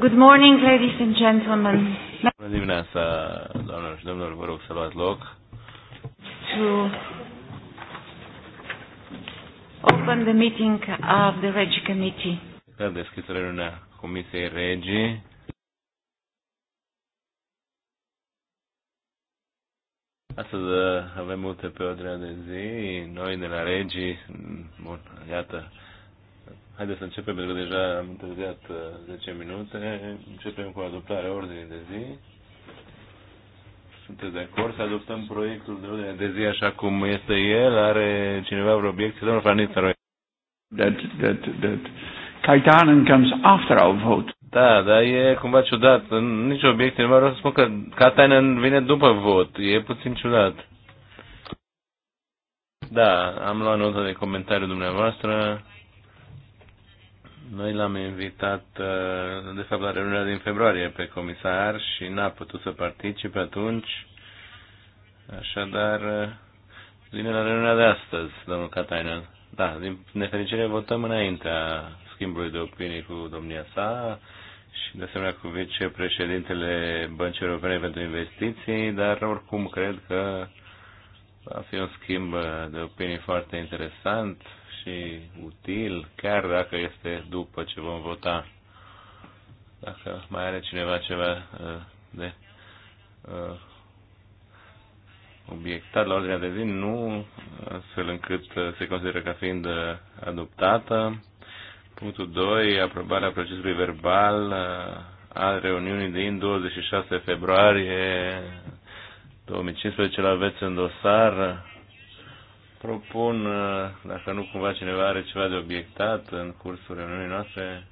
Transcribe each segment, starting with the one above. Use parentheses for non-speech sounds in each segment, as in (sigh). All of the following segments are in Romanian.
Good morning, ladies and gentlemen. Bună dimineața, doamnelor și domnilor, vă rog să luați loc. To open the meeting of the Regi Committee. Să deschis reuniunea Comisiei Regi. Astăzi uh, avem multe pe ordinea de zi. Noi de la Regi, bun, iată, Haideți să începem, pentru că deja am întârziat 10 uh, minute. Începem cu adoptarea ordinii de zi. Sunteți de acord să adoptăm proiectul de ordine de zi așa cum este el? Are cineva vreo obiecție? Domnul Franistero. That, that, that. Kaitanen comes after our vote. Da, dar e cumva ciudat. Nici obiecție. Nu vreau să spun că Katainen vine după vot. E puțin ciudat. Da, am luat notă de comentariu dumneavoastră. Noi l-am invitat, uh, de fapt, la reuniunea din februarie pe comisar și n-a putut să participe atunci. Așadar, uh, vine la reuniunea de astăzi, domnul Katainen. Da, din nefericire votăm înaintea schimbului de opinii cu domnia sa și de asemenea cu vicepreședintele Băncii Europene pentru Investiții, dar oricum cred că va fi un schimb de opinii foarte interesant și util, chiar dacă este după ce vom vota. Dacă mai are cineva ceva uh, de uh, obiectat la ordinea de zi, nu, astfel încât uh, se consideră ca fiind adoptată. Punctul 2. Aprobarea procesului verbal al reuniunii din 26 februarie 2015. Ce-l aveți în dosar. Propun, uh, dacă nu cumva cineva are ceva de obiectat în cursul reuniunii noastre,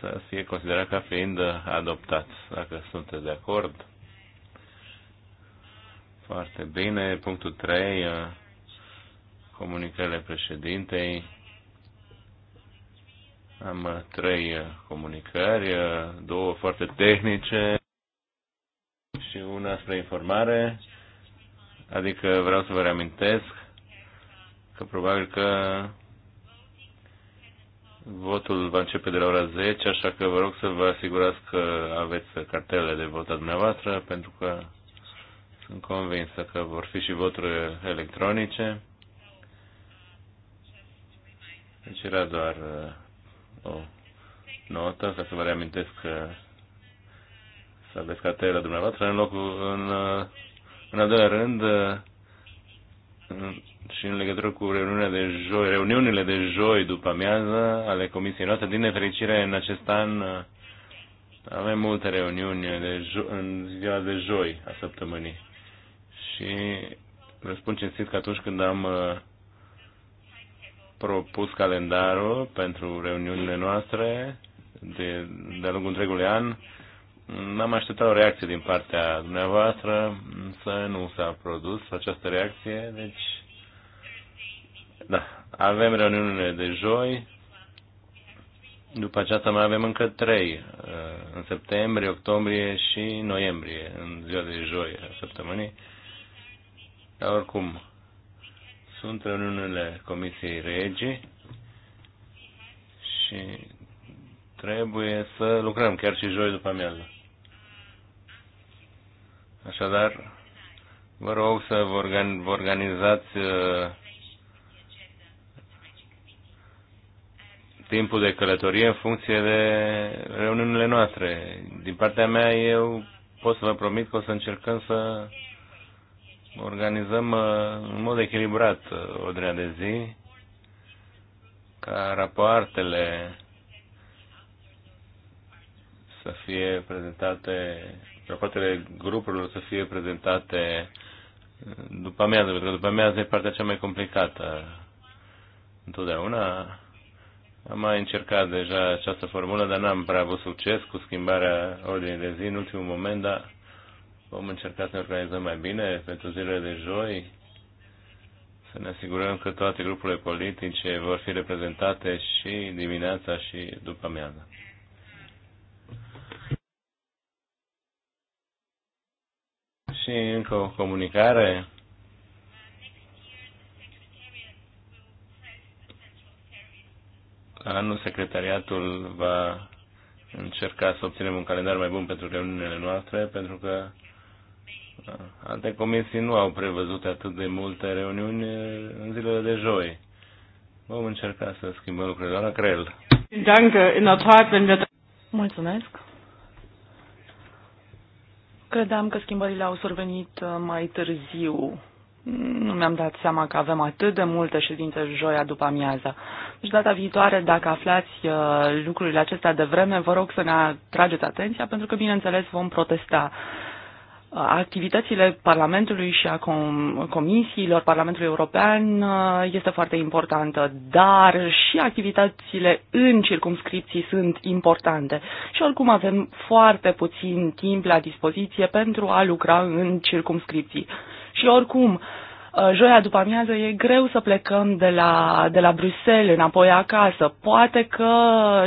să fie considerat ca fiind uh, adoptat, dacă sunteți de acord. Foarte bine. Punctul 3, uh, comunicările președintei. Am trei comunicări, două foarte tehnice și una spre informare. Adică vreau să vă reamintesc că probabil că votul va începe de la ora 10, așa că vă rog să vă asigurați că aveți cartele de vot a dumneavoastră, pentru că sunt convinsă că vor fi și voturi electronice. Deci era doar uh, o notă, ca să vă reamintesc că să aveți cartele dumneavoastră. În locul, în, uh, în al doilea rând, uh, și în legătură cu reuniunile de joi, reuniunile de joi după amiază ale comisiei noastre. Din nefericire, în acest an uh, avem multe reuniuni de jo- în ziua de joi a săptămânii. Și răspund cinstit că atunci când am uh, propus calendarul pentru reuniunile noastre de, de-a lungul întregului an, M-am așteptat o reacție din partea dumneavoastră, să nu s-a produs această reacție, deci da, avem reuniunile de joi, după aceasta mai avem încă trei, uh, în septembrie, octombrie și noiembrie, în ziua de joi a săptămânii. Dar oricum, sunt reuniunile Comisiei Regii și trebuie să lucrăm chiar și joi după amiază. Așadar, vă rog să vă, vă organizați uh, timpul de călătorie în funcție de reuniunile noastre. Din partea mea, eu pot să vă promit că o să încercăm să organizăm uh, în mod echilibrat uh, ordinea de zi, ca rapoartele să fie prezentate rapoartele grupurilor să fie prezentate după amiază, pentru că după amiază e partea cea mai complicată. Întotdeauna am mai încercat deja această formulă, dar n-am prea avut succes cu schimbarea ordinii de zi în ultimul moment, dar vom încerca să ne organizăm mai bine pentru zilele de joi, să ne asigurăm că toate grupurile politice vor fi reprezentate și dimineața și după amiază. Și încă o comunicare. Anul secretariatul va încerca să obținem un calendar mai bun pentru reuniunile noastre, pentru că uh, alte comisii nu au prevăzut atât de multe reuniuni uh, în zilele de joi. Vom încerca să schimbăm lucrurile la crel. Mulțumesc. Credeam că schimbările au survenit uh, mai târziu. Nu mi-am dat seama că avem atât de multe ședințe joia după amiază. Deci data viitoare, dacă aflați uh, lucrurile acestea de vreme, vă rog să ne atrageți atenția, pentru că, bineînțeles, vom protesta activitățile Parlamentului și a com- comisiilor Parlamentului European uh, este foarte importantă, dar și activitățile în circumscripții sunt importante. Și oricum avem foarte puțin timp la dispoziție pentru a lucra în circumscripții. Și oricum, uh, joia după amiază e greu să plecăm de la, de la Bruxelles înapoi acasă. Poate că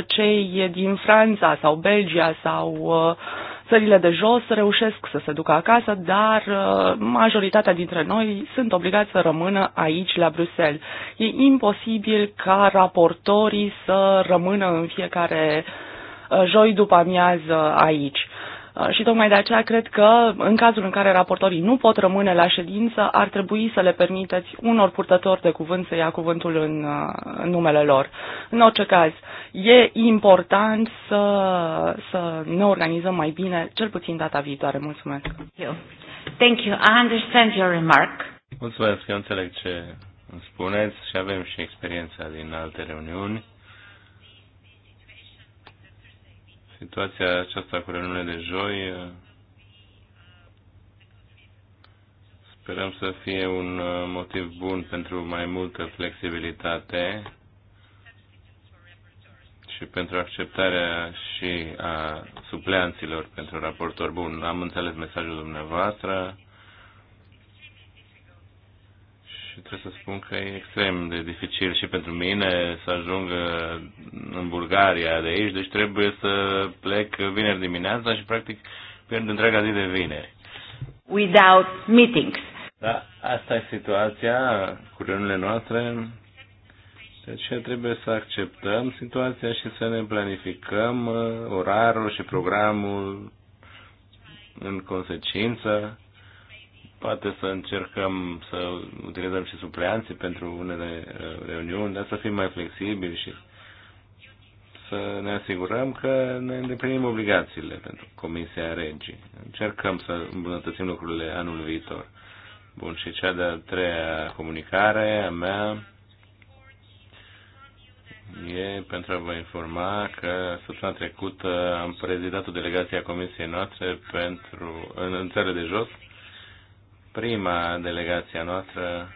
cei din Franța sau Belgia sau uh, țările de jos reușesc să se ducă acasă, dar uh, majoritatea dintre noi sunt obligați să rămână aici, la Bruxelles. E imposibil ca raportorii să rămână în fiecare uh, joi după amiază aici. Uh, și tocmai de aceea cred că în cazul în care raportorii nu pot rămâne la ședință, ar trebui să le permiteți unor purtători de cuvânt să ia cuvântul în, uh, în numele lor. În orice caz, e important să, să ne organizăm mai bine, cel puțin data viitoare. Mulțumesc. Thank you. I understand your remark. Mulțumesc, eu înțeleg ce îmi spuneți și avem și experiența din alte reuniuni. Situația aceasta cu reuniunile de joi sperăm să fie un uh, motiv bun pentru mai multă flexibilitate și pentru acceptarea și a supleanților pentru raportor bun. Am înțeles mesajul dumneavoastră și trebuie să spun că e extrem de dificil și pentru mine să ajung uh, în Bulgaria de aici, deci trebuie să plec vineri dimineața și practic pierd întreaga zi de vineri. Without meetings. Da, asta e situația cu reuniunile noastre. Deci trebuie să acceptăm situația și să ne planificăm uh, orarul și programul în consecință poate să încercăm să utilizăm și supleanții pentru unele uh, reuniuni, dar să fim mai flexibili și să ne asigurăm că ne îndeplinim obligațiile pentru Comisia Regii. Încercăm să îmbunătățim lucrurile anul viitor. Bun, și cea de-a treia comunicare a mea e pentru a vă informa că săptămâna trecută am prezidat o delegație a Comisiei noastre pentru, în, în țările de jos prima delegație a noastră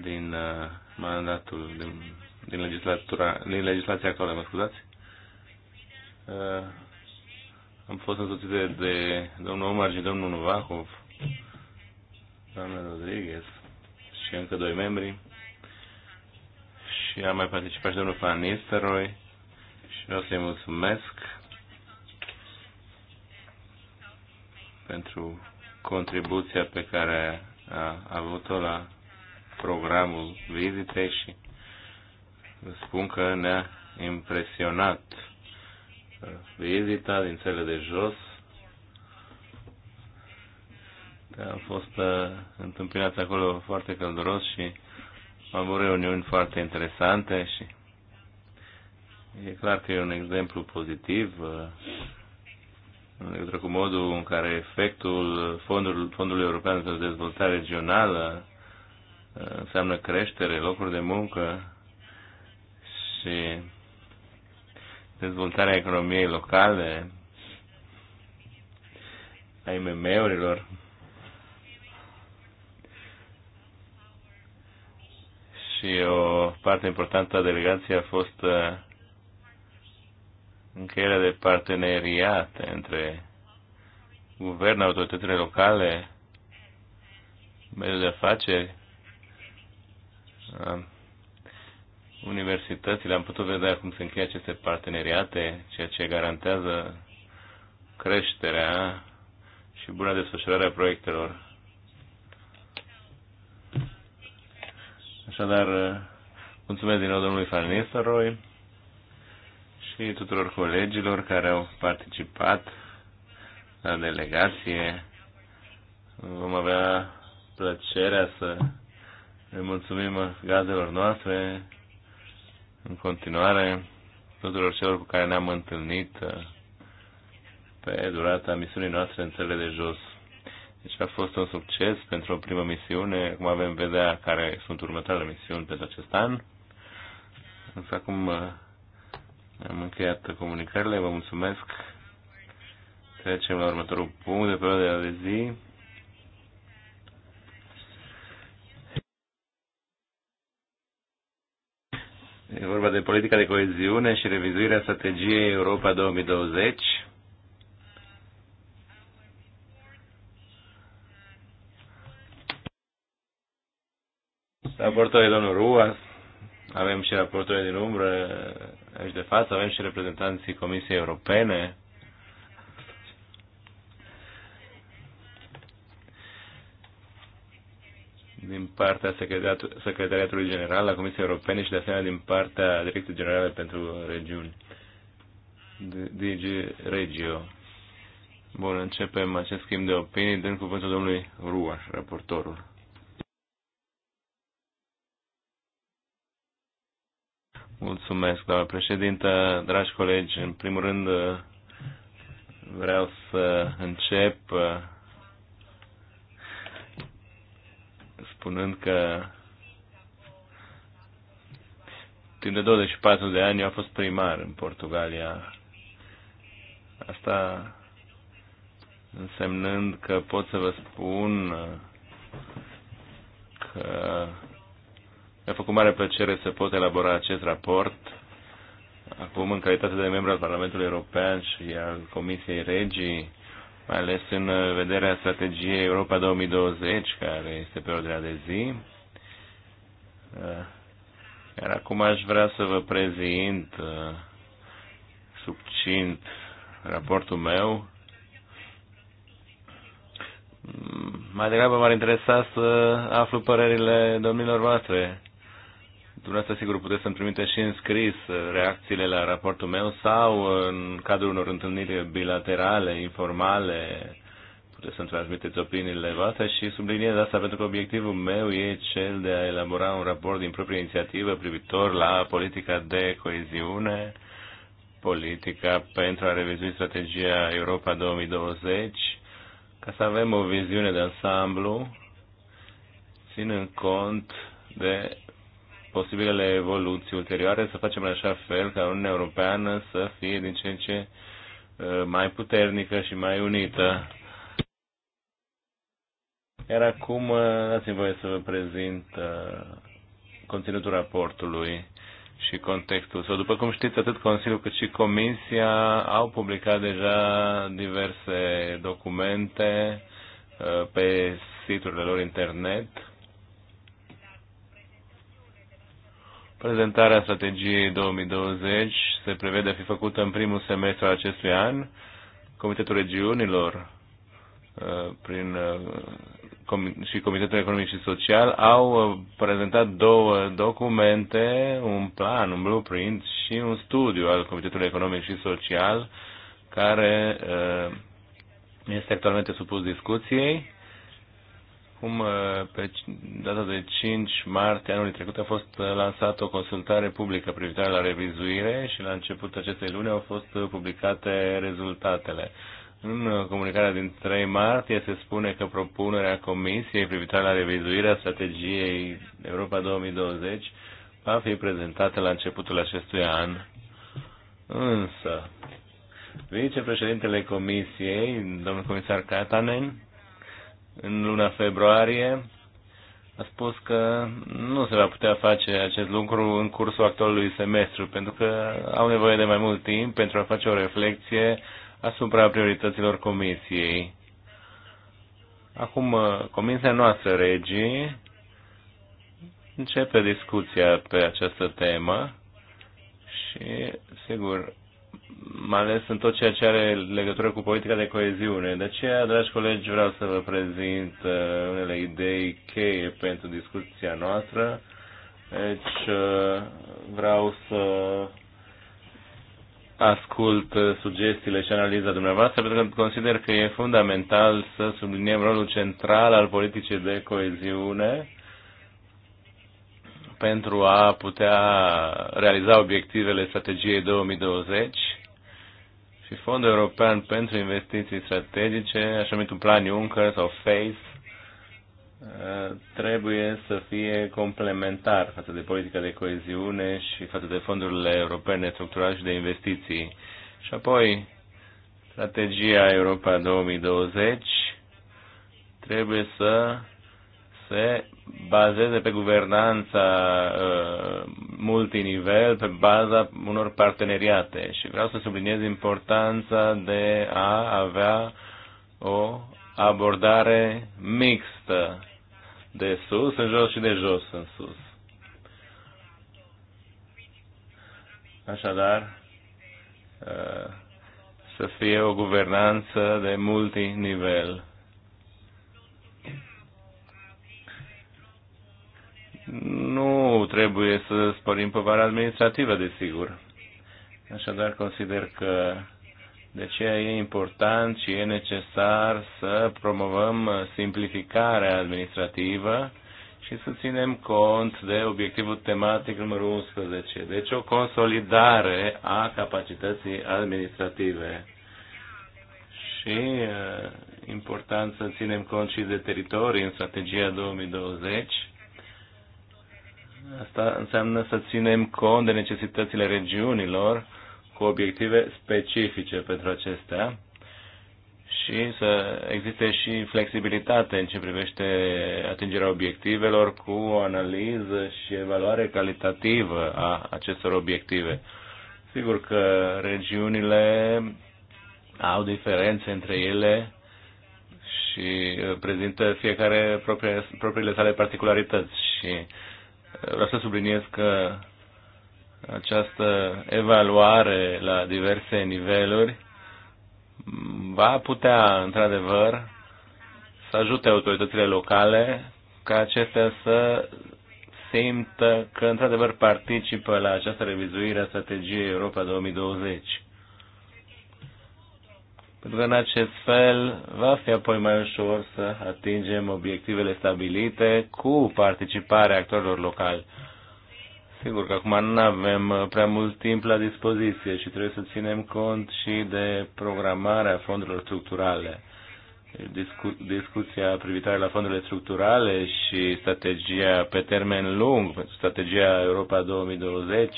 din uh, mandatul, din, din, legislatura, din legislația actuală, mă scuzați. Uh, am fost însoțit de domnul Omar și domnul Novakov, doamna Rodriguez și încă doi membri. Și am mai participat și domnul Panisteroi și vreau să-i mulțumesc pentru contribuția pe care a avut-o la programul vizitei și spun că ne-a impresionat uh, vizita din cele de jos. Am da, fost uh, întâmpinați acolo foarte călduros și am avut reuniuni foarte interesante și e clar că e un exemplu pozitiv uh, în legătură cu modul în care efectul fondului, fondului European de Dezvoltare Regională uh, înseamnă creștere, locuri de muncă și dezvoltarea economiei locale, a IMM-urilor. Și o parte importantă a delegației a fost uh, încheierea de parteneriate între guverne, autoritățile locale, mediul de afaceri, universitățile. Am putut vedea cum se încheie aceste parteneriate, ceea ce garantează creșterea și buna desfășurare a proiectelor. Așadar, mulțumesc din nou domnului Farnisteroi și tuturor colegilor care au participat la delegație. Vom avea plăcerea să le mulțumim gazelor noastre în continuare tuturor celor cu care ne-am întâlnit uh, pe durata misiunii noastre în țările de jos. Deci a fost un succes pentru o primă misiune. cum avem vedea care sunt următoarele misiuni pentru acest an. Însă acum uh, am încheiat comunicările, vă mulțumesc. Trecem la următorul punct de pe de zi. E vorba de politica de coeziune și revizuirea strategiei Europa 2020. Raportul e domnul Ruas. Avem și raportorii din umbră aici de față, avem și reprezentanții Comisiei Europene. din partea Secretariatului General la Comisiei Europene și de asemenea din partea Directorului General pentru Regiuni, DG Regio. Bun, începem acest schimb de opinii dând cuvântul domnului Ruaș, raportorul. Mulțumesc, doamnă președintă, dragi colegi. În primul rând vreau să încep uh, spunând că timp de 24 de ani eu am fost primar în Portugalia. Asta însemnând că pot să vă spun uh, că mi-a făcut mare plăcere să pot elabora acest raport acum în calitate de membru al Parlamentului European și al Comisiei Regii, mai ales în vederea strategiei Europa 2020, care este pe ordinea de zi. Iar acum aș vrea să vă prezint subțint raportul meu. Mai degrabă m-ar interesa să aflu părerile domnilor voastre Dumneavoastră, sigur, puteți să-mi trimiteți și în scris uh, reacțiile la raportul meu sau în cadrul unor întâlniri bilaterale, informale, puteți să-mi transmiteți opiniile voastre și subliniez asta pentru că obiectivul meu e cel de a elabora un raport din proprie inițiativă privitor la politica de coeziune, politica pentru a revizui strategia Europa 2020, ca să avem o viziune de ansamblu, ținând cont de posibilele evoluții ulterioare, să facem în așa fel ca Uniunea Europeană să fie din ce în ce uh, mai puternică și mai unită. Iar acum uh, dați-mi voie să vă prezint uh, conținutul raportului și contextul Sau, După cum știți, atât Consiliul cât și Comisia au publicat deja diverse documente pe siturile lor internet Prezentarea strategiei 2020 se prevede a fi făcută în primul semestru al acestui an. Comitetul Regiunilor uh, prin, uh, și Comitetul Economic și Social au uh, prezentat două documente, un plan, un blueprint și un studiu al Comitetului Economic și Social care este actualmente supus discuției Acum, pe data de 5 martie anului trecut a fost lansată o consultare publică privitoare la revizuire și la începutul acestei luni au fost publicate rezultatele. În comunicarea din 3 martie se spune că propunerea Comisiei privitoare la revizuirea strategiei Europa 2020 va fi prezentată la începutul acestui an. Însă, vicepreședintele Comisiei, domnul comisar Katanen, în luna februarie a spus că nu se va putea face acest lucru în cursul actualului semestru, pentru că au nevoie de mai mult timp pentru a face o reflexie asupra priorităților comisiei. Acum, uh, comisia noastră, regii, începe discuția pe această temă și, sigur, mai ales în tot ceea ce are legătură cu politica de coeziune. De aceea, dragi colegi, vreau să vă prezint uh, unele idei cheie pentru discuția noastră. Deci, uh, vreau să ascult uh, sugestiile și analiza dumneavoastră, pentru că consider că e fundamental să subliniem rolul central al politicii de coeziune pentru a putea realiza obiectivele strategiei 2020 și Fondul European pentru Investiții Strategice, așa un Plan Juncker sau FACE, uh, trebuie să fie complementar față de politica de coeziune și față de fondurile europene structurale și de investiții. Și apoi, strategia Europa 2020 trebuie să se bazeze pe guvernanța uh, multinivel, pe baza unor parteneriate. Și vreau să subliniez importanța de a avea o abordare mixtă de sus în jos și de jos în sus. Așadar, uh, să fie o guvernanță de multinivel Nu trebuie să sporim povara administrativă, desigur. Așadar, consider că de aceea e important și e necesar să promovăm simplificarea administrativă și să ținem cont de obiectivul tematic numărul 11, deci o consolidare a capacității administrative. Și eh, important să ținem cont și de teritorii în strategia 2020 Asta înseamnă să ținem cont de necesitățile regiunilor cu obiective specifice pentru acestea și să existe și flexibilitate în ce privește atingerea obiectivelor cu o analiză și evaluare calitativă a acestor obiective. Sigur că regiunile au diferențe între ele și prezintă fiecare propriile sale particularități și vreau să subliniez că această evaluare la diverse niveluri va putea, într-adevăr, să ajute autoritățile locale ca acestea să simtă că, într-adevăr, participă la această revizuire a strategiei Europa 2020 pentru că în acest fel va fi apoi mai ușor să atingem obiectivele stabilite cu participarea actorilor locali. Sigur că acum nu avem prea mult timp la dispoziție și trebuie să ținem cont și de programarea fondurilor structurale. Discu- discuția privitoare la fondurile structurale și strategia pe termen lung, strategia Europa 2020,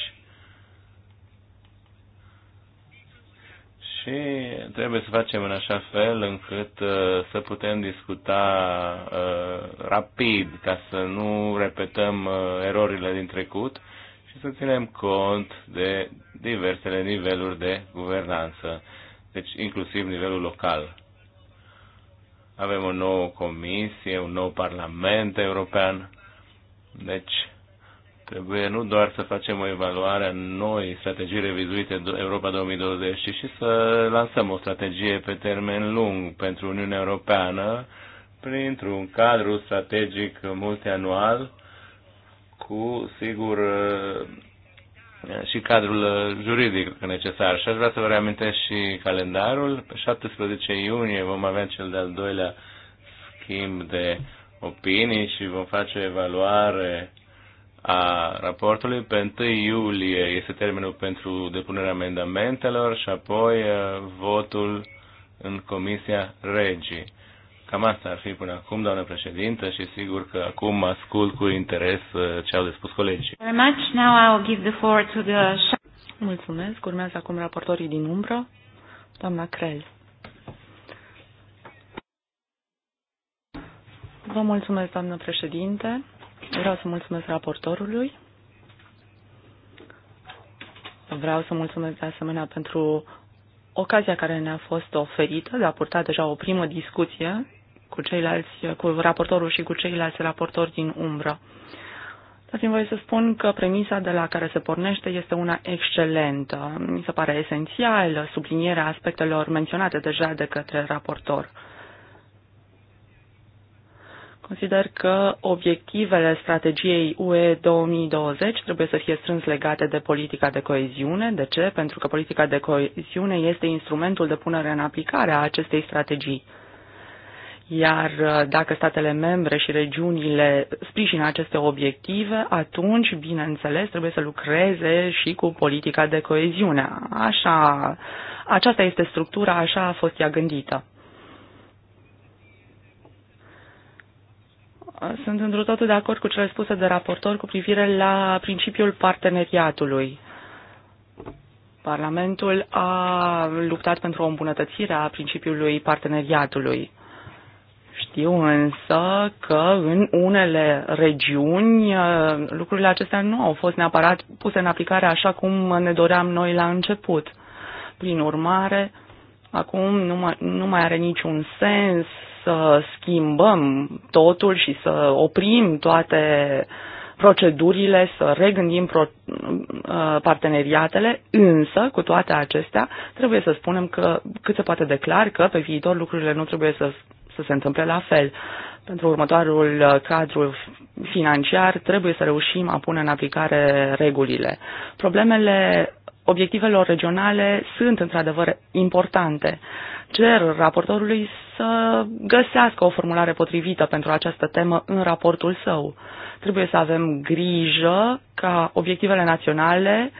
și trebuie să facem în așa fel încât uh, să putem discuta uh, rapid ca să nu repetăm uh, erorile din trecut și să ținem cont de diversele niveluri de guvernanță, deci inclusiv nivelul local. Avem o nouă comisie, un nou parlament european, deci Trebuie nu doar să facem o evaluare a noi strategii revizuite Europa 2020, ci și să lansăm o strategie pe termen lung pentru Uniunea Europeană printr-un cadru strategic multianual cu, sigur, eh, și cadrul juridic necesar. Și aș vrea să vă reamintesc și calendarul. Pe 17 iunie vom avea cel de-al doilea schimb de opinii și vom face evaluare a raportului. Pe 1 iulie este termenul pentru depunerea amendamentelor și apoi votul în Comisia Regii. Cam asta ar fi până acum, doamnă președintă, și sigur că acum ascult cu interes ce au de spus colegii. Mulțumesc. Urmează acum raportorii din umbră. Doamna Crel. Vă mulțumesc, doamnă președinte. Vreau să mulțumesc raportorului. Vreau să mulțumesc de asemenea pentru ocazia care ne-a fost oferită de a purta deja o primă discuție cu ceilalți, cu raportorul și cu ceilalți raportori din umbră. Dați-mi voie să spun că premisa de la care se pornește este una excelentă. Mi se pare esențială sublinierea aspectelor menționate deja de către raportor. Consider că obiectivele strategiei UE 2020 trebuie să fie strâns legate de politica de coeziune. De ce? Pentru că politica de coeziune este instrumentul de punere în aplicare a acestei strategii. Iar uh, dacă statele membre și regiunile sprijină aceste obiective, atunci, bineînțeles, trebuie să lucreze și cu politica de coeziune. Așa, aceasta este structura, așa a fost ea gândită. sunt într totul de acord cu cele spuse de raportor cu privire la principiul parteneriatului. Parlamentul a luptat pentru o îmbunătățire a principiului parteneriatului. Știu însă că în unele regiuni uh, lucrurile acestea nu au fost neapărat puse în aplicare așa cum ne doream noi la început. Prin urmare, acum nu mai, nu mai are niciun sens să schimbăm totul și să oprim toate procedurile, să regândim pro, uh, parteneriatele, însă, cu toate acestea, trebuie să spunem că cât se poate declar că pe viitor lucrurile nu trebuie să, să se întâmple la fel. Pentru următoarul uh, cadru financiar trebuie să reușim a pune în aplicare regulile. Problemele obiectivelor regionale sunt într-adevăr importante, cer raportorului să găsească o formulare potrivită pentru această temă în raportul său. Trebuie să avem grijă ca obiectivele naționale,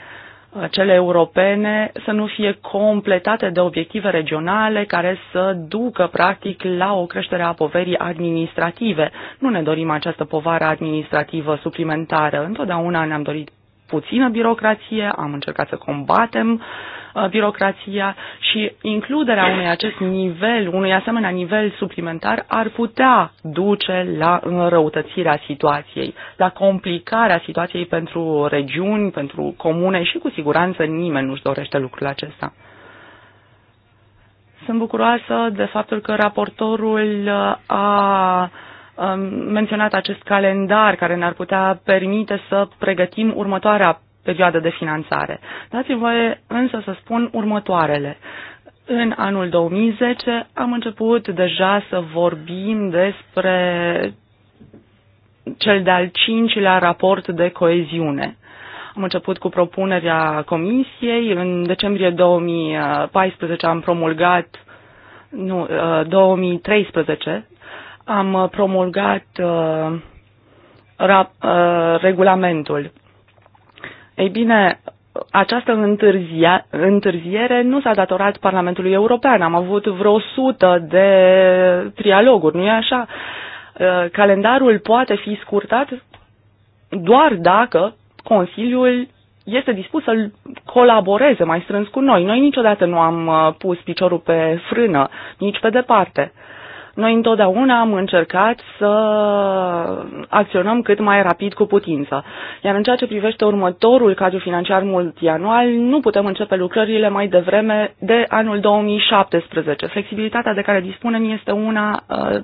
cele europene, să nu fie completate de obiective regionale care să ducă practic la o creștere a poverii administrative. Nu ne dorim această povară administrativă suplimentară. Întotdeauna ne-am dorit puțină birocrație, am încercat să combatem uh, Uh, birocrația și includerea unui acest nivel, unui asemenea nivel suplimentar ar putea duce la înrăutățirea situației, la complicarea situației pentru regiuni, pentru comune și cu siguranță nimeni nu-și dorește lucrul acesta. Sunt bucuroasă de faptul că raportorul uh, a uh, menționat acest calendar care ne-ar putea permite să pregătim următoarea perioadă de finanțare. Dați-mi voie însă să spun următoarele. În anul 2010 am început deja să vorbim despre cel de-al cincilea raport de coeziune. Am început cu propunerea comisiei. În decembrie 2014 am promulgat, nu, 2013, uh, am promulgat uh, rap, uh, regulamentul. Ei bine, această întârzia, întârziere nu s-a datorat Parlamentului European. Am avut vreo sută de trialoguri, nu e așa? Ă, calendarul poate fi scurtat doar dacă Consiliul este dispus să colaboreze mai strâns cu noi. Noi niciodată nu am ă, pus piciorul pe frână, nici pe departe. Uh, noi întotdeauna am încercat să acționăm cât mai rapid cu putință. Iar în ceea ce privește următorul cadru financiar multianual, nu putem începe lucrările mai devreme de anul 2017. Flexibilitatea de care dispunem este una uh,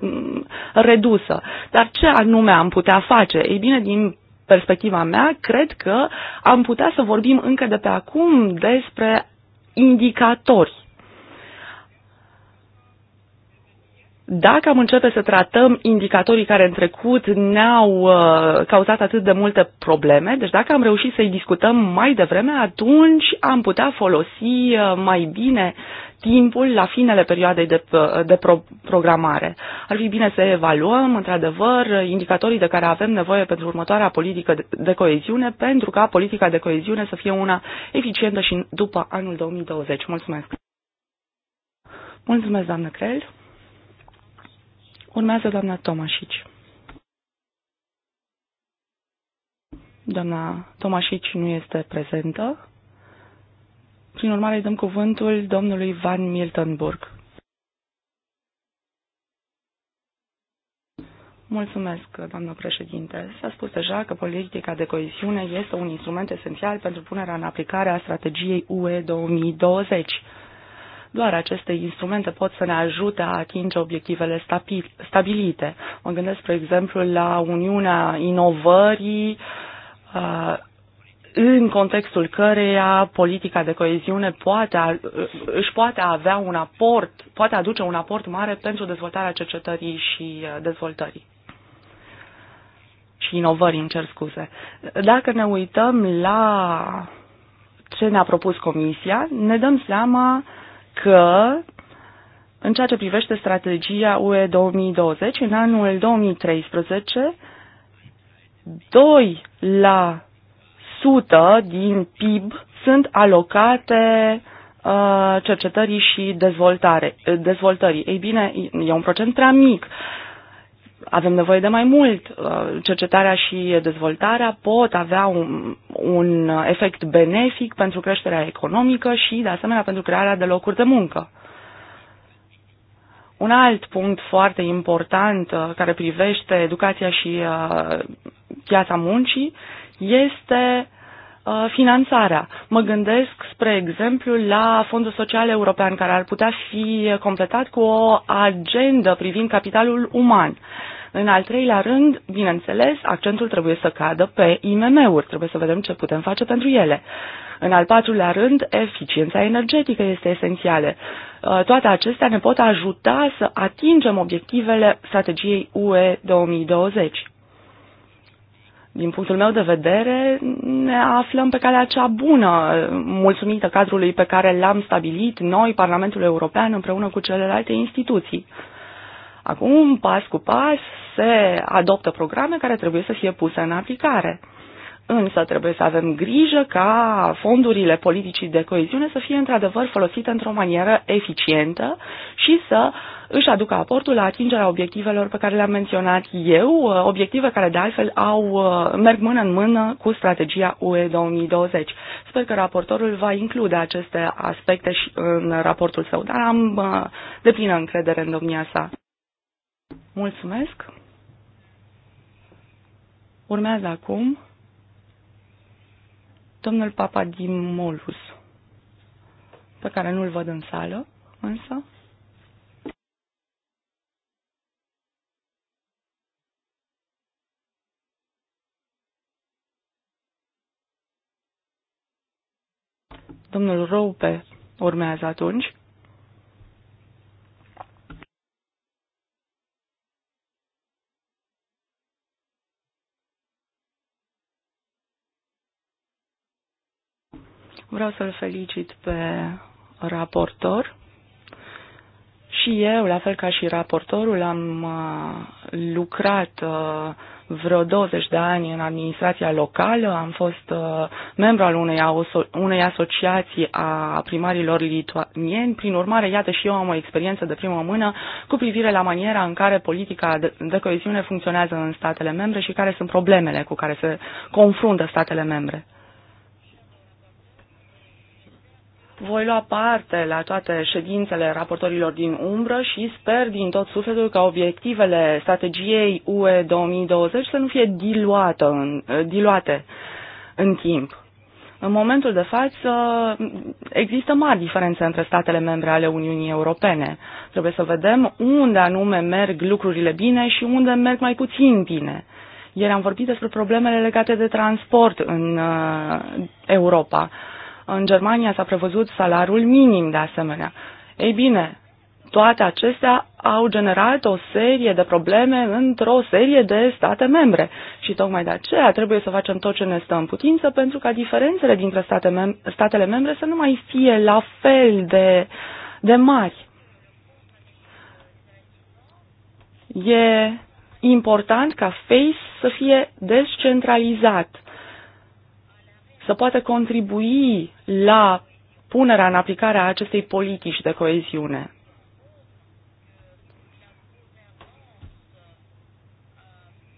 redusă. Dar ce anume am putea face? Ei bine, din perspectiva mea, cred că am putea să vorbim încă de pe acum despre indicatori Dacă am începe să tratăm indicatorii care în trecut ne-au uh, cauzat atât de multe probleme, deci dacă am reușit să-i discutăm mai devreme, atunci am putea folosi uh, mai bine timpul la finele perioadei de, uh, de pro, programare. Ar fi bine să evaluăm, într-adevăr, indicatorii de care avem nevoie pentru următoarea politică de, de coeziune, pentru ca politica de coeziune să fie una eficientă și după anul 2020. Mulțumesc! Mulțumesc, doamnă Crel! Urmează doamna Tomașici. Doamna Tomașici nu este prezentă. Prin urmare, îi dăm cuvântul domnului Van Miltenburg. Mulțumesc, doamnă președinte. S-a spus deja că politica de coeziune este un instrument esențial pentru punerea în aplicare a strategiei UE 2020 doar aceste instrumente pot să ne ajute a atinge obiectivele stabilite. Mă gândesc, spre exemplu, la Uniunea Inovării, uh, în contextul căreia politica de coeziune poate, uh, își poate avea un aport, poate aduce un aport mare pentru dezvoltarea cercetării și uh, dezvoltării și inovării, îmi cer scuze. Dacă ne uităm la ce ne-a propus Comisia, ne dăm seama că în ceea ce privește strategia UE 2020, în anul 2013, 2 la 100 din PIB sunt alocate uh, cercetării și dezvoltare, dezvoltării. Ei bine, e un procent prea mic avem nevoie de mai mult. Uh, cercetarea și dezvoltarea pot avea un, un efect benefic pentru creșterea economică și, de asemenea, pentru crearea de locuri de muncă. Un alt punct foarte important uh, care privește educația și uh, piața muncii este finanțarea. Mă gândesc, spre exemplu, la Fondul Social European, care ar putea fi completat cu o agendă privind capitalul uman. În al treilea rând, bineînțeles, accentul trebuie să cadă pe IMM-uri, trebuie să vedem ce putem face pentru ele. În al patrulea rând, eficiența energetică este esențială. Uh, toate acestea ne pot ajuta să atingem obiectivele strategiei UE 2020. Din punctul meu de vedere, ne aflăm pe calea cea bună, mulțumită cadrului pe care l-am stabilit noi, Parlamentul European, împreună cu celelalte instituții. Acum, pas cu pas, se adoptă programe care trebuie să fie puse în aplicare. Însă trebuie să avem grijă ca fondurile politicii de coeziune să fie într-adevăr folosite într-o manieră eficientă și să își aducă aportul la atingerea obiectivelor pe care le-am menționat eu, obiective care de altfel au, merg mână în mână cu strategia UE 2020. Sper că raportorul va include aceste aspecte și în raportul său, dar am uh, deplină încredere în domnia sa. Mulțumesc. Urmează acum domnul papa Dimolus, pe care nu-l văd în sală, însă. Domnul Roupe urmează atunci. Vreau să-l felicit pe raportor. Și eu, la fel ca și raportorul, am uh, lucrat uh, vreo 20 de ani în administrația locală, am fost uh, membru al unei, unei asociații a primarilor lituanieni, prin urmare, iată și eu am o experiență de primă mână cu privire la maniera în care politica de coeziune funcționează în statele membre și care sunt problemele cu care se confruntă statele membre. Voi lua parte la toate ședințele raportorilor din umbră și sper din tot sufletul ca obiectivele strategiei UE 2020 să nu fie diluată în, diluate în timp. În momentul de față există mari diferențe între statele membre ale Uniunii Europene. Trebuie să vedem unde anume merg lucrurile bine și unde merg mai puțin bine. Ieri am vorbit despre problemele legate de transport în uh, Europa. În Germania s-a prevăzut salariul minim de asemenea. Ei bine, toate acestea au generat o serie de probleme într-o serie de state membre și tocmai de aceea trebuie să facem tot ce ne stă în putință pentru ca diferențele dintre state mem- statele membre să nu mai fie la fel de, de mari. E important ca FACE să fie descentralizat să poată contribui la punerea în aplicare a acestei politici de coeziune.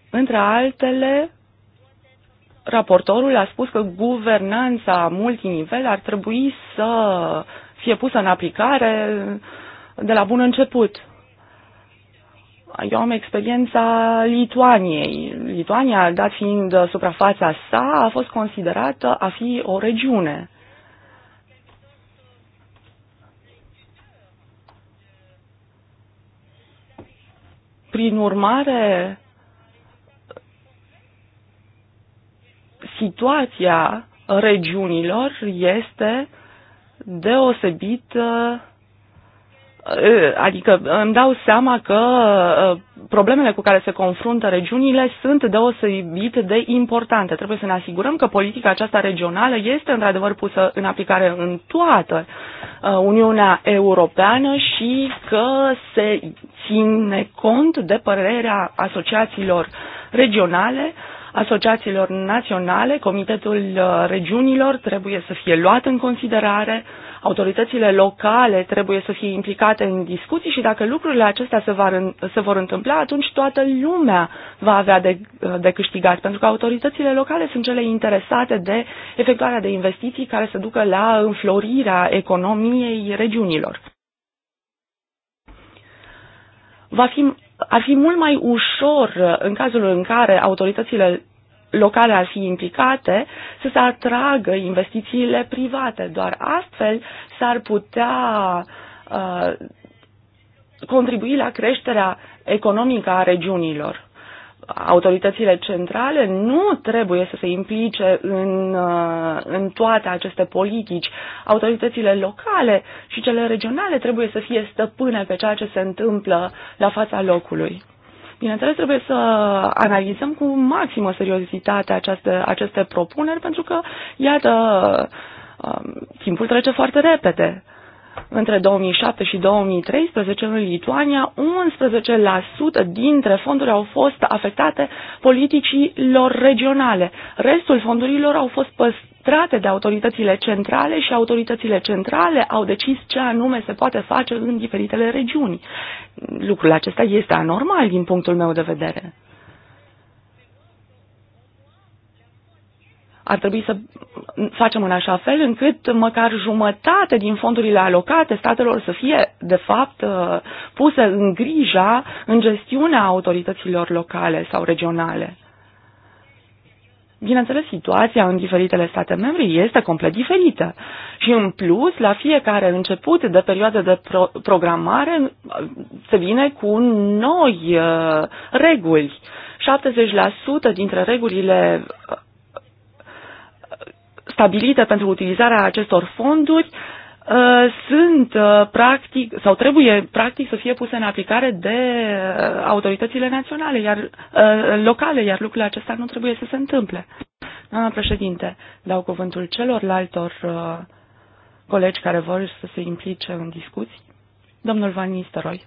Între altele, raportorul a spus că guvernanța multinivel ar trebui să fie pusă în aplicare de la bun început. Eu am experiența Lituaniei. Lituania, dat fiind suprafața sa, a fost considerată a fi o regiune. Prin urmare, situația regiunilor este deosebit uh, Ă, adică îmi dau seama că ă, problemele cu care se confruntă regiunile sunt deosebit de importante. Trebuie să ne asigurăm că politica aceasta regională este într-adevăr pusă în aplicare în toată ă, Uniunea Europeană și că se ține cont de părerea asociațiilor regionale asociațiilor naționale, Comitetul Regiunilor trebuie să fie luat în considerare uh, autoritățile locale trebuie să fie implicate în discuții și dacă lucrurile acestea se, va, se vor întâmpla, atunci toată lumea va avea de, de câștigat, pentru că autoritățile locale sunt cele interesate de efectuarea de investiții care se ducă la înflorirea economiei regiunilor. Va fi, ar fi mult mai ușor în cazul în care autoritățile locale ar fi implicate, să se atragă investițiile private. Doar astfel s-ar putea uh, contribui la creșterea economică a regiunilor. Autoritățile centrale nu trebuie să se implice în, uh, în toate aceste politici. Autoritățile locale și cele regionale trebuie să fie stăpâne pe ceea ce se întâmplă la fața locului. Bineînțeles, trebuie să analizăm cu maximă seriozitate aceste, aceste propuneri, pentru că, iată, um, timpul trece foarte repede. Între 2007 și 2013, în Lituania, 11% dintre fonduri au fost afectate politicilor regionale. Restul fondurilor au fost păstrate de autoritățile centrale și autoritățile centrale au decis ce anume se poate face în diferitele regiuni. Lucrul acesta este anormal din punctul meu de vedere. Ar trebui să facem în așa fel încât măcar jumătate din fondurile alocate statelor să fie, de fapt, uh, puse în grija, în gestiunea autorităților locale sau regionale. Bineînțeles, situația în diferitele state membre este complet diferită și, în plus, la fiecare început de perioadă de pro- programare se vine cu noi uh, reguli. 70% dintre regulile uh, stabilite pentru utilizarea acestor fonduri uh, sunt uh, practic sau trebuie practic să fie puse în aplicare de uh, autoritățile naționale iar locale, iar lucrul acesta nu trebuie să se întâmple. Doamna președinte, dau cuvântul celorlaltor colegi care vor să se implice în discuții. Domnul Van Nistelrooy.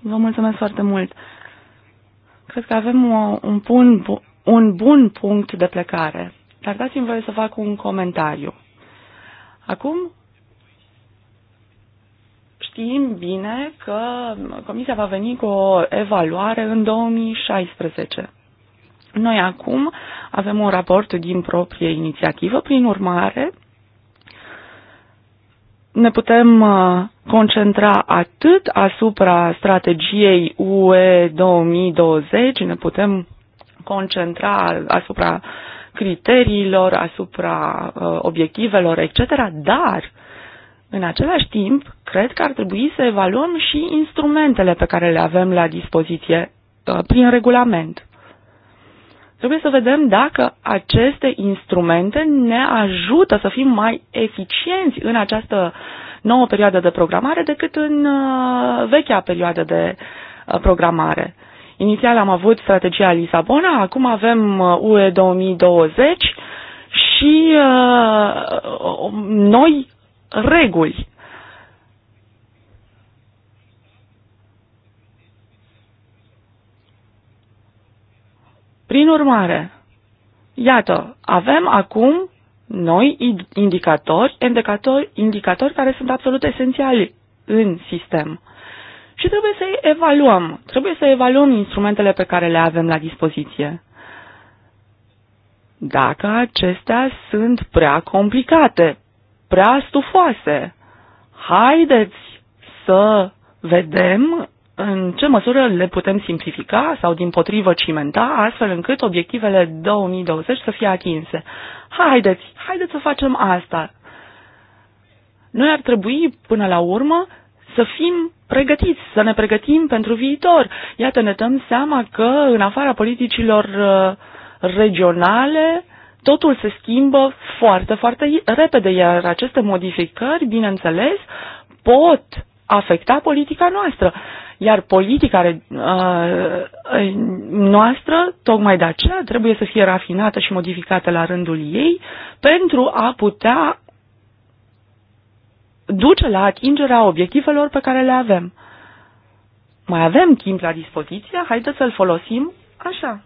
Vă mulțumesc foarte mult. Cred că avem o, un, punct un bun punct de plecare. Dar dați-mi voie să fac un comentariu. Acum știm bine că Comisia va veni cu o evaluare în 2016. Noi acum avem un raport din proprie inițiativă, prin urmare ne putem uh, concentra atât asupra strategiei UE 2020, ne putem concentra asupra criteriilor, asupra uh, obiectivelor, etc., dar în același timp, cred că ar trebui să evaluăm și instrumentele pe care le avem la dispoziție uh, prin regulament. Trebuie să vedem dacă aceste instrumente ne ajută să fim mai eficienți în această nouă perioadă de programare decât în uh, vechea perioadă de programare. Inițial am avut strategia Lisabona, acum avem uh, UE 2020 și uh, um, noi reguli. Prin urmare, iată, avem acum noi indicatori, indicatori, indicatori care sunt absolut esențiali în sistem. Și trebuie să evaluăm, trebuie să evaluăm instrumentele pe care le avem la dispoziție. Dacă acestea sunt prea complicate, prea stufoase, haideți să vedem în ce măsură le putem simplifica sau din potrivă cimenta, astfel încât obiectivele 2020 să fie atinse. Haideți, haideți să facem asta. Noi ar trebui, până la urmă, să fim pregătiți, să ne pregătim pentru viitor. Iată, ne dăm seama că în afara politicilor uh, regionale totul se schimbă foarte, foarte repede, iar aceste modificări, bineînțeles, pot afecta politica noastră. Iar politica uh, noastră, tocmai de aceea, trebuie să fie rafinată și modificată la rândul ei pentru a putea duce la atingerea obiectivelor pe care le avem. Mai avem timp la dispoziție, haideți să-l folosim așa.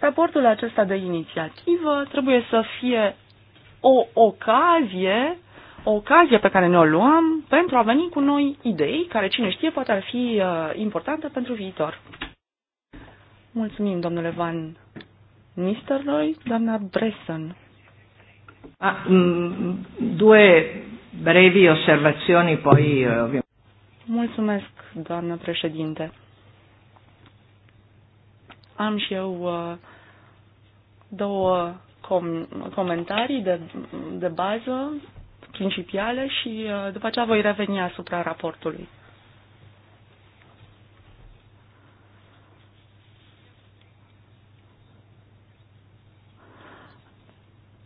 Raportul acesta de inițiativă trebuie să fie o ocazie, o ocazie pe care ne-o luăm pentru a veni cu noi idei care, cine știe, poate ar fi uh, importantă pentru viitor. Mulțumim, domnule Van Nistelrooy, doamna Bresson. Ah, mh, due brevi osservazioni, poi eh, ovviamente. Mulțumesc, doamnă președinte. Am și eu uh, două com- comentarii de, de bază principiale și uh, după aceea voi reveni asupra raportului.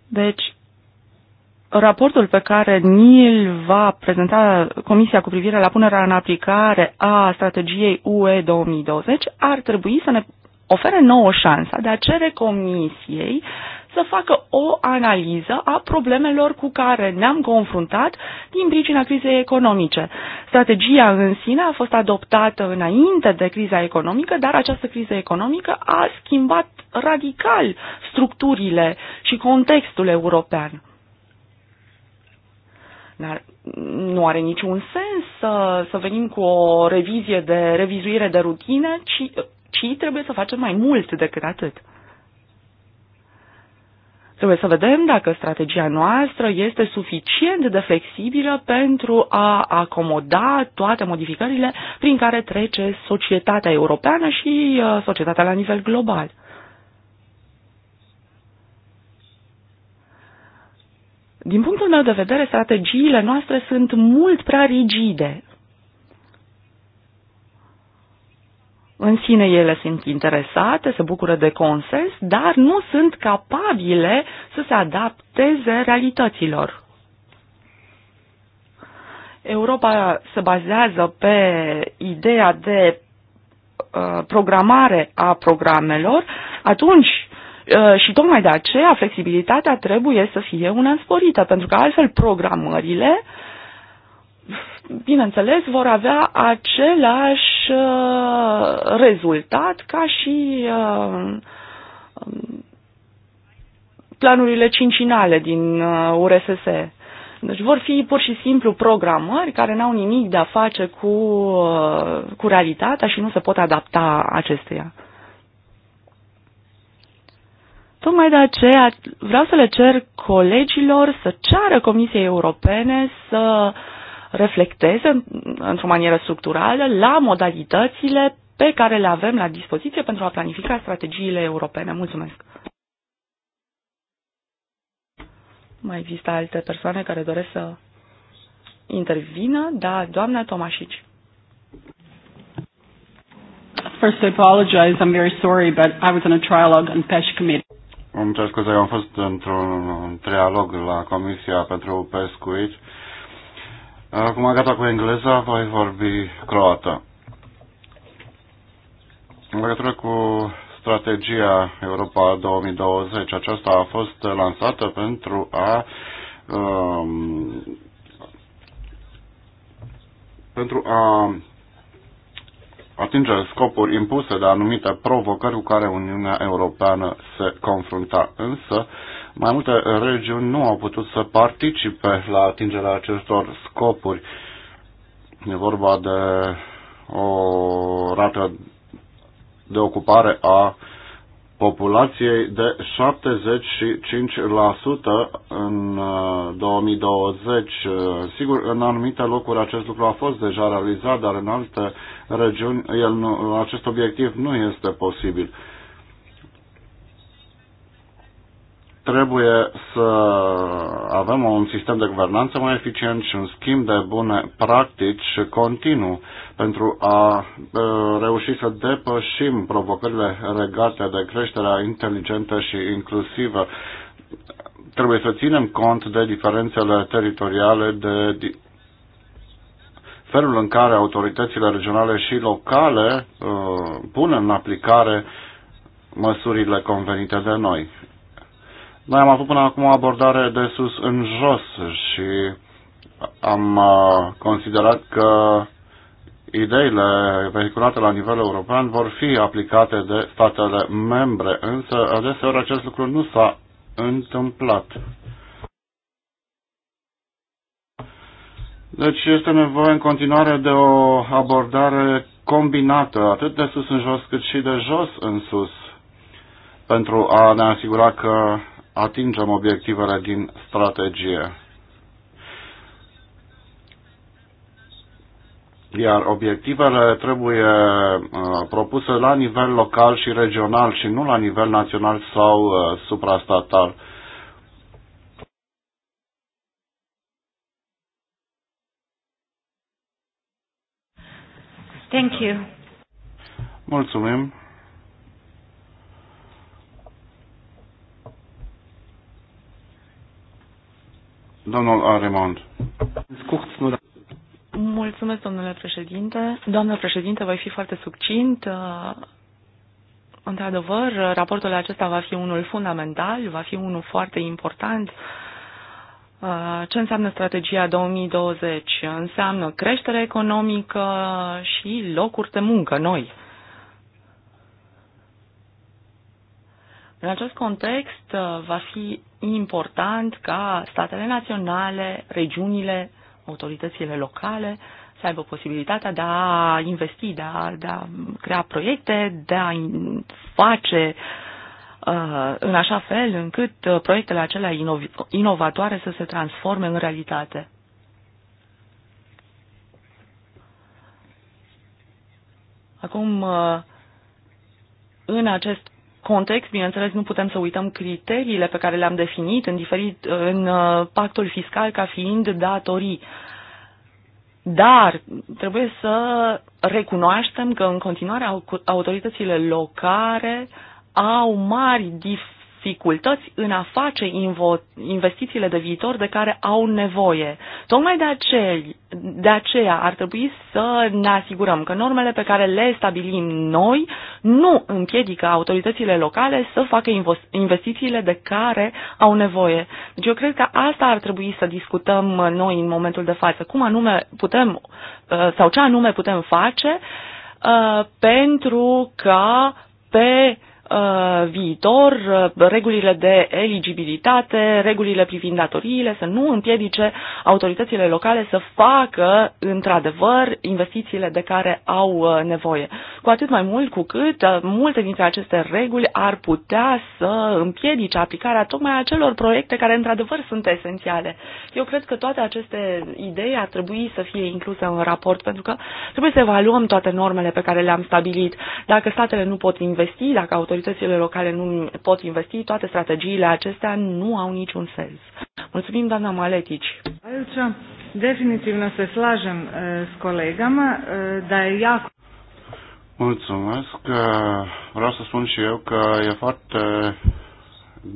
Deci, raportul pe care ni-l va prezenta Comisia cu privire la punerea în aplicare a strategiei UE 2020 ar trebui să ne ofere nouă șansa de a cere Comisiei să facă o analiză a problemelor cu care ne-am confruntat din pricina crizei economice. Strategia în sine a fost adoptată înainte de criza economică, dar această criză economică a schimbat radical structurile și contextul european. Dar nu are niciun sens să, să venim cu o revizie de revizuire de rutină, ci, ci trebuie să facem mai mult decât atât. Trebuie să vedem dacă strategia noastră este suficient de flexibilă pentru a acomoda toate modificările prin care trece societatea europeană și uh, societatea la nivel global. Din punctul meu de vedere, strategiile noastre sunt mult prea rigide. În sine ele sunt interesate, se bucură de consens, dar nu sunt capabile să se adapteze realităților. Europa se bazează pe ideea de uh, programare a programelor, atunci Uh, și tocmai de aceea flexibilitatea trebuie să fie una însporită, pentru că altfel programările, bineînțeles, vor avea același uh, rezultat ca și uh, planurile cincinale din URSS. Deci vor fi pur și simplu programări care n-au nimic de a face cu, cu realitatea și nu se pot adapta acesteia. Tocmai de aceea vreau să le cer colegilor să ceară Comisiei Europene să reflecteze într-o manieră structurală la modalitățile pe care le avem la dispoziție pentru a planifica strategiile europene. Mulțumesc! Mai există alte persoane care doresc să intervină? Da, doamna Tomașici. First, I apologize. I'm very sorry, but I was in a trialogue on PESH committee. Îmi cer scuze, am fost într-un trialog la Comisia pentru Pescuit. Acum, gata cu engleza, voi vorbi croată. În legătură cu strategia Europa 2020, aceasta a fost lansată pentru a um, pentru a atingere scopuri impuse de anumite provocări cu care Uniunea Europeană se confrunta. Însă, mai multe regiuni nu au putut să participe la atingerea acestor scopuri. E vorba de o rată de ocupare a populației de 75% în 2020. Uh, uh, sigur, în anumite locuri acest lucru a fost deja realizat, dar în alte regiuni el nu, acest obiectiv nu este posibil. Trebuie să avem un sistem de guvernanță mai eficient și un schimb de bune practici continuu pentru a uh, reuși să depășim provocările legate de creșterea inteligentă și inclusivă. Trebuie să ținem cont de diferențele teritoriale, de felul în care autoritățile regionale și locale uh, pun în aplicare măsurile convenite de noi. Noi am avut până acum o abordare de sus în jos și am uh, considerat că ideile vehiculate la nivel european vor fi aplicate de statele membre, însă adeseori acest lucru nu s-a întâmplat. Deci este nevoie în continuare de o abordare combinată, atât de sus în jos cât și de jos în sus, pentru a ne asigura că atingem obiectivele din strategie. Iar obiectivele trebuie uh, propuse la nivel local și regional și nu la nivel național sau uh, suprastatal. Thank you. Mulțumim. Domnul Aremond. Da. Mulțumesc, domnule președinte. Doamnă președinte, voi fi foarte succint. Într-adevăr, raportul acesta va fi unul fundamental, va fi unul foarte important. Ce înseamnă strategia 2020? Înseamnă creștere economică și locuri de muncă noi. În acest context, uh, va fi important ca statele naționale, regiunile, autoritățile locale să aibă posibilitatea de a investi, de a, de a crea proiecte, de a face uh, în așa fel încât uh, proiectele acelea inovatoare să se transforme în realitate. Acum, în acest context, bineînțeles, nu putem să uităm criteriile pe care le-am definit în, diferit, în uh, pactul fiscal ca fiind datorii. Dar trebuie să recunoaștem că în continuare autoritățile locale au mari dif- dificultăți în a face investițiile de viitor de care au nevoie. Tocmai de, acei, de aceea ar trebui să ne asigurăm că normele pe care le stabilim noi nu împiedică autoritățile locale să facă investițiile de care au nevoie. Deci eu cred că asta ar trebui să discutăm noi în momentul de față. Cum anume putem uh, sau ce anume putem face uh, pentru ca pe Uh, viitor, uh, regulile de eligibilitate, regulile privind datoriile, să nu împiedice autoritățile locale să facă, într-adevăr, investițiile de care au uh, nevoie. Cu atât mai mult cu cât multe dintre aceste reguli ar putea să împiedice aplicarea tocmai a celor proiecte care, într-adevăr, sunt esențiale. Eu cred că toate aceste idei ar trebui să fie incluse în raport, pentru că trebuie să evaluăm toate normele pe care le-am stabilit. Dacă statele nu pot investi, dacă autoritățile autoritățile locale nu pot investi, toate strategiile acestea nu au niciun sens. Mulțumim, doamna Maletici. Aici, definitiv ne se slajem uh, s colegama, uh, dar e jako... Mulțumesc. Uh, vreau să spun și eu că e foarte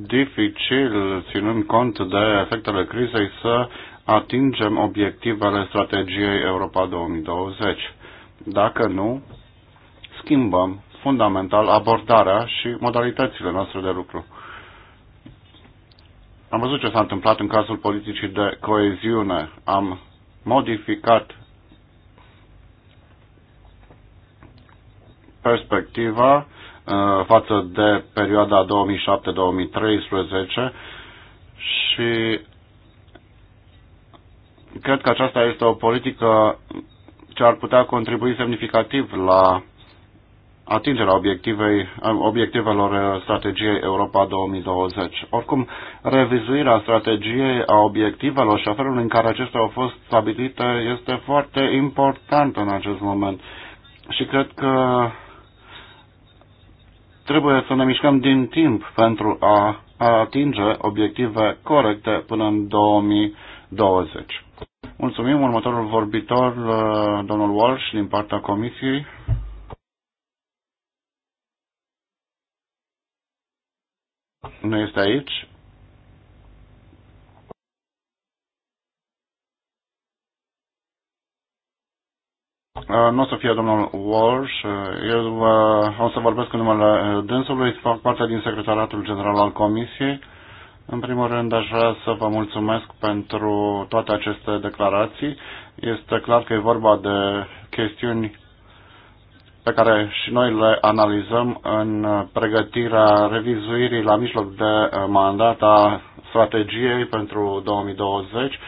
dificil, ținând cont de efectele crizei, să atingem obiectivele strategiei Europa 2020. Dacă nu, schimbăm fundamental abordarea și modalitățile noastre de lucru. Am văzut ce s-a întâmplat în cazul politicii de coeziune. Am modificat perspectiva uh, față de perioada 2007-2013 și cred că aceasta este o politică ce ar putea contribui semnificativ la atingerea obiectivei, obiectivelor uh, strategiei Europa 2020. Oricum, revizuirea strategiei a obiectivelor și a felul în care acestea au fost stabilite este foarte importantă în acest moment. Și cred că trebuie să ne mișcăm din timp pentru a atinge obiective corecte până în 2020. Mulțumim. Următorul vorbitor, uh, domnul Walsh, din partea Comisiei. nu este aici. Uh, nu o să fie domnul Walsh, uh, eu uh, o să vorbesc în numele dânsului, fac parte din secretariatul general al comisiei. În primul rând aș vrea să vă mulțumesc pentru toate aceste declarații. Este clar că e vorba de chestiuni pe care și noi le analizăm în uh, pregătirea revizuirii la mijloc de uh, mandat a strategiei pentru 2020.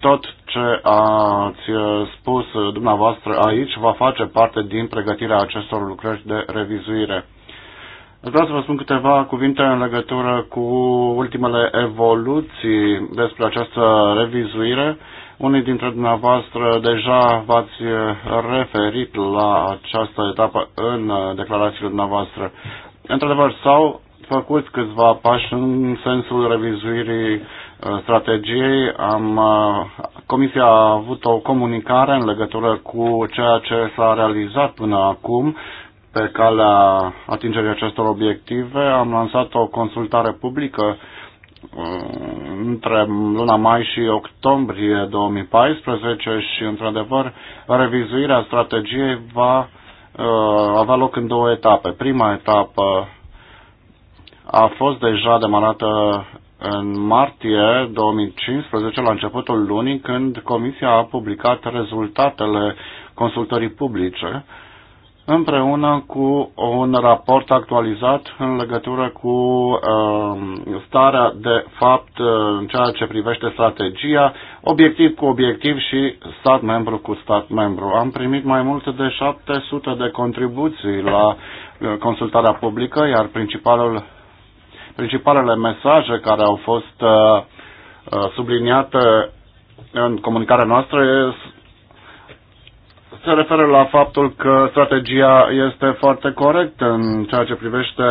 Tot ce ați uh, spus dumneavoastră aici va face parte din pregătirea acestor lucrări de revizuire. Vreau să vă spun câteva cuvinte în legătură cu ultimele evoluții despre această revizuire. Uh, unii dintre dumneavoastră deja v-ați referit la această etapă în declarațiile dumneavoastră. Într-adevăr, s-au făcut câțiva pași în sensul revizuirii uh, strategiei. Am, uh, comisia a avut o comunicare în legătură cu ceea ce s-a realizat până acum pe calea atingerii acestor obiective. Am lansat o consultare publică uh, Mm, între luna mai și octombrie 2014 și, într-adevăr, revizuirea strategiei va uh, avea loc în două etape. Prima etapă a fost deja demarată în martie 2015, la începutul lunii, când Comisia a publicat rezultatele consultării publice împreună cu un raport actualizat în legătură cu uh, starea de fapt uh, în ceea ce privește strategia, obiectiv cu obiectiv și stat membru cu stat membru. Am primit mai mult de 700 de contribuții la uh, consultarea publică, iar principalul, principalele mesaje care au fost uh, uh subliniate în comunicarea noastră se referă la faptul că strategia este foarte corectă în ceea ce privește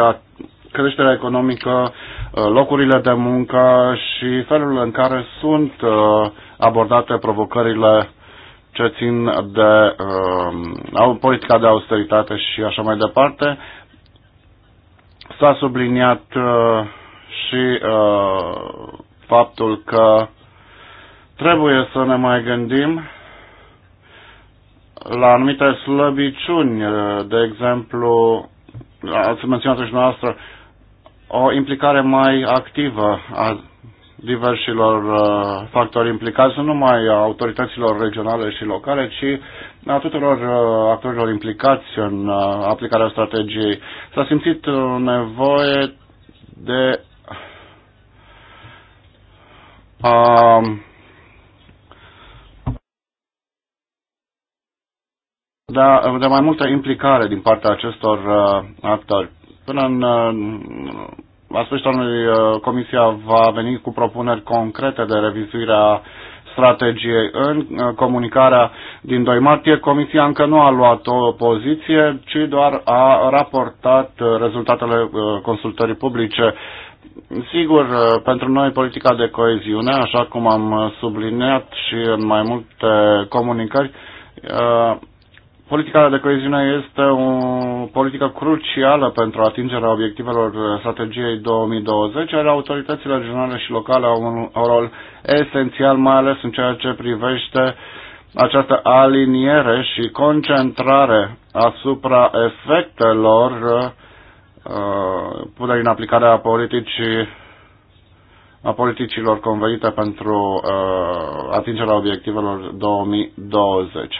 creșterea economică, uh, locurile de muncă și felul în care sunt uh, abordate provocările ce țin de uh, politica de austeritate și așa mai departe. S-a subliniat uh, și uh, faptul că trebuie să ne mai gândim la anumite slăbiciuni, eh, de exemplu, ați menționat și noastră, o implicare mai activă a diversilor uh, factori implicați, nu numai a autorităților regionale și locale, ci a tuturor uh, actorilor implicați în uh, aplicarea strategiei. S-a simțit nevoie de a uh, de, da, de mai multă implicare din partea acestor uh, actori. Până în uh, sfârșitul anului, uh, Comisia va veni cu propuneri concrete de revizuire a strategiei. În uh, comunicarea din 2 martie, Comisia încă nu a luat o poziție, ci doar a raportat uh, rezultatele uh, consultării publice. Sigur, uh, pentru noi politica de coeziune, așa cum am subliniat și în mai multe comunicări, uh, Politica de coeziune este o politică crucială pentru atingerea obiectivelor strategiei 2020, iar autoritățile regionale și locale au un, rol esențial, mai ales în ceea ce privește această aliniere și concentrare asupra efectelor uh, în aplicarea politicii a politicilor convenite pentru uh, atingerea obiectivelor 2020.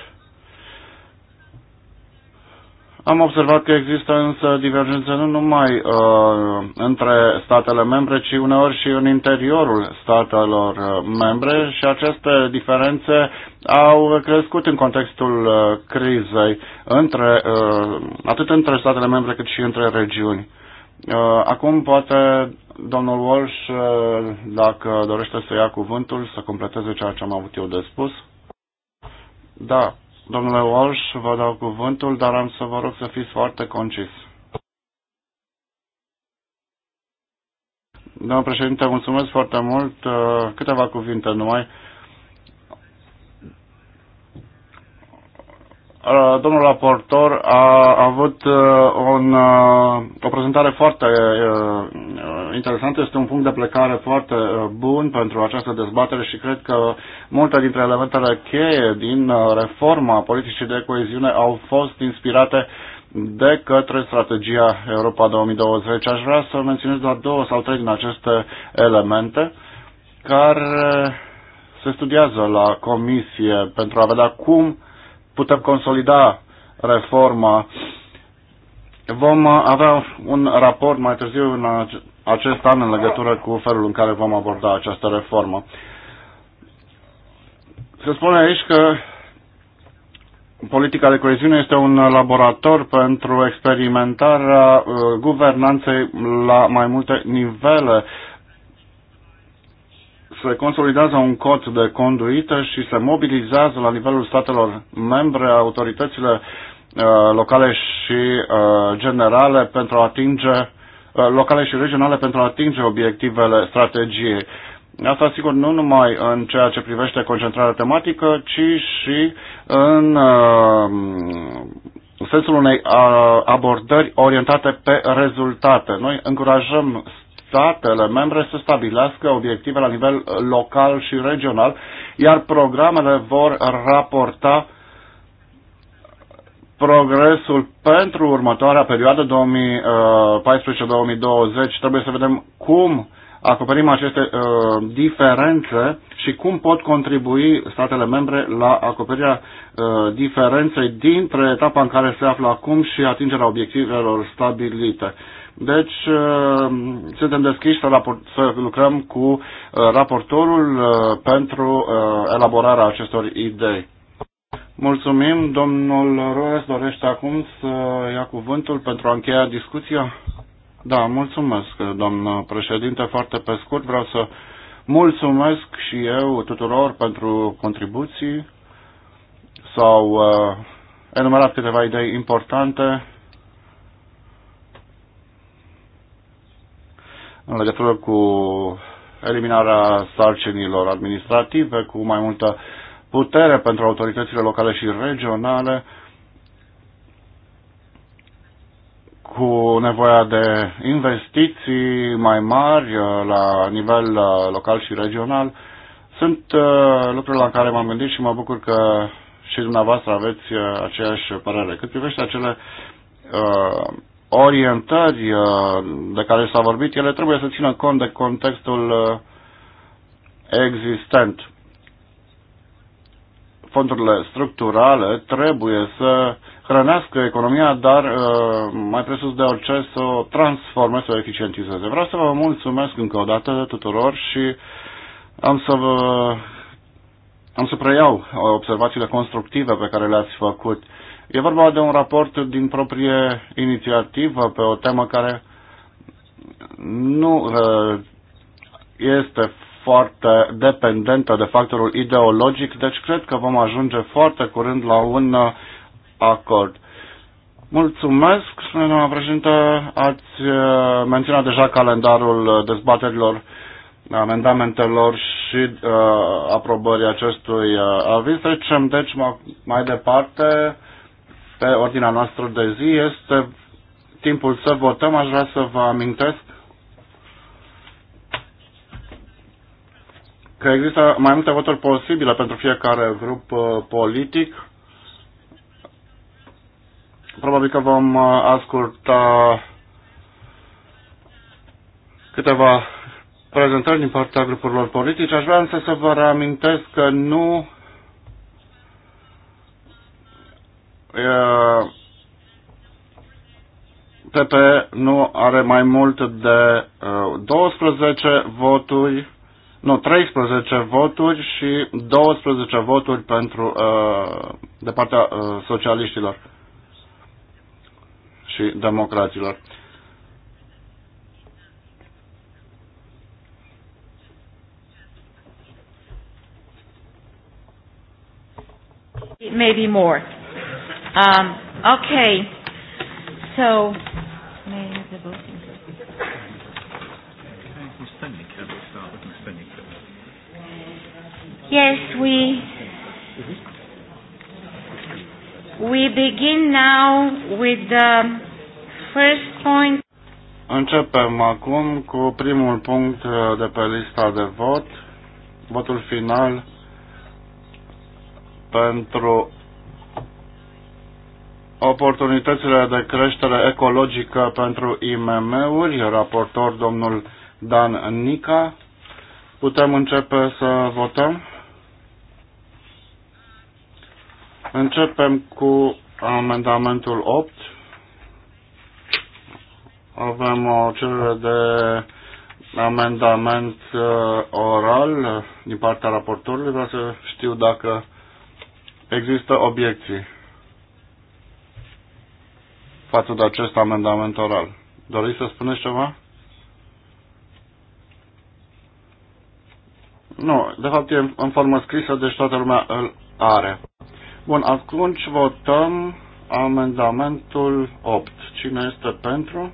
Am observat că există însă divergențe nu numai uh, între statele membre, ci uneori și în interiorul statelor uh, membre și aceste diferențe au crescut în contextul uh, crizei, între, uh, atât între statele membre cât și între regiuni. Uh, acum poate domnul Walsh, uh, dacă dorește să ia cuvântul, să completeze ceea ce am avut eu de spus. Da, Domnule Walsh, vă dau cuvântul, dar am să vă rog să fiți foarte concis. Domnule președinte, mulțumesc foarte mult. Câteva cuvinte numai. Uh, domnul raportor a avut uh, un, uh, o prezentare foarte interesantă, este un punct de plecare foarte bun pentru această dezbatere și cred că multe dintre elementele cheie din reforma politicii de coeziune au fost inspirate de către strategia Europa 2020. Aș vrea să menționez doar două sau trei din aceste elemente care se studiază la comisie pentru a vedea cum uh, putem consolida reforma. Vom avea un raport mai târziu în acest an în legătură cu felul în care vom aborda această reformă. Se spune aici că politica de coeziune este un laborator pentru experimentarea uh, guvernanței la mai multe nivele se consolidează un cod de conduită și se mobilizează la nivelul statelor membre autoritățile uh, locale și uh, generale pentru a atinge uh, locale și regionale pentru a atinge obiectivele strategiei. Asta, sigur, nu numai în ceea ce privește concentrarea tematică, ci și în sensul unei abordări orientate pe rezultate. Noi încurajăm statele membre să stabilească obiective la nivel uh, local și regional, iar programele vor raporta progresul pentru următoarea perioadă 2014-2020. Uh, Trebuie să vedem cum acoperim aceste uh, diferențe și cum pot contribui statele membre la acoperirea uh, diferenței dintre etapa în care se află acum și atingerea obiectivelor stabilite. Uh, deci, uh, suntem deschiși să, raport, să lucrăm cu uh, raportorul uh, pentru elaborarea acestor idei. Mulțumim. Domnul Roes dorește acum să ia cuvântul pentru a încheia discuția. Da, mulțumesc, domnul președinte. Foarte pe scurt vreau să mulțumesc și eu tuturor pentru contribuții. S-au uh, enumerat câteva idei importante în legătură cu eliminarea sarcinilor administrative, cu mai multă putere pentru autoritățile locale și regionale, cu nevoia de investiții mai mari uh, la nivel uh, local și regional. Sunt uh, lucruri la care m-am gândit și mă bucur că și dumneavoastră aveți aceeași părere. Cât privește acele uh, orientări uh, de care s-a vorbit, ele trebuie să țină cont de contextul uh, existent. Fondurile structurale trebuie să hrănească economia, dar uh, mai presus de orice să o transforme, să o eficientizeze. Vreau să vă mulțumesc încă o dată tuturor și am să vă am să preiau observațiile constructive pe care le-ați făcut. E vorba de un raport din proprie inițiativă pe o temă care nu uh, este foarte dependentă de factorul ideologic, deci cred că vom ajunge foarte curând la un uh, acord. Mulțumesc, doamna președinte, ați uh, menționat deja calendarul dezbaterilor, amendamentelor și uh, aprobării acestui uh, aviz. Trecem deci mai departe pe ordinea noastră de zi. Este timpul să votăm. Aș vrea să vă amintesc că există mai multe voturi posibile pentru fiecare grup uh, politic. Probabil că vom uh, asculta câteva prezentări din partea grupurilor politice. Aș vrea însă să vă reamintesc că nu PP nu are mai mult de 12 voturi, nu, 13 voturi și 12 voturi pentru, de partea socialiștilor și democraților. Maybe more. Um, okay. So, may I have the voting Yes, we we begin now with the first point. Începem acum cu primul punct uh, de pe lista de vot, votul final pentru oportunitățile de creștere ecologică pentru IMM-uri, raportor domnul Dan Nica. Putem începe să votăm? Începem cu amendamentul 8. Avem o cerere de amendament uh, oral din partea raportorului. Vreau să știu dacă există obiecții față de acest amendament oral. Doriți să spuneți ceva? Nu, de fapt e în formă scrisă, deci toată lumea îl are. Bun, atunci votăm amendamentul 8. Cine este pentru?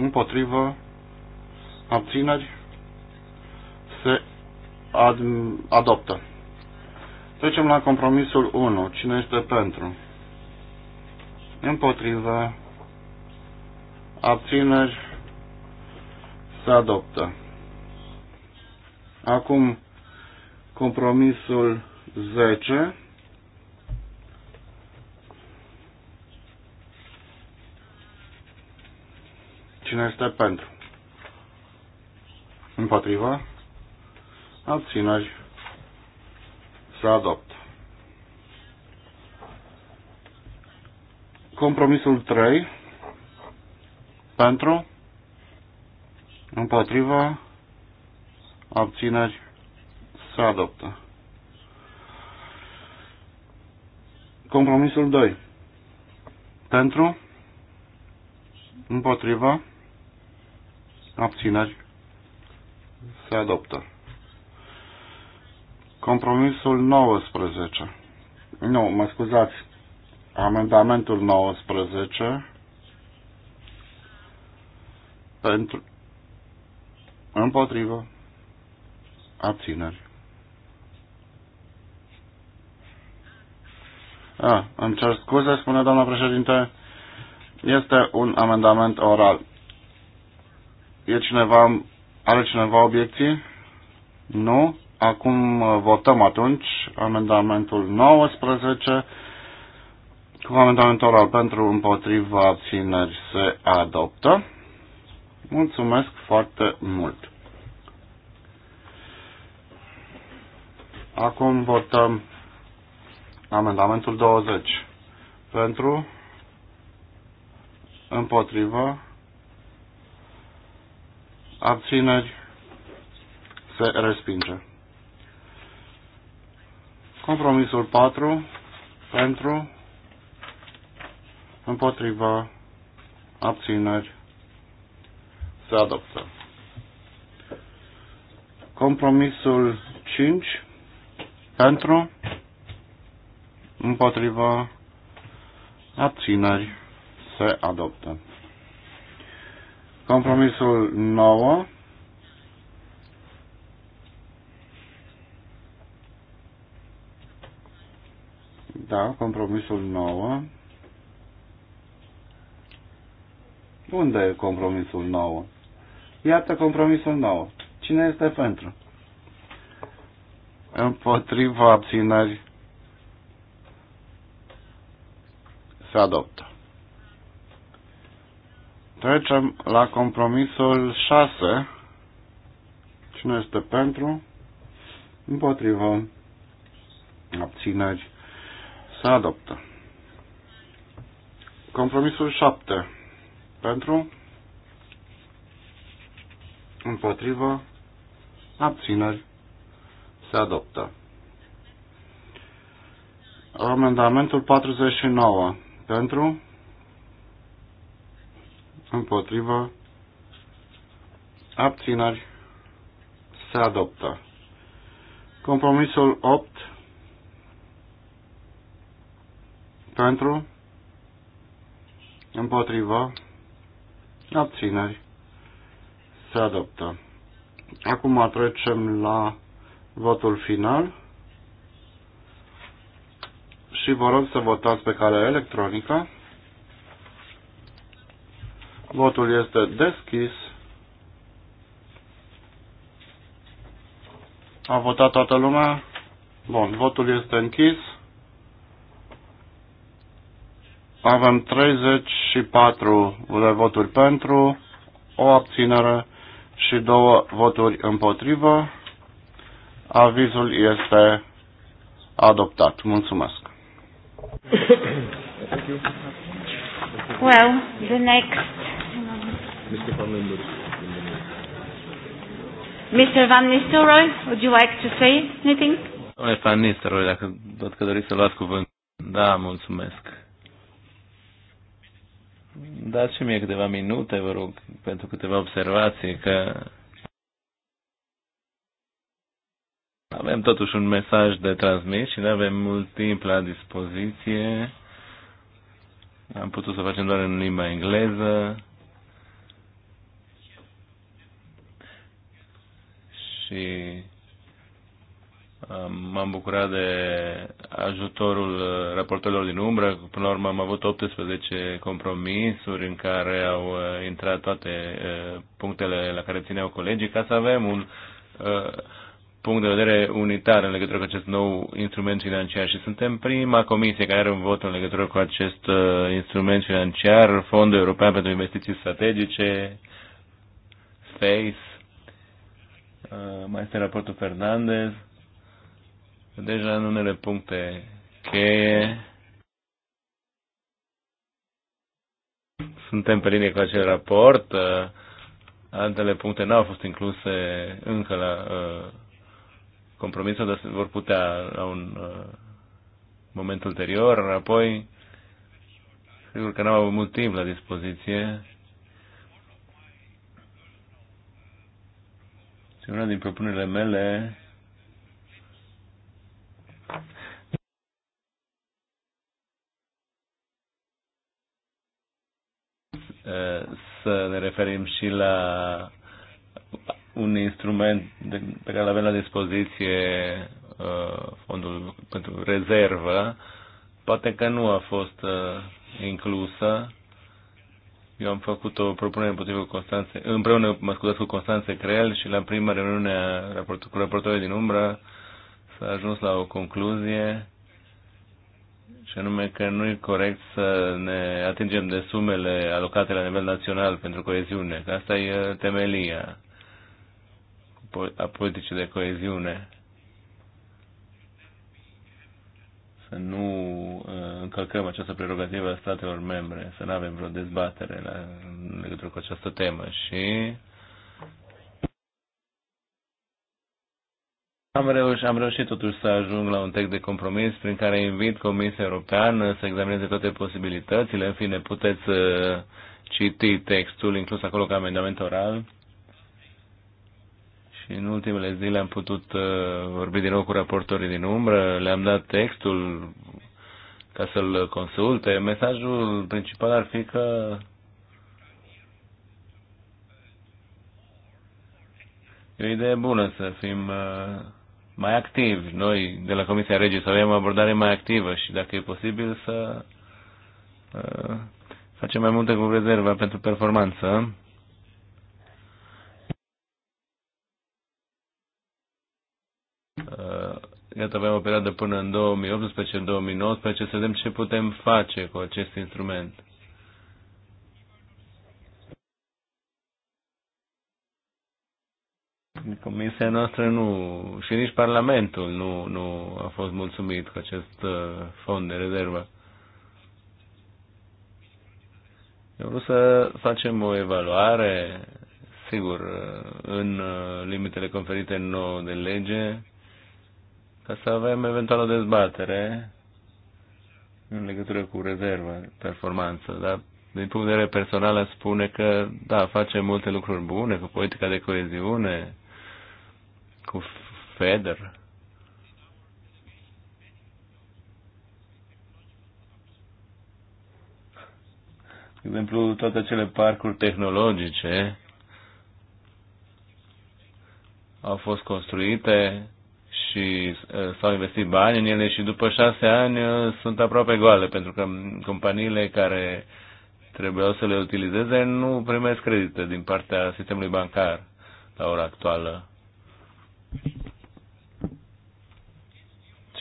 Împotrivă? Abțineri? Se ad adoptă. Trecem la compromisul 1. Cine este pentru? împotrivă, abțineri, se adoptă. Acum compromisul 10. Cine este pentru? Împotriva? Abțineri. să adopt. Compromisul 3 pentru, împotriva, abțineri, se adoptă. Compromisul 2 pentru, împotriva, abțineri, se adoptă. Compromisul 19. Nu, mă scuzați. Amendamentul 19 pentru împotrivă abțineri. A, îmi cer scuze, spune doamna președinte, este un amendament oral. E cineva, are cineva obiecții? Nu? Acum uh, votăm atunci amendamentul 19 Comandamentul oral pentru împotriva abțineri se adoptă. Mulțumesc foarte mult! Acum votăm amendamentul 20 pentru împotriva abțineri se respinge. Compromisul 4 pentru împotriva, abțineri, se adoptă. Compromisul 5 pentru, împotriva, abțineri, se adoptă. Compromisul 9 Da, compromisul 9 Unde e compromisul nou? Iată compromisul nou. Cine este pentru? Împotriva abținări se adoptă. Trecem la compromisul 6. Cine este pentru? Împotriva Abțineri. Se adoptă. Compromisul 7 pentru, împotrivă, abțineri, se adoptă. Amendamentul 49 pentru, împotrivă, abțineri, se adoptă. Compromisul 8 pentru, împotrivă, abțineri, se adoptă. Acum trecem la votul final și vă rog să votați pe calea electronică. Votul este deschis. A votat toată lumea? Bun, votul este închis. Avem 34 de voturi pentru, o abținere și două voturi împotrivă. Avizul este adoptat. Mulțumesc. Well, the next. Mr. Van Nistelrooy, would you like to say anything? Domnule Van Nistelrooy, dacă tot că doriți să luați cuvânt. Da, mulțumesc dați mie câteva minute, vă rog, pentru câteva observații, că avem totuși un mesaj de transmis și nu avem mult timp la dispoziție. Am putut să facem doar în limba engleză. Și M-am bucurat de ajutorul uh, raportelor din umbră. Până la urmă am avut 18 compromisuri în care au uh, intrat toate uh, punctele la care țineau colegii ca să avem un punct de vedere unitar în legătură cu acest nou instrument financiar și suntem prima comisie care are un vot în legătură cu acest instrument financiar, Fondul European pentru Investiții Strategice, SPACE, mai este raportul Fernandez, deja în unele puncte cheie suntem pe linie cu acel raport. Uh, altele puncte nu au fost incluse încă la uh, compromisul, dar vor putea la un uh, moment ulterior. Apoi, sigur că n-am avut mult timp la dispoziție. Și una din propunerile mele să ne referim și la un instrument pe care îl avem la dispoziție, uh, fondul pentru rezervă, poate că nu a fost uh, inclusă. Eu am făcut o propunere împotriva Constanțe, împreună, mă scuzați, cu Constanțe Creel și la prima reuniune a raport, cu raportorii din umbră s-a ajuns la o concluzie anume că nu e corect să ne atingem de sumele alocate la nivel național pentru coeziune, că asta e temelia a politicii de coeziune. Să nu uh, încălcăm această prerogativă a statelor membre, să nu avem vreo dezbatere la, în legătură cu această temă și Am reușit, am reușit totuși să ajung la un text de compromis prin care invit Comisia Europeană să examineze toate posibilitățile. În fine, puteți uh, citi textul inclus acolo ca amendament oral. Și în ultimele zile am putut uh, vorbi din nou cu raportorii din umbră, le-am dat textul ca să-l consulte. Mesajul principal ar fi că e o idee bună să fim uh, mai activi. Noi, de la Comisia Regii, să avem o abordare mai activă și, dacă e posibil, să uh, facem mai multe cu rezerva pentru performanță. Uh, iată, avem o perioadă până în 2018-2019 să vedem ce putem face cu acest instrument. Comisia noastră nu, și nici Parlamentul nu, nu a fost mulțumit cu acest uh, fond de rezervă. Eu vreau să facem o evaluare, sigur, uh, în uh, limitele conferite nou de lege, ca să avem eventual o dezbatere în legătură cu rezerva, performanță, dar din punct de vedere personal, spune că, da, face multe lucruri bune cu politica de coeziune, cu FEDER. De exemplu, toate acele parcuri tehnologice au fost construite și uh, s-au investit bani în ele și după șase ani uh, sunt aproape goale, pentru că companiile care trebuiau să le utilizeze nu primesc credite din partea sistemului bancar la ora actuală.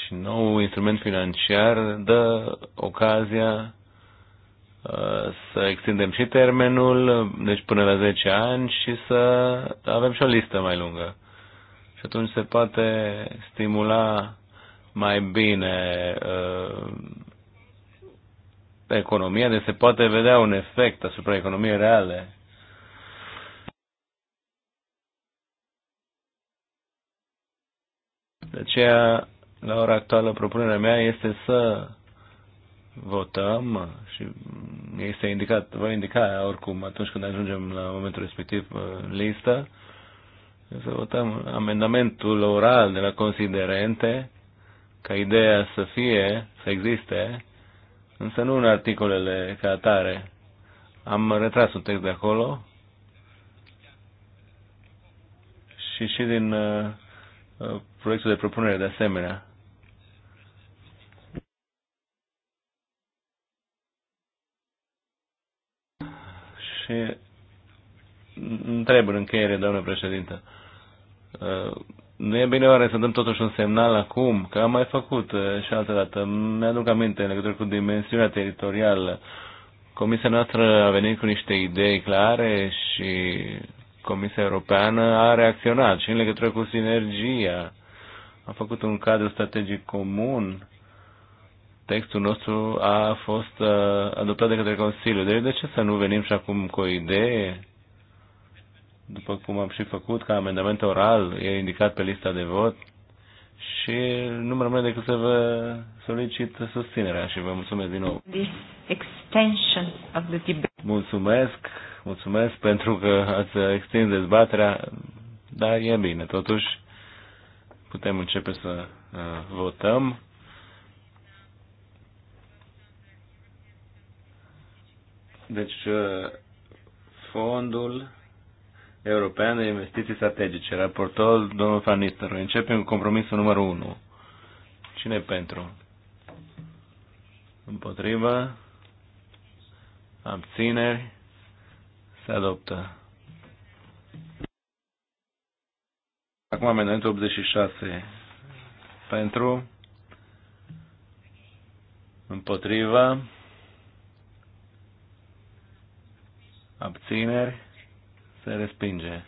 Și nou instrument financiar dă ocazia uh, să extindem și termenul, deci până la 10 ani, și să avem și o listă mai lungă. Și atunci se poate stimula mai bine uh, economia, deci se poate vedea un efect asupra economiei reale. De aceea, la ora actuală, propunerea mea este să votăm și este indicat, voi indica oricum atunci când ajungem la momentul respectiv uh, listă, să votăm amendamentul oral de la considerente ca ideea să fie, să existe, însă nu în articolele ca atare. Am retras un text de acolo și și din uh, uh, proiectul de propunere de asemenea. Și întreb în încheiere, doamnă președintă, uh, nu e bine oare să dăm totuși un semnal acum, că am mai făcut uh, și altă dată. Mi-aduc aminte în legătură cu dimensiunea teritorială. Comisia noastră a venit cu niște idei clare și Comisia Europeană a reacționat și în legătură cu sinergia am făcut un cadru strategic comun. Textul nostru a fost uh, adoptat de către Consiliu. Deci de ce să nu venim și acum cu o idee? După cum am și făcut, ca amendament oral, e indicat pe lista de vot. Și nu mă rămâne decât să vă solicit susținerea și vă mulțumesc din nou. Mulțumesc, mulțumesc pentru că ați extins dezbaterea, dar e bine, totuși Putem începe să uh, votăm. Deci, uh, fondul european de investiții strategice, raportul domnul Van Nistelrooy. Începem cu compromisul numărul 1. Cine pentru? Împotrivă? Abțineri? Se adoptă. Acum amendamentul 86. Pentru, împotriva, abțineri, se respinge.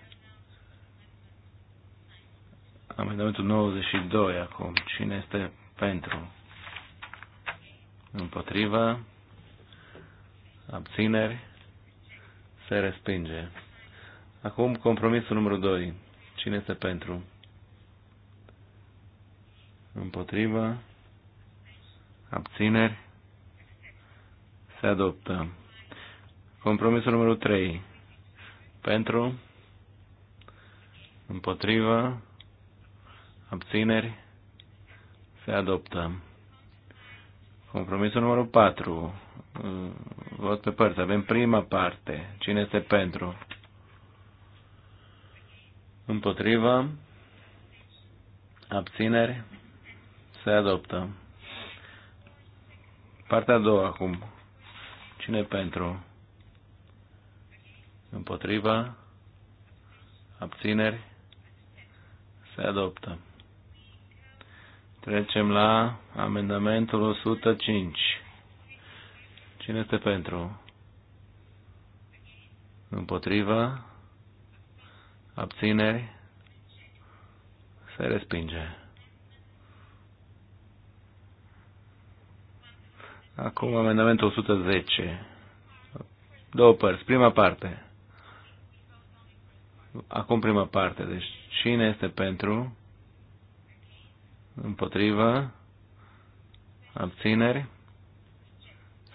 Amendamentul 92 acum. Cine este pentru? Împotriva, abțineri, se respinge. Acum compromisul numărul 2 Cine este pentru? Împotrivă? Abțineri? Se adoptă. Compromisul numărul 3. Pentru? Împotrivă? Abțineri? Se adoptă. Compromisul numărul 4. Vot pe părți. Avem prima parte. Cine este pentru? Împotrivă. Abțineri. Se adoptă. Partea a doua acum. Cine pentru? Împotriva? Abțineri? Se adoptă. Trecem la amendamentul 105. Cine este pentru? Împotriva? abțineri, se respinge. Acum amendamentul 110. Două părți. Prima parte. Acum prima parte. Deci cine este pentru? Împotrivă? Abțineri?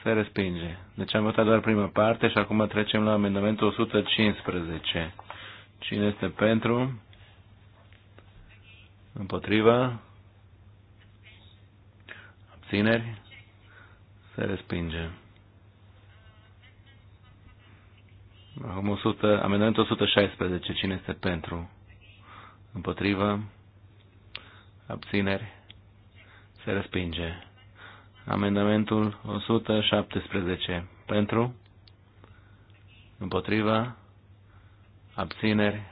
Se respinge. Deci am votat doar prima parte și acum trecem la amendamentul 115. Cine este pentru? Împotriva? Abțineri? Se respinge. Acum 100, amendamentul 116. Cine este pentru? Împotriva? Abțineri? Se respinge. Amendamentul 117. Pentru? Împotriva? abțineri,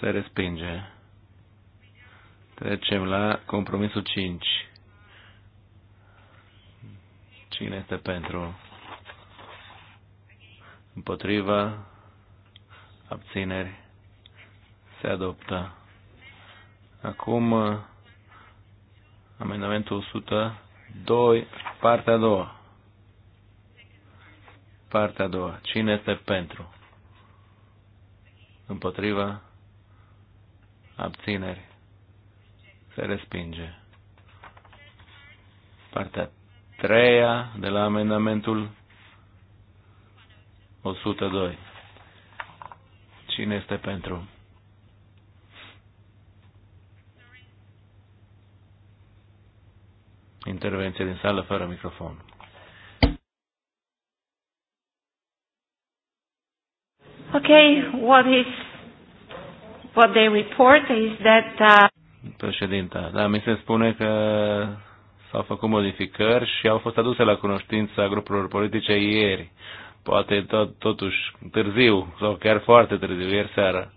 se respinge. Trecem la compromisul 5. Cine este pentru? Împotriva, abțineri, se adoptă. Acum, amendamentul 102, partea a doua. Partea a doua. Cine este pentru? împotriva, abțineri, se respinge. Partea treia de la amendamentul 102. Cine este pentru? Intervenție din sală fără microfon. Okay, what is what they report is that uh, Președinta, da, mi se spune că s-au făcut modificări și au fost aduse la cunoștința grupurilor politice ieri, poate tot, totuși târziu sau chiar foarte târziu, ieri seara.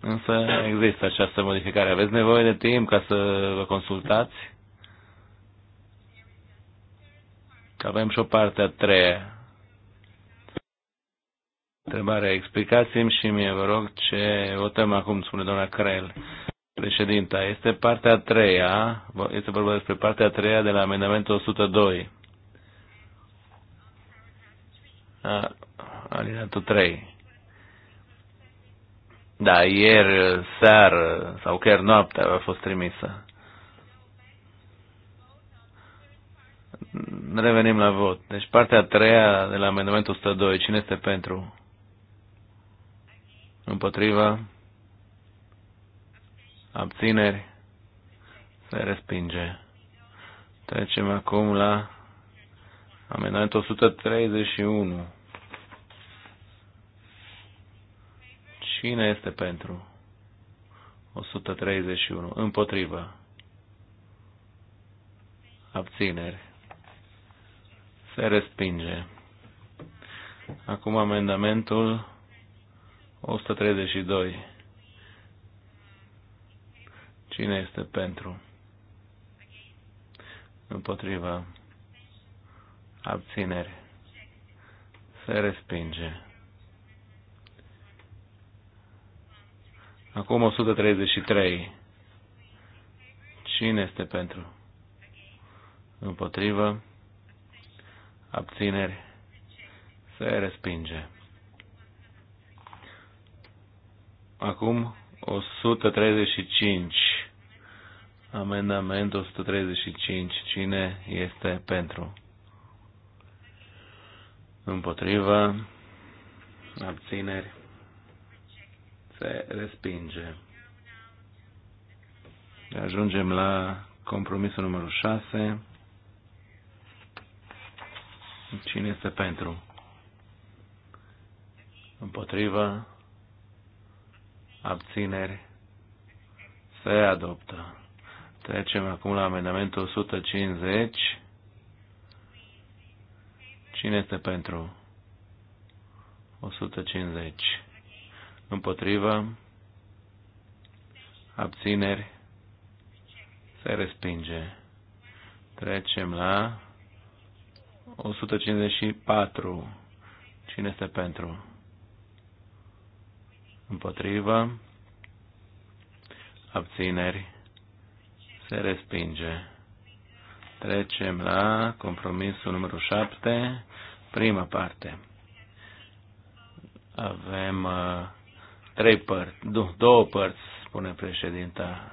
Însă există această modificare. Aveți nevoie de timp ca să vă consultați? Că avem și o parte a treia Întrebarea, explicați-mi și mie, vă rog, ce votăm acum, spune doamna Crel. Președinta, este partea a treia, este vorba despre partea a treia de la amendamentul 102. alinatul 3. Da, ieri seară sau chiar noaptea a fost trimisă. Revenim la vot. Deci partea a treia de la amendamentul 102. Cine este pentru? împotriva, abțineri, se respinge. Trecem acum la amendamentul 131. Cine este pentru? 131. Împotriva. Abțineri. Se respinge. Acum amendamentul 132. Cine este pentru? Împotriva. Abținere. Se respinge. Acum 133. Cine este pentru? împotriva Abțineri. Se respinge. Acum 135. Amendament 135. Cine este pentru? Împotriva. Abțineri. Se respinge. Ajungem la compromisul numărul 6. Cine este pentru? Împotriva abținere. se adoptă. Trecem acum la amendamentul 150. Cine este pentru? 150. Împotrivă, abțineri, se respinge. Trecem la 154. Cine este pentru? împotrivă, abțineri, se respinge. Trecem la compromisul numărul 7, prima parte. Avem uh, trei părți, două părți, spune președinta.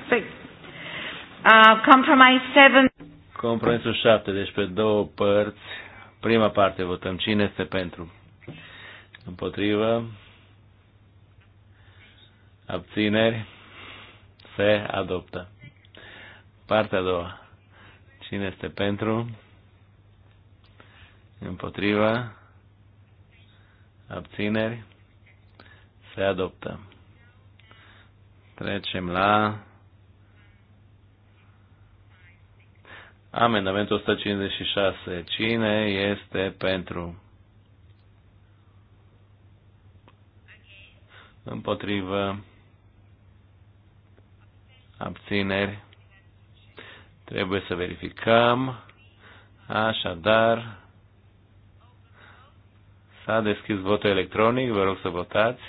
7. Uh, compromisul 7, deci pe două părți. Prima parte votăm cine este pentru. Împotrivă, abțineri, se adoptă. Partea a doua. Cine este pentru? Împotriva? Abțineri? Se adoptă. Trecem la amendamentul 156. Cine este pentru? Împotrivă? abțineri. Trebuie să verificăm. Așadar, s-a deschis votul electronic. Vă rog să votați.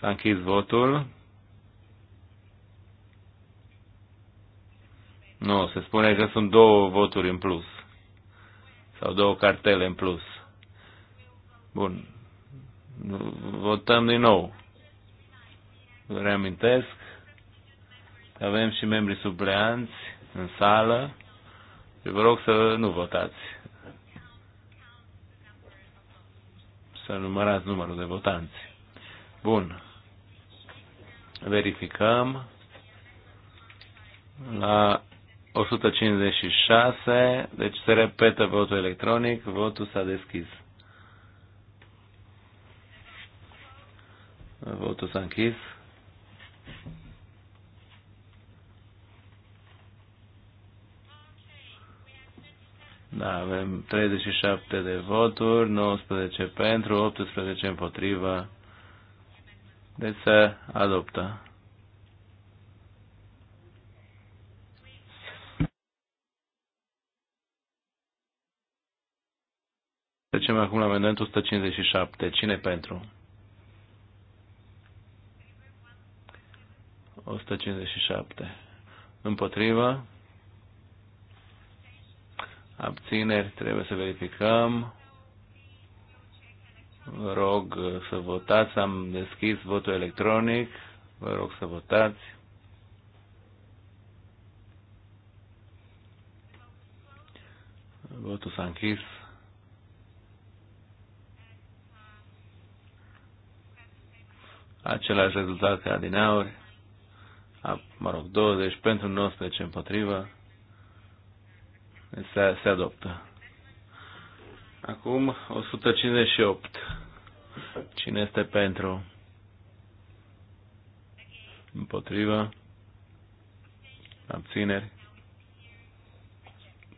S-a închis votul. Nu, se spune că sunt două voturi în plus. Sau două cartele în plus. Bun. Votăm din nou. Reamintesc că avem și membrii supleanți în sală. Și vă rog să nu votați. Să numărați numărul de votanți. Bun. Verificăm. La 156, deci se repetă votul electronic, votul s-a deschis. Votul s-a închis. Da, avem 37 de voturi, 19 pentru, 18 împotriva. Deci se adoptă. Trecem acum la amendamentul 157. Cine pentru? 157. Împotriva. Abțineri. Trebuie să verificăm. Vă rog să votați. Am deschis votul electronic. Vă rog să votați. Votul s-a închis. Același rezultat ca din aur mă rog, 20 pentru 19 împotrivă, se, se adoptă. Acum 158. Cine este pentru? Împotrivă? Abțineri?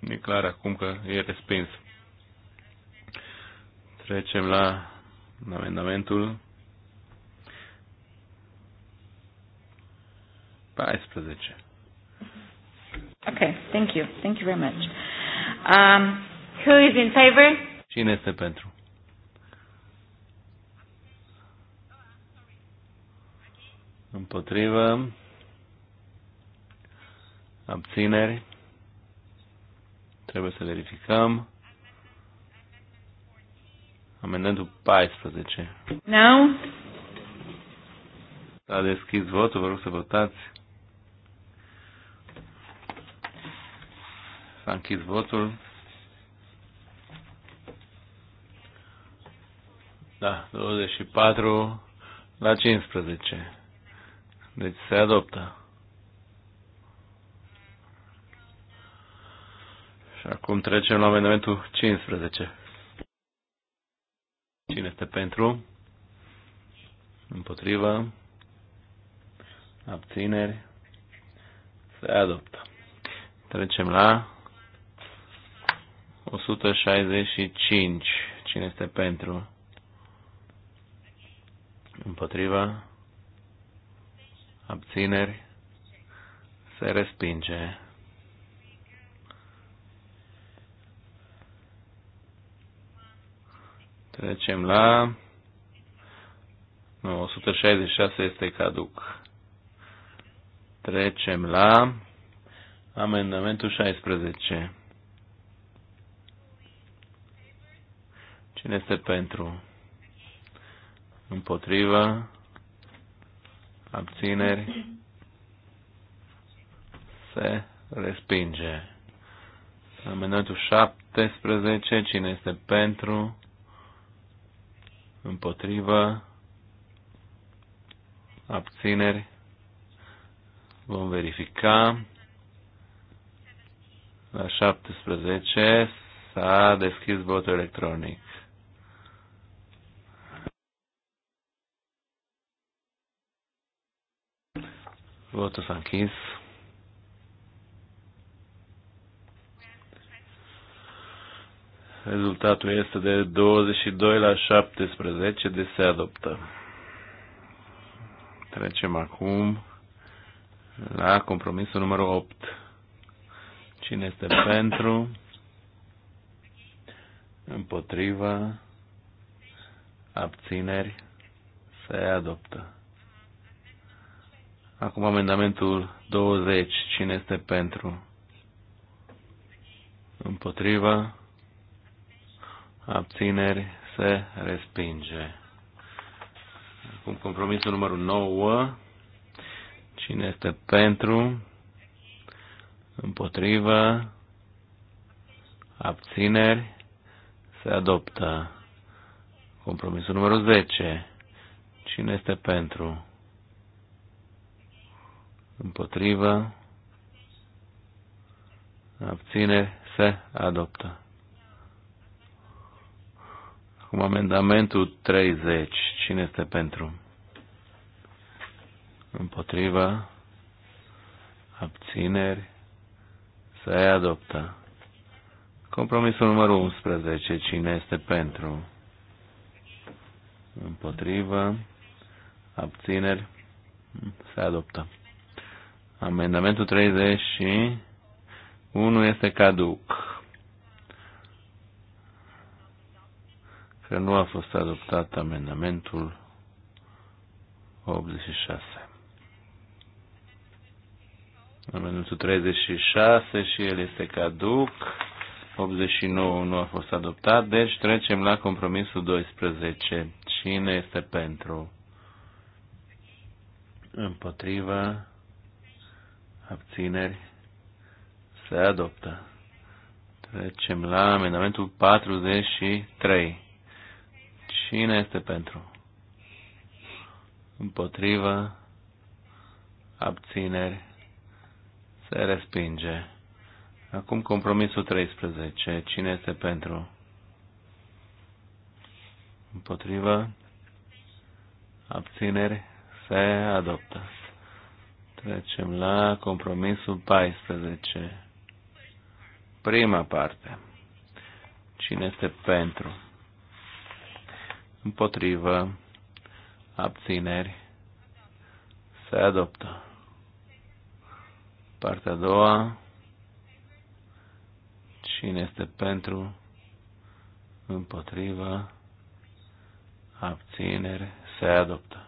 E clar acum că e respins. Trecem la amendamentul 14. Okay, thank you. Thank you very much. Um, who is in favor? Cine este pentru? Împotrivă. Abțineri. Trebuie să verificăm. Amendamentul 14. No. S-a deschis votul, vă rog să votați. S-a închis votul. Da, 24 la 15. Deci se adoptă. Și acum trecem la amendamentul 15. Cine este pentru? Împotrivă? Abțineri? Se adoptă. Trecem la 165. Cine este pentru? Împotriva? Abțineri? Se respinge. Trecem la... Nu, 166 este caduc. Trecem la amendamentul 16. Cine este pentru? Împotrivă? Abțineri? Se respinge. Amendamentul 17. Cine este pentru? Împotrivă? Abțineri? Vom verifica. La 17 s-a deschis votul electronic. Votul s-a închis. Rezultatul este de 22 la 17, de deci se adoptă. Trecem acum la compromisul numărul 8. Cine este pentru? Împotriva? Abțineri? Se adoptă. Acum amendamentul 20. Cine este pentru? Împotriva? Abțineri? Se respinge. Acum compromisul numărul 9. Cine este pentru? Împotriva? Abțineri? Se adoptă. Compromisul numărul 10. Cine este pentru? împotrivă, abține se adoptă. Acum amendamentul 30. Cine este pentru? Împotriva, abțineri, se adoptă. Compromisul numărul 11. Cine este pentru? Împotrivă, abțineri, se adoptă. Amendamentul 31 este caduc. Că nu a fost adoptat amendamentul 86. Amendamentul 36 și el este caduc. 89 nu a fost adoptat, deci trecem la compromisul 12. Cine este pentru? Împotriva abțineri, se adoptă. Trecem la amendamentul 43. Cine este pentru? Împotrivă, abțineri, se respinge. Acum compromisul 13. Cine este pentru? Împotrivă, abțineri, se adoptă. Trecem la compromisul 14. Prima parte. Cine este pentru? Împotrivă. Abțineri. Se adoptă. Partea a doua. Cine este pentru? Împotrivă. Abțineri. Se adoptă.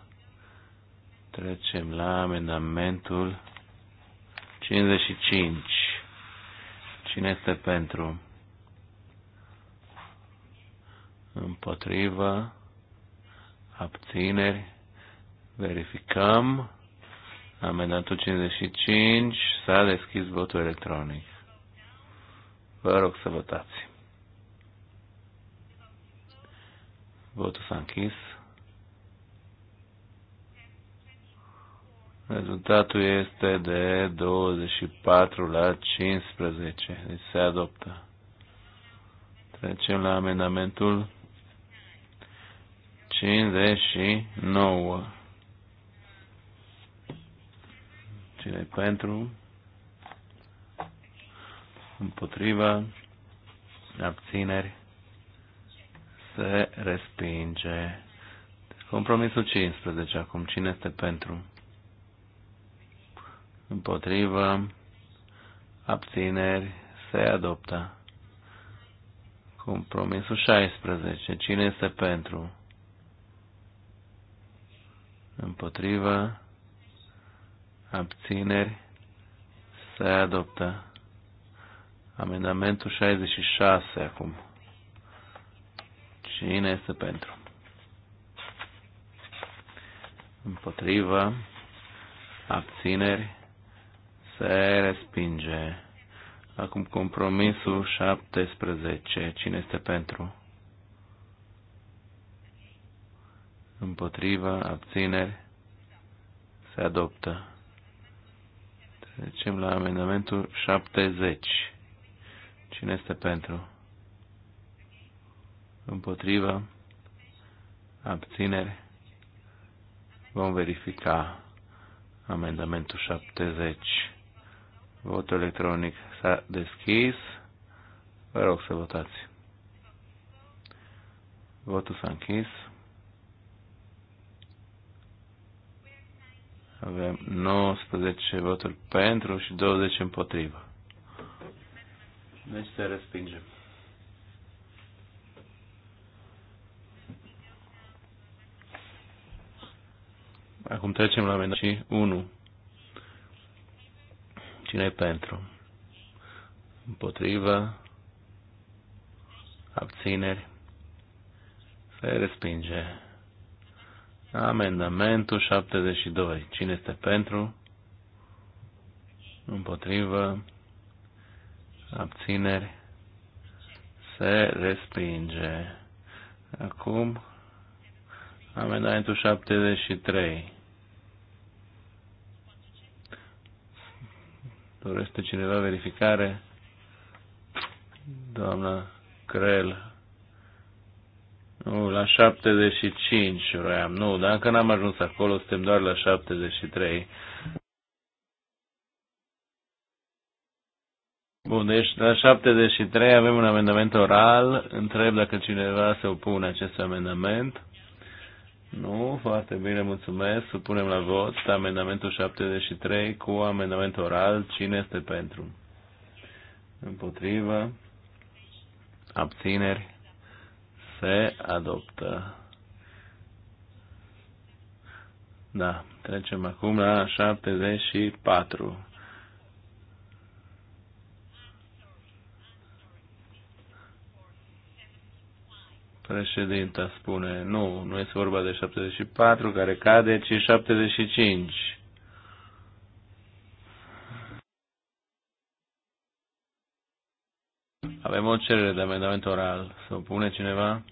Trecem la amendamentul 55. Cine este pentru? Împotriva? Abțineri. Verificăm. Amendamentul 55. S-a deschis votul electronic. Vă rog să votați. Votul s-a închis. Rezultatul este de 24 la 15. Deci se adoptă. Trecem la amendamentul 59. Cine pentru? Împotriva? Abțineri? Se respinge. Compromisul 15 acum. Cine este pentru? împotrivă, abțineri, se adoptă. Compromisul 16. Cine este pentru? Împotrivă, abțineri, se adoptă. Amendamentul 66 acum. Cine este pentru? Împotrivă, abțineri, se respinge. Acum compromisul 17. Cine este pentru? Împotriva, abțineri, se adoptă. Trecem la amendamentul 70. Cine este pentru? Împotriva, abțineri, vom verifica amendamentul 70. Votul electronic s-a deschis. Vă rog să votați. Votul s-a închis. Avem 19 voturi pentru și 20 împotrivă. Deci se respinge. Acum trecem la amendamentul 1 cine pentru? Împotrivă? Abțineri? Se respinge. Amendamentul 72. Cine este pentru? Împotrivă? Abțineri? Se respinge. Acum, amendamentul 73. Dorește cineva verificare? Doamna Crel. Nu, la 75 vroiam. Nu, dar încă n-am ajuns acolo, suntem doar la 73. Bun, deci la 73 avem un amendament oral. Întreb dacă cineva se opune acest amendament. Nu, foarte bine, mulțumesc. Supunem la vot amendamentul 73 cu amendament oral. Cine este pentru? Împotrivă. Abțineri. Se adoptă. Da, trecem acum la 74. Președinta spune, nu, nu este vorba de 74 care cade, ci 75. Avem o cerere de amendament oral. Să o pune cineva?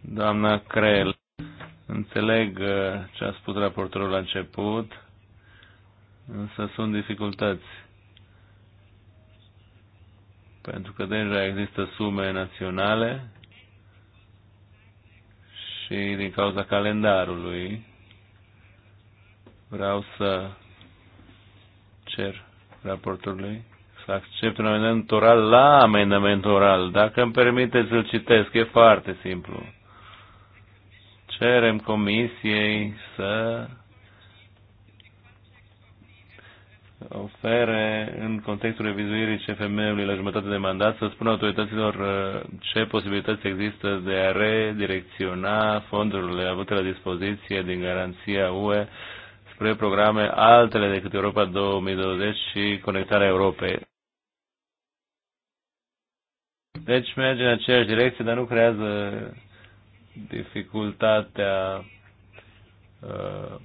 Doamna Creel, înțeleg uh, ce a spus raportorul la început, însă sunt dificultăți pentru că deja există sume naționale și din cauza calendarului vreau să cer raportului să accept un amendament oral la amendament oral. Dacă îmi permiteți să-l citesc, e foarte simplu. Cerem comisiei să ofere în contextul revizuirii CFM-ului la jumătate de mandat să spună autorităților uh, ce posibilități există de a redirecționa fondurile avute la dispoziție din garanția UE spre programe altele decât Europa 2020 și Conectarea Europei. Deci merge în aceeași direcție, dar nu creează dificultatea uh,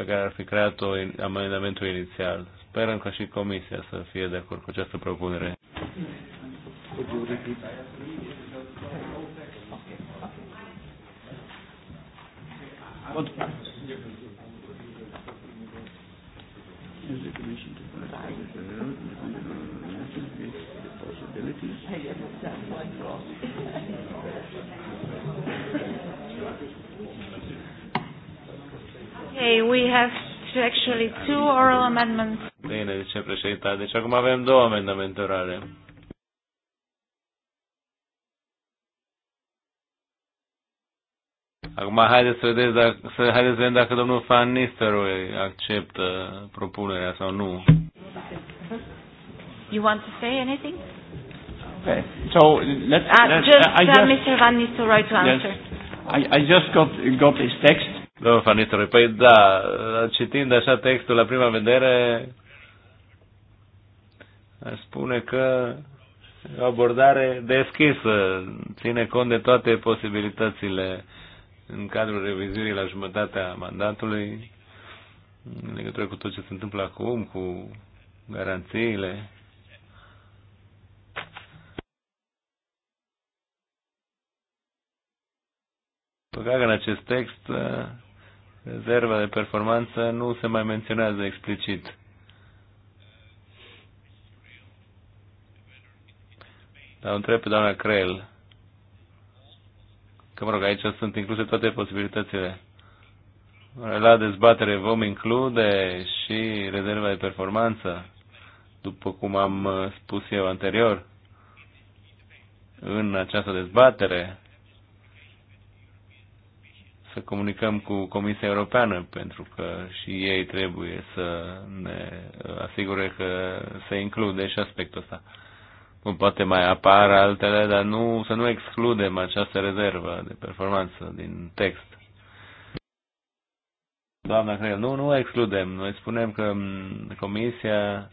pe care ar fi creat-o amendamentul inițial. Sperăm că și Comisia să fie de acord cu această propunere. Thank you. Okay, we have actually two oral amendments. Bine, președinta. deci acum avem două amendamente orale. Acum haideți să, vedeți dacă, să, haideți să vedem dacă domnul Van Nistelrooy acceptă propunerea sau nu. You want to say anything? Okay. So let's, uh, let's just uh, I just, Mr. Van Nistelrooy to answer. Yes. I, I just got got his text Domnul Fanitorului, păi da, citind așa textul la prima vedere, spune că o abordare deschisă, ține cont de toate posibilitățile în cadrul revizuirii la jumătatea mandatului, în legătură cu tot ce se întâmplă acum, cu garanțiile. Păcat că în acest text rezerva de performanță nu se mai menționează explicit. Dar întreb pe doamna Creel că, mă rog, aici sunt incluse toate posibilitățile. La dezbatere vom include și rezerva de performanță, după cum am spus eu anterior, în această dezbatere să comunicăm cu Comisia Europeană, pentru că și ei trebuie să ne uh, asigure că se include și aspectul ăsta. Bun, poate mai apar altele, dar nu, să nu excludem această rezervă de performanță din text. Doamna Creel, nu, nu excludem. Noi spunem că mm, Comisia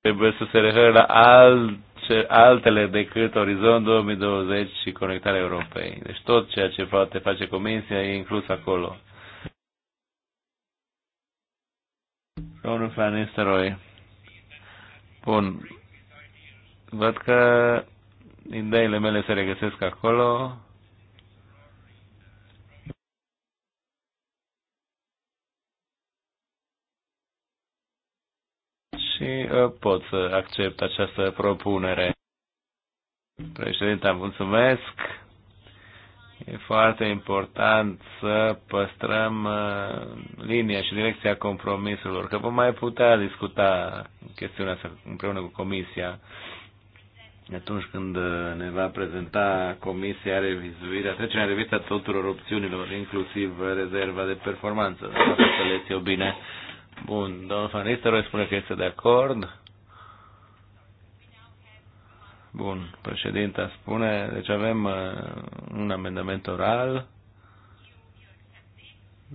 trebuie să se referă la alt altele decât Orizont 2020 și Conectarea Europei. Deci tot ceea ce poate face Comisia e inclus acolo. Domnul Flanisteroi. Bun. Văd că ideile mele se regăsesc acolo. și uh, pot să accept această propunere. Președinte, mulțumesc. E foarte important să păstrăm uh, linia și direcția compromisurilor, că vom mai putea discuta chestiunea asta împreună cu Comisia atunci când uh, ne va prezenta Comisia revizuirea, trecerea în revista tuturor opțiunilor, inclusiv rezerva de performanță, dacă să le bine. Bun, domnul Nistelrooy spune că este de acord. Bun, președinta spune, deci avem uh, un amendament oral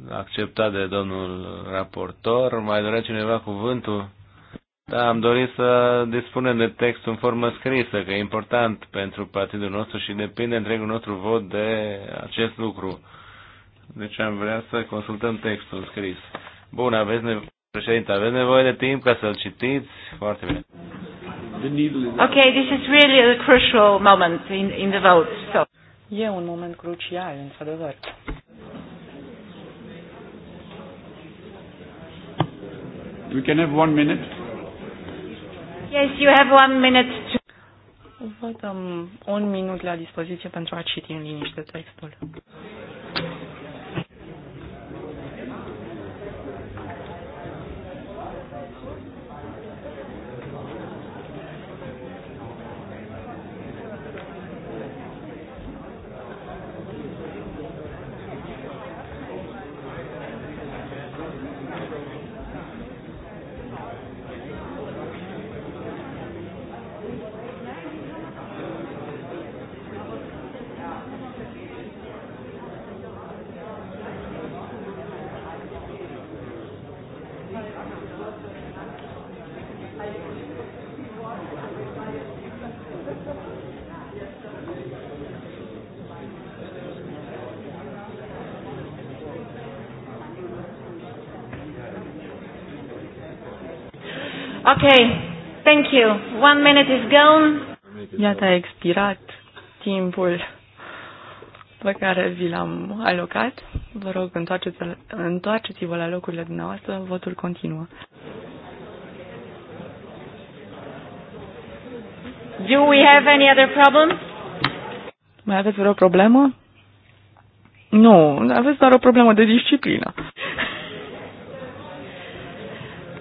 acceptat de domnul raportor. Mai dorea cineva cuvântul? Da, am dorit să dispunem de text în formă scrisă, că e important pentru partidul nostru și depinde întregul nostru vot de acest lucru. Deci am vrea să consultăm textul scris. Bun, aveți nevoie, președinte, aveți nevoie de timp ca să-l citiți. Foarte bine. Okay, this is really a crucial moment in, in the vote. So. E un moment crucial, într-adevăr. We can have one minute. Yes, you have one minute to... Vă dăm un minut la dispoziție pentru a citi în liniște textul. Okay, thank you. One minute is gone. Iată, a expirat timpul pe care vi l-am alocat. Vă rog, întoarceți-vă la locurile dumneavoastră, votul continuă. Do we have any other problem? Mai aveți vreo problemă? Nu, aveți doar o problemă de disciplină.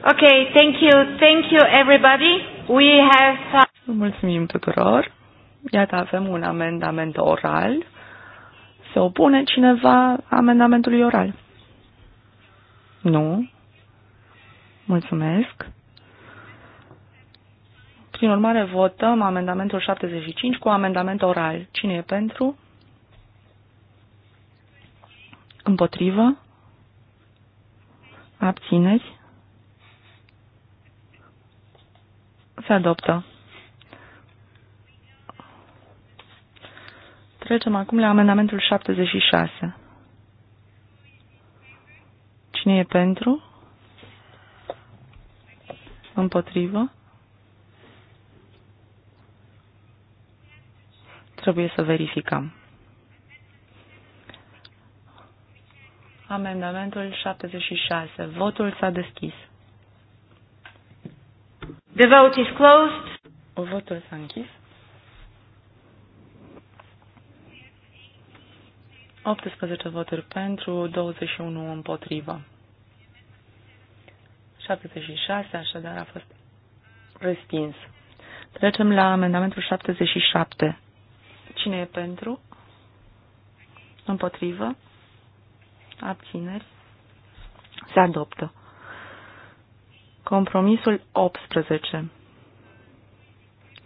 Okay, thank you, thank you everybody. We have... Mulțumim tuturor. Iată, avem un amendament oral. Se opune cineva amendamentului oral? Nu. Mulțumesc. Prin urmare, votăm amendamentul 75 cu amendament oral. Cine e pentru? Împotrivă? Abțineți? Se adoptă. Trecem acum la amendamentul 76. Cine e pentru? Împotrivă? Trebuie să verificăm. Amendamentul 76. Votul s-a deschis. The vote is closed. Votul s-a închis. 18 voturi pentru, 21 împotrivă. 76, așadar, a fost respins. Trecem la amendamentul 77. Cine e pentru? Împotrivă? Abțineri? Se adoptă. Compromisul 18.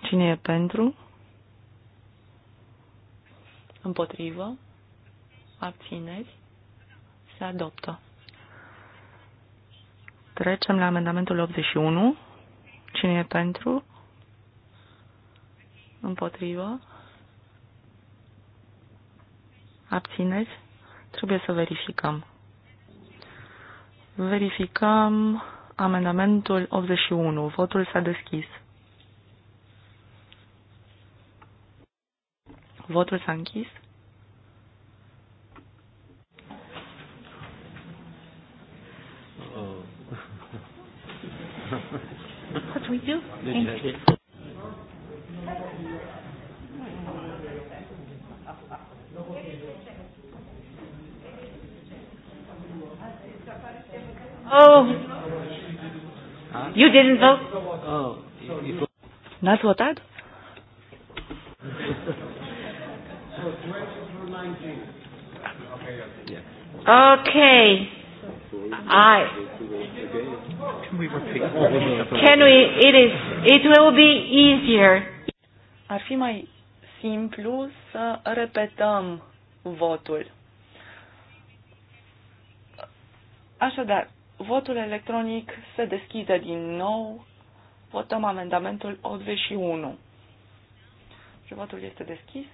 Cine e pentru? Împotrivă? Abțineri? Se adoptă. Trecem la amendamentul 81. Cine e pentru? Împotrivă? Abțineți? Trebuie să verificăm. Verificăm amendamentul 81. Votul s-a deschis. Votul s-a închis. Oh. (laughs) What we do? Oh, Huh? You didn't vote? Oh. Not votat? Okay. I can we repeat? Can we? It is. It will be easier. Ar fi mai simplu să repetăm votul. Așadar, Votul electronic se deschide din nou. Votăm amendamentul 81. Și votul este deschis.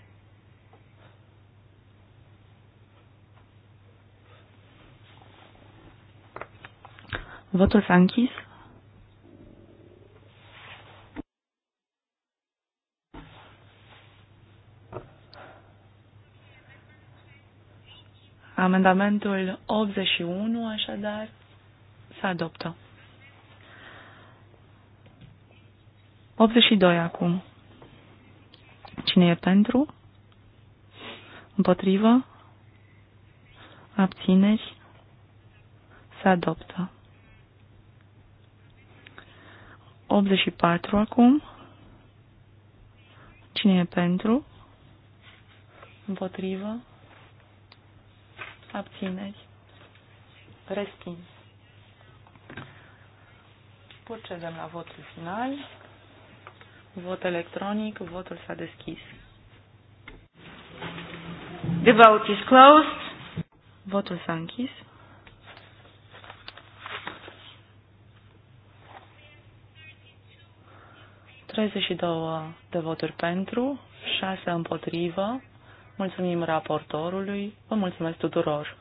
Votul s-a închis. Amendamentul 81, așadar, să adoptă. 82 acum. Cine e pentru? Împotrivă? Abțineri? Să adoptă. 84 acum. Cine e pentru? Împotrivă? Abțineri? Respins. Procedem la votul final. Vot electronic, votul s-a deschis. The vote is closed. Votul s-a închis. Treizeci două de voturi pentru, șase împotrivă. Mulțumim raportorului, vă mulțumesc tuturor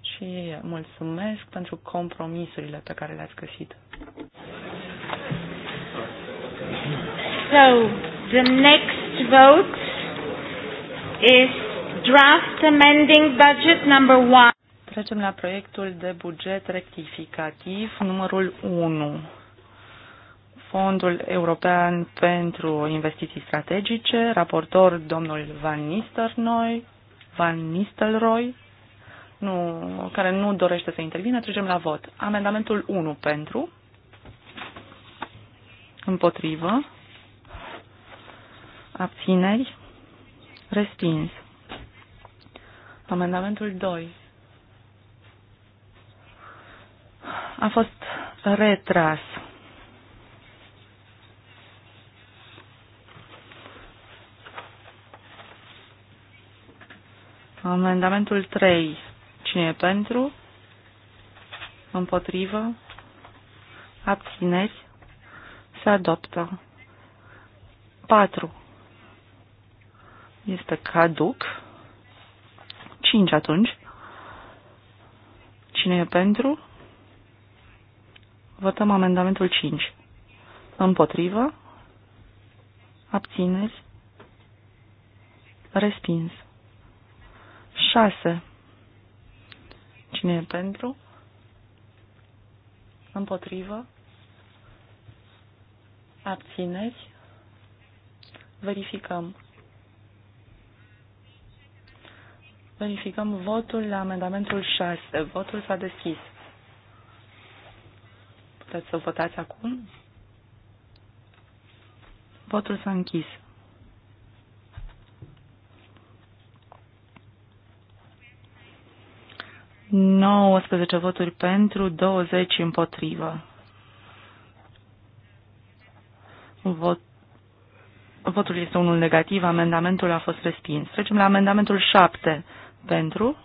și mulțumesc pentru compromisurile pe care le-ați găsit. So, the next vote is draft amending budget number one. Trecem la proiectul de buget rectificativ numărul 1. Fondul European pentru Investiții Strategice, raportor domnul Van Nistelrooy, Van Nistelrooy, nu, care nu dorește să intervină, trecem la vot. Amendamentul 1 pentru, împotrivă, Abțineri? Respins. Amendamentul 2. A fost retras. Amendamentul 3. Cine e pentru? Împotrivă? Abțineri? Se adoptă. 4 este caduc. 5 atunci. Cine e pentru? Votăm amendamentul 5. Împotrivă? Abțineri? Respins. 6. Cine e pentru? Împotrivă? Abțineri? Verificăm. verificăm votul la amendamentul 6. Votul s-a deschis. Puteți să votați acum? Votul s-a închis. Nouăsprezece voturi pentru, 20 împotrivă. Vot Votul este unul negativ, amendamentul a fost respins. Trecem la amendamentul 7 pentru,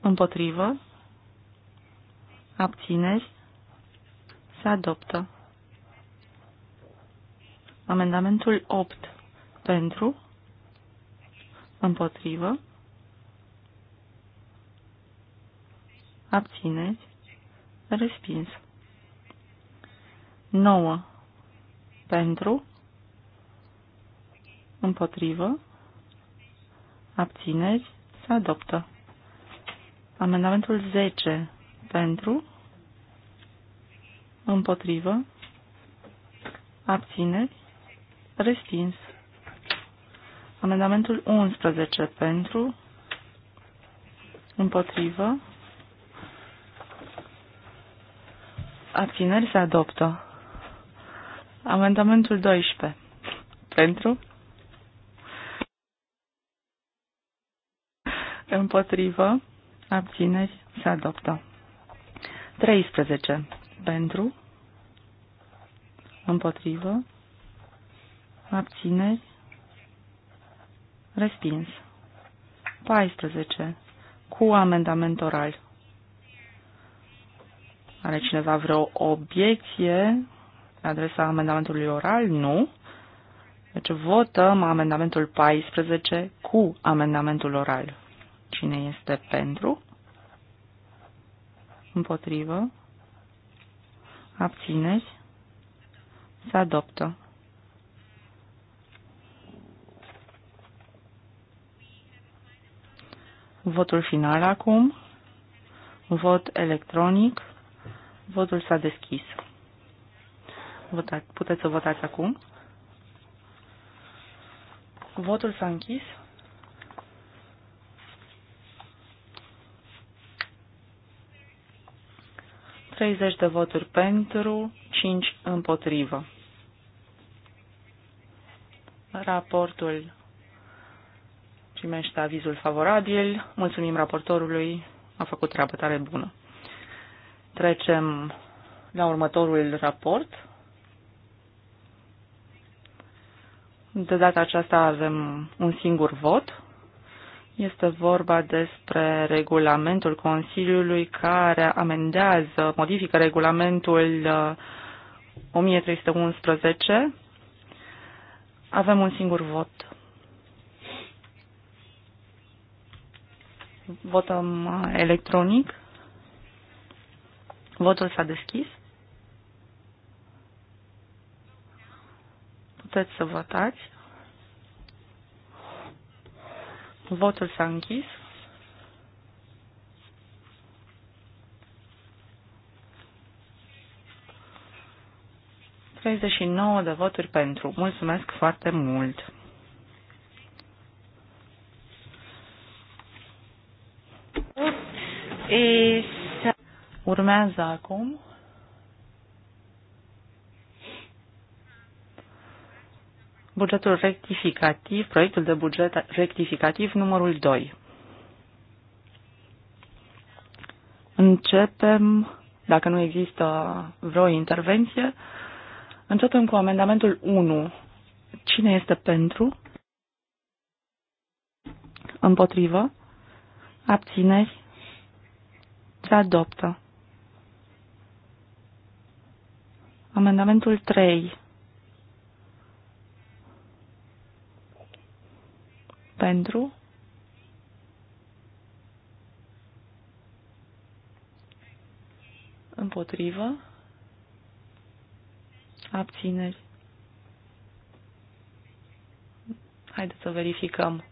împotrivă, abțineri, se adoptă. Amendamentul 8 pentru, împotrivă, abțineri, respins. 9 pentru, împotrivă, abțineri, se adoptă. Amendamentul 10 pentru, împotrivă, abțineri, respins. Amendamentul 11 pentru, împotrivă, abțineri se adoptă. Amendamentul 12 pentru, împotrivă, abțineri, se adoptă. 13. Pentru, împotrivă, abțineri, respins. 14. Cu amendament oral. Are cineva vreo obiecție la adresa amendamentului oral? Nu. Deci votăm amendamentul 14 cu amendamentul oral. Cine este pentru? Împotrivă? Abțineri? Se adoptă. Votul final acum. Vot electronic. Votul s-a deschis. Votați, puteți să votați acum. Votul s-a închis. 30 de voturi pentru, 5 împotrivă. Raportul primește avizul favorabil. Mulțumim raportorului, a făcut treabă tare bună. Trecem la următorul raport. De data aceasta avem un singur vot. Este vorba despre regulamentul Consiliului care amendează, modifică regulamentul 1311. Uh, Avem un singur vot. Votăm uh, electronic. Votul s-a deschis. Puteți să votați. Votul s-a închis. Treizeci și nouă de voturi pentru. Mulțumesc foarte mult! Urmează acum bugetul rectificativ, proiectul de buget rectificativ numărul 2. Începem, dacă nu există vreo intervenție, începem cu amendamentul 1. Cine este pentru? Împotrivă? Abțineri? Se adoptă. Amendamentul 3. pentru, împotrivă, abțineri. Haideți să verificăm.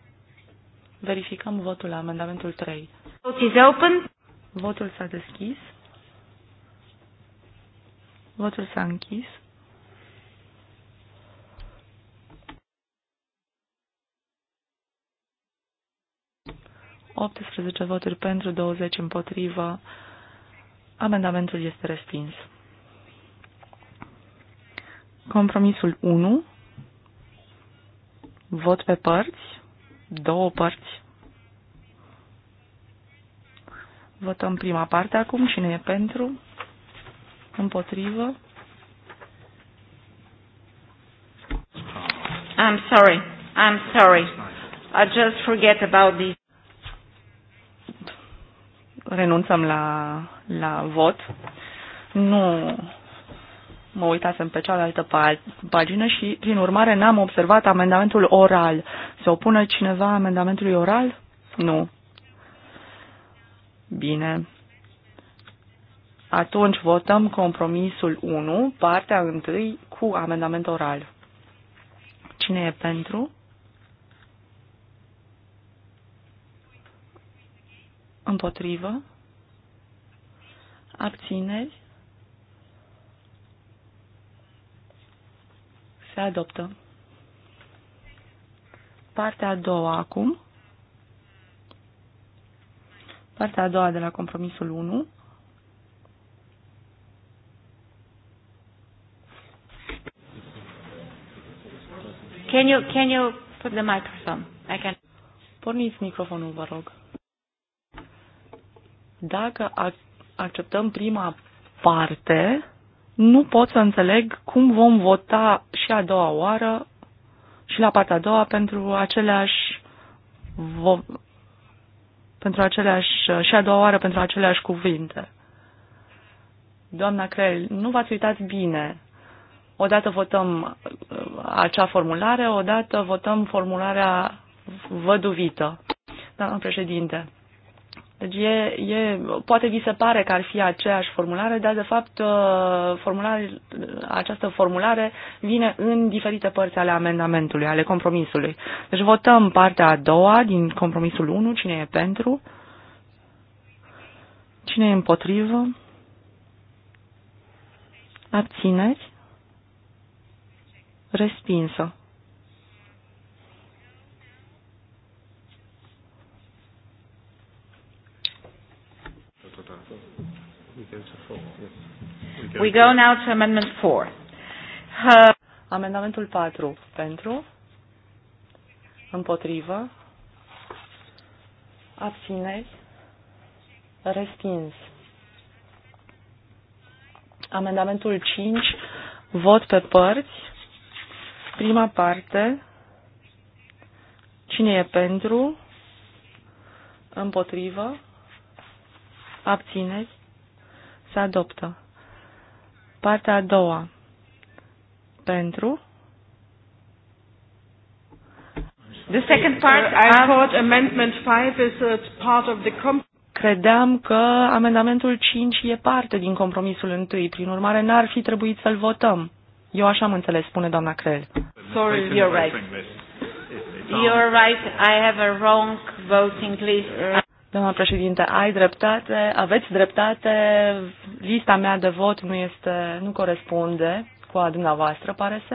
Verificăm votul la amendamentul 3. Vote is open. Votul s-a deschis. Votul s-a închis. 18 voturi pentru, 20 împotrivă. Amendamentul este respins. Compromisul 1. Vot pe părți. Două părți. Votăm prima parte acum. Cine e pentru? Împotrivă? I'm sorry. I'm sorry. I just forget about this renunțăm la, la vot. Nu mă uitasem pe cealaltă pagină și, prin urmare, n-am observat amendamentul oral. Se opune cineva amendamentului oral? Nu. Bine. Atunci votăm compromisul 1, partea 1, cu amendament oral. Cine e pentru? Împotrivă. Abțineri. Se adoptă. Partea a doua acum. Partea a doua de la compromisul 1. Can you, can you put the microphone? I can... Porniți microfonul, vă rog. Dacă acceptăm prima parte, nu pot să înțeleg cum vom vota și a doua oară și la partea a doua pentru aceleași pentru aceleași, și a doua oară pentru aceleași cuvinte. Doamna Creel, nu v-ați uitat bine. Odată votăm uh, acea formulare, odată votăm formularea văduvită. Doamna președinte, deci e, e, poate vi se pare că ar fi aceeași formulare, dar de fapt uh, formulare, această formulare vine în diferite părți ale amendamentului, ale compromisului. Deci votăm partea a doua din compromisul 1, cine e pentru, cine e împotrivă, abțineri, respinsă. We go now to amendment 4. Amendamentul 4 pentru, împotrivă, abțineri, respins. Amendamentul 5, vot pe părți, prima parte, cine e pentru, împotrivă, abțineri, se adoptă. Partea a doua. Pentru. The second part, I thought amendment 5 is a part of the compromise. Credeam că amendamentul 5 e parte din compromisul întâi, prin urmare n-ar fi trebuit să-l votăm. Eu așa am înțeles, spune doamna Crel. Sorry, you're right. You're right, I have a wrong voting list. Doamna președinte, ai dreptate, aveți dreptate, lista mea de vot nu, este, nu corespunde cu a dumneavoastră, pare să.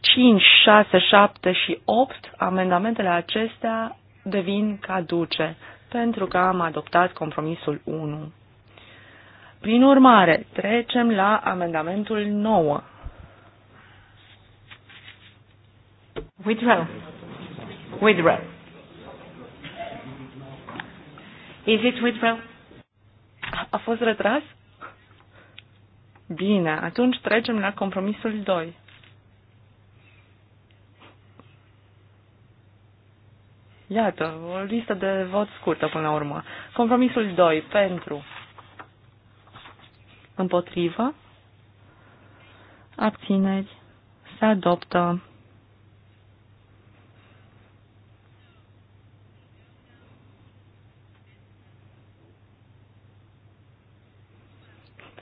5, 6, 7 și 8, amendamentele acestea devin caduce, pentru că am adoptat compromisul 1. Prin urmare, trecem la amendamentul 9. Withdraw. Withdraw. Is it withdrawn? A fost retras? Bine, atunci trecem la compromisul 2. Iată, o listă de vot scurtă până la urmă. Compromisul 2, pentru, împotrivă, abțineri, se adoptă.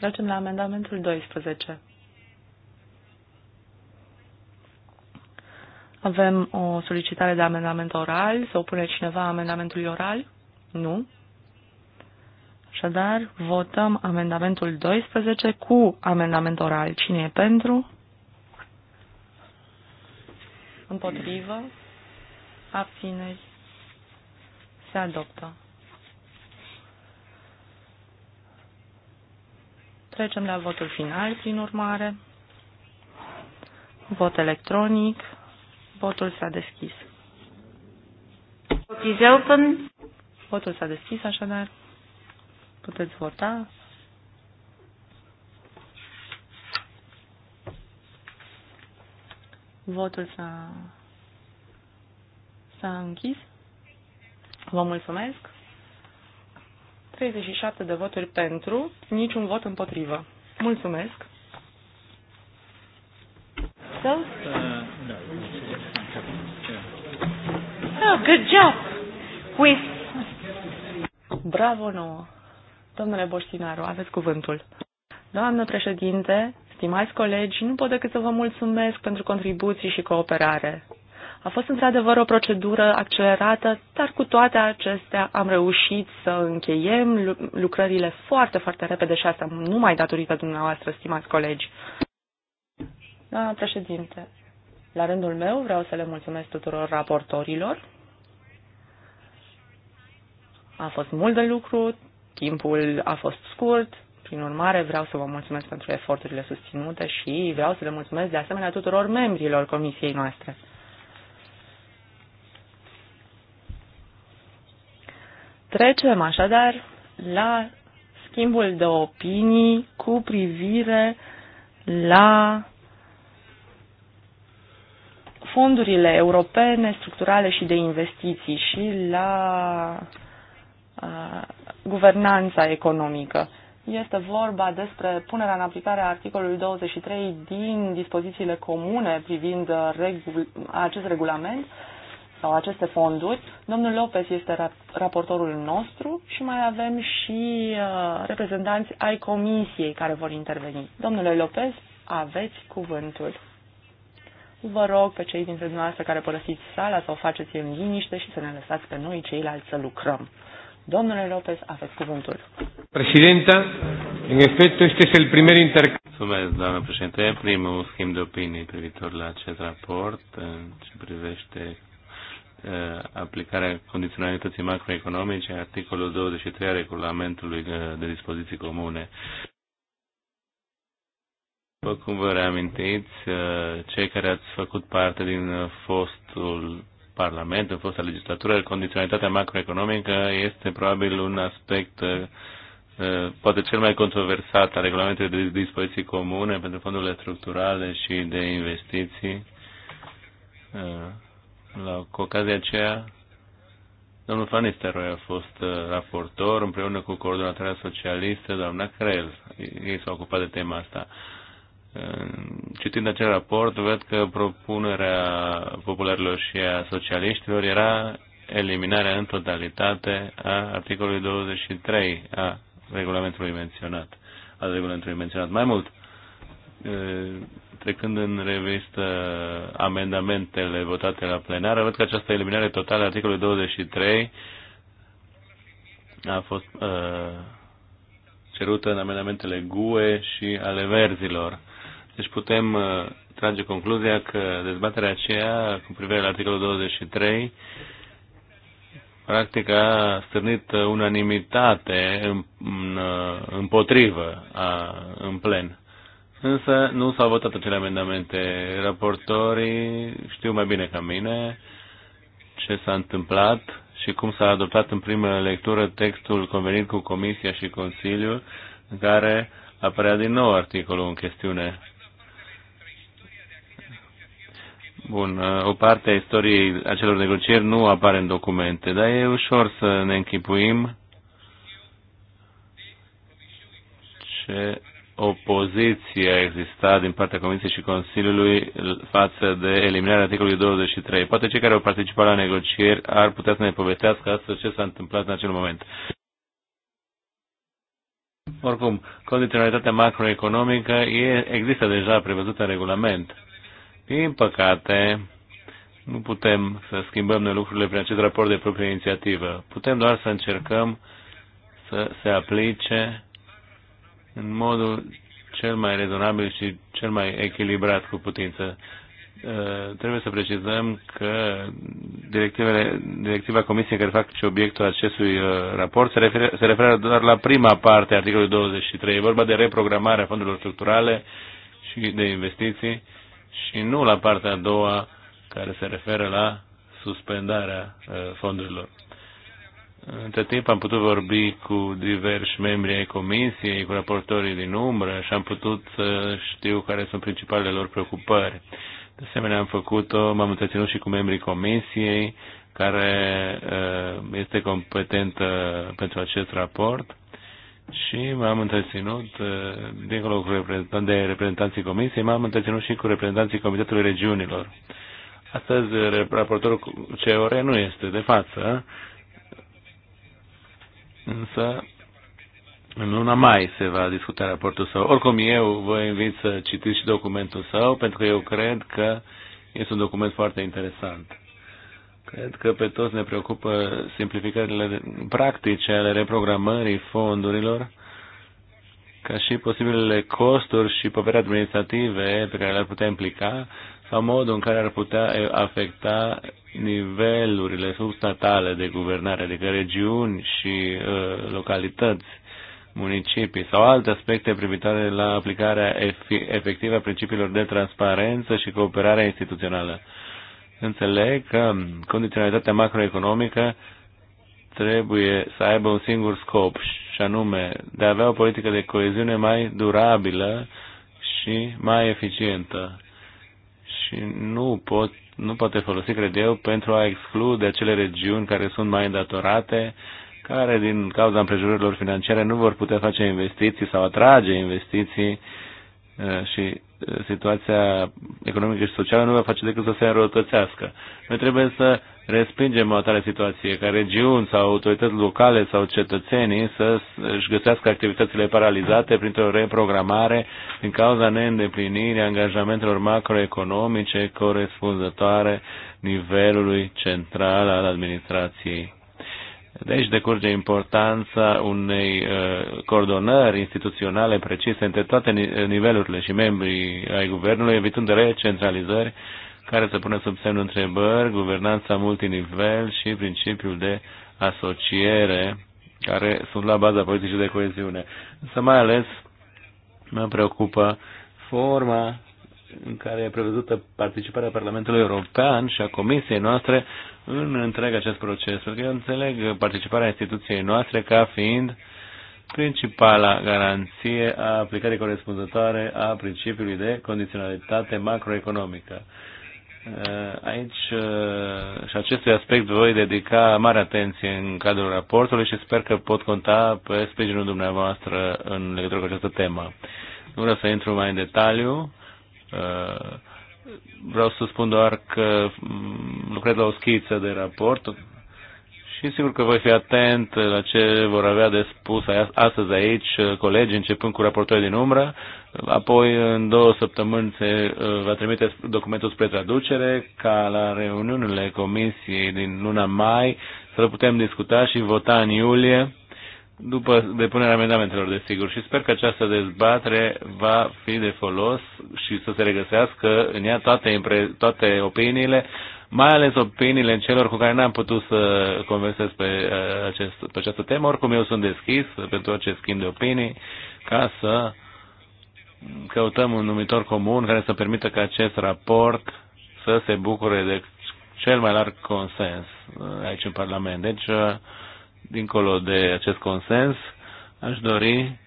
Trecem la amendamentul 12. Avem o solicitare de amendament oral. Să opune cineva amendamentului oral? Nu. Așadar, votăm amendamentul 12 cu amendament oral. Cine e pentru? Împotrivă? Abțineri? Se adoptă. Trecem la votul final, prin urmare. Vot electronic. Votul s-a deschis. Vot is open. Votul s-a deschis, așadar. Puteți vota. Votul s-a, s-a închis. Vă mulțumesc. 37 de voturi pentru, niciun vot împotrivă. Mulțumesc! So? Uh, no. Oh, good job! With... Bravo nouă! Domnule Boștinaru, aveți cuvântul. Doamnă președinte, stimați colegi, nu pot decât să vă mulțumesc pentru contribuții și cooperare. A fost într-adevăr o procedură accelerată, dar cu toate acestea am reușit să încheiem lucrările foarte, foarte repede și asta numai datorită dumneavoastră, stimați colegi. Doamna președinte, la rândul meu vreau să le mulțumesc tuturor raportorilor. A fost mult de lucru, timpul a fost scurt, prin urmare, vreau să vă mulțumesc pentru eforturile susținute și vreau să le mulțumesc de asemenea tuturor membrilor comisiei noastre. Trecem așadar la schimbul de opinii cu privire la fondurile europene, structurale și de investiții și la a, guvernanța economică. Este vorba despre punerea în aplicare a articolului 23 din dispozițiile comune privind regul, acest regulament sau aceste fonduri. Domnul Lopez este raportorul nostru și mai avem și uh, reprezentanți ai comisiei care vor interveni. Domnule Lopez, aveți cuvântul. Vă rog pe cei dintre dumneavoastră care părăsiți sala să o faceți în liniște și să ne lăsați pe noi ceilalți să lucrăm. Domnule Lopez, aveți cuvântul. Președinta, în efect, este cel primer intercambio. Mulțumesc, doamnă președinte. E primul schimb de opinii privitor la acest raport în ce privește Uh, aplicarea condiționalității macroeconomice, articolul 23 a regulamentului uh, de dispoziții comune. După cum vă reamintiți, uh, cei care ați făcut parte din fostul Parlament, în fosta legislatură, condiționalitatea macroeconomică este probabil un aspect poate cel mai controversat al regulamentului de dispoziții comune pentru fondurile structurale și de investiții la, cu ocazia aceea, domnul Fanisteroi a fost uh, raportor împreună cu coordonatoarea socialistă, doamna Crel. Ei s-au ocupat de tema asta. Citind acel raport, văd că propunerea popularilor și a socialiștilor era eliminarea în totalitate a articolului 23 a regulamentului menționat, al regulamentului menționat. Mai mult, uh, trecând în revistă amendamentele votate la plenară, văd că această eliminare totală a articolului 23 a fost uh, cerută în amendamentele GUE și ale verzilor. Deci putem uh, trage concluzia că dezbaterea aceea cu privire la articolul 23 practic a stârnit unanimitate în, în, uh, în, în plen. Însă nu s-au votat acele amendamente. Raportorii știu mai bine ca mine ce s-a întâmplat și cum s-a adoptat în primă lectură textul convenit cu Comisia și Consiliul, în care apărea din nou articolul în chestiune. Bun, uh, o parte a istoriei acelor negocieri nu apare în documente, dar e ușor să ne închipuim ce opoziție a existat din partea Comisiei și Consiliului față de eliminarea articolului 23. Poate cei care au participat la negocieri ar putea să ne povestească astăzi ce s-a întâmplat în acel moment. Oricum, condiționalitatea macroeconomică e, există deja prevăzută în regulament. Din păcate, nu putem să schimbăm noi lucrurile prin acest raport de proprie inițiativă. Putem doar să încercăm să se aplice în modul cel mai rezonabil și cel mai echilibrat cu putință. Uh, trebuie să precizăm că directivele, directiva Comisiei care fac și obiectul acestui uh, raport se referă, se referă doar la prima parte a articolului 23. E vorba de reprogramarea fondurilor structurale și de investiții și nu la partea a doua care se referă la suspendarea uh, fondurilor. Între timp am putut vorbi cu diversi membri ai comisiei, cu raportorii din umbră și am putut să știu care sunt principalele lor preocupări. De asemenea, am făcut-o, m-am întreținut și cu membrii comisiei, care uh, este competentă pentru acest raport și m-am întreținut, uh, dincolo cu reprezentan- de reprezentanții comisiei, m-am întreținut și cu reprezentanții Comitetului Regiunilor. Astăzi, raportorul CEOR nu este de față, Însă, în luna mai se va discuta raportul său. Oricum, eu vă invit să citiți și documentul său, pentru că eu cred că este un document foarte interesant. Cred că pe toți ne preocupă simplificările practice ale reprogramării fondurilor, ca și posibilele costuri și povere administrative pe care le-ar putea implica, sau modul în care ar putea afecta nivelurile substatale de guvernare, adică regiuni și uh, localități, municipii sau alte aspecte privitoare la aplicarea efectivă a principiilor de transparență și cooperare instituțională. Înțeleg că condiționalitatea macroeconomică trebuie să aibă un singur scop și anume de a avea o politică de coeziune mai durabilă și mai eficientă și nu, pot, nu poate folosi, cred eu, pentru a exclude acele regiuni care sunt mai îndatorate, care din cauza împrejurărilor financiare nu vor putea face investiții sau atrage investiții uh, și situația economică și socială nu va face decât să se înrăutățească. Noi trebuie să respingem o atare situație, ca regiuni sau autorități locale sau cetățenii să își găsească activitățile paralizate printr-o reprogramare din cauza neîndeplinirii angajamentelor macroeconomice corespunzătoare nivelului central al administrației. De aici decurge importanța unei uh, coordonări instituționale precise între toate nivelurile și membrii ai guvernului, evitând recentralizări care să pună sub semnul întrebări guvernanța multinivel și principiul de asociere care sunt la baza politicii de coeziune. Însă mai ales mă preocupă forma în care e prevăzută participarea Parlamentului European și a Comisiei noastre în întreg acest proces. Pentru că eu înțeleg participarea instituției noastre ca fiind principala garanție a aplicării corespunzătoare a principiului de condiționalitate macroeconomică. Eh, aici eh, și acestui aspect voi dedica mare atenție în cadrul raportului și sper că pot conta pe sprijinul dumneavoastră în legătură cu această temă. Nu vreau să intru mai în detaliu, Uh, vreau să spun doar că mm, lucrez la o schiță de raport și sigur că voi fi atent la ce vor avea de spus astăzi aici uh, colegi, începând cu raportorii din umbră. Apoi, în două săptămâni, se uh, va trimite documentul spre traducere, ca la reuniunile comisiei din luna mai să putem discuta și vota în iulie după depunerea amendamentelor, desigur. Și sper că această dezbatere va fi de folos și să se regăsească în ea toate, toate opiniile, mai ales opiniile în celor cu care n-am putut să conversez pe, uh, acest, pe această temă. Oricum, eu sunt deschis pentru orice schimb de opinii ca să căutăm un numitor comun care să permită ca acest raport să se bucure de cel mai larg consens uh, aici în Parlament. Deci, uh, dincolo de acest consens, aș dori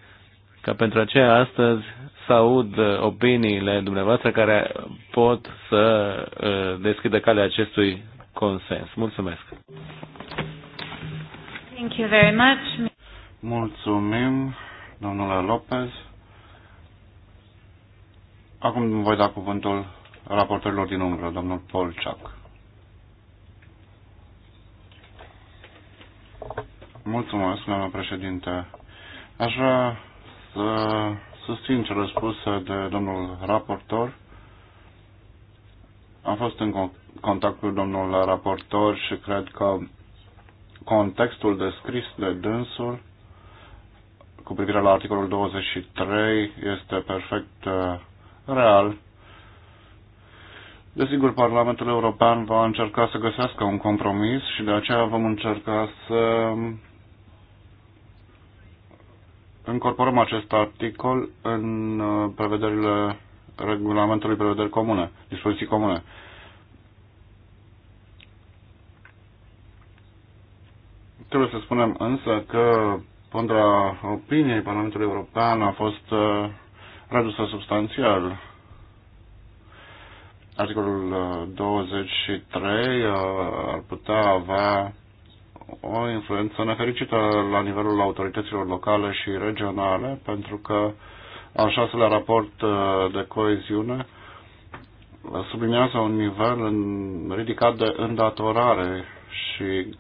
ca pentru aceea astăzi să aud opiniile dumneavoastră care pot să deschidă calea acestui consens. Mulțumesc! Thank you very much. Mulțumim, domnule Lopez. Acum voi da cuvântul raportorilor din umbră, domnul Polciac. Mulțumesc, doamna președinte. Aș vrea să susțin ce răspunsă de domnul raportor. Am fost în contact cu domnul raportor și cred că contextul descris de dânsul cu privire la articolul 23 este perfect uh, real Desigur, Parlamentul European va încerca să găsească un compromis și de aceea vom încerca să incorporăm acest articol în uh, prevederile regulamentului prevederi comune, dispoziții comune. Trebuie să spunem însă că pondra opiniei Parlamentului European a fost uh, redusă substanțial articolul 23 uh, uh, ar putea avea o influență nefericită la nivelul autorităților locale și regionale, pentru că al șaselea raport uh, de coeziune sublinează un nivel ridicat de îndatorare și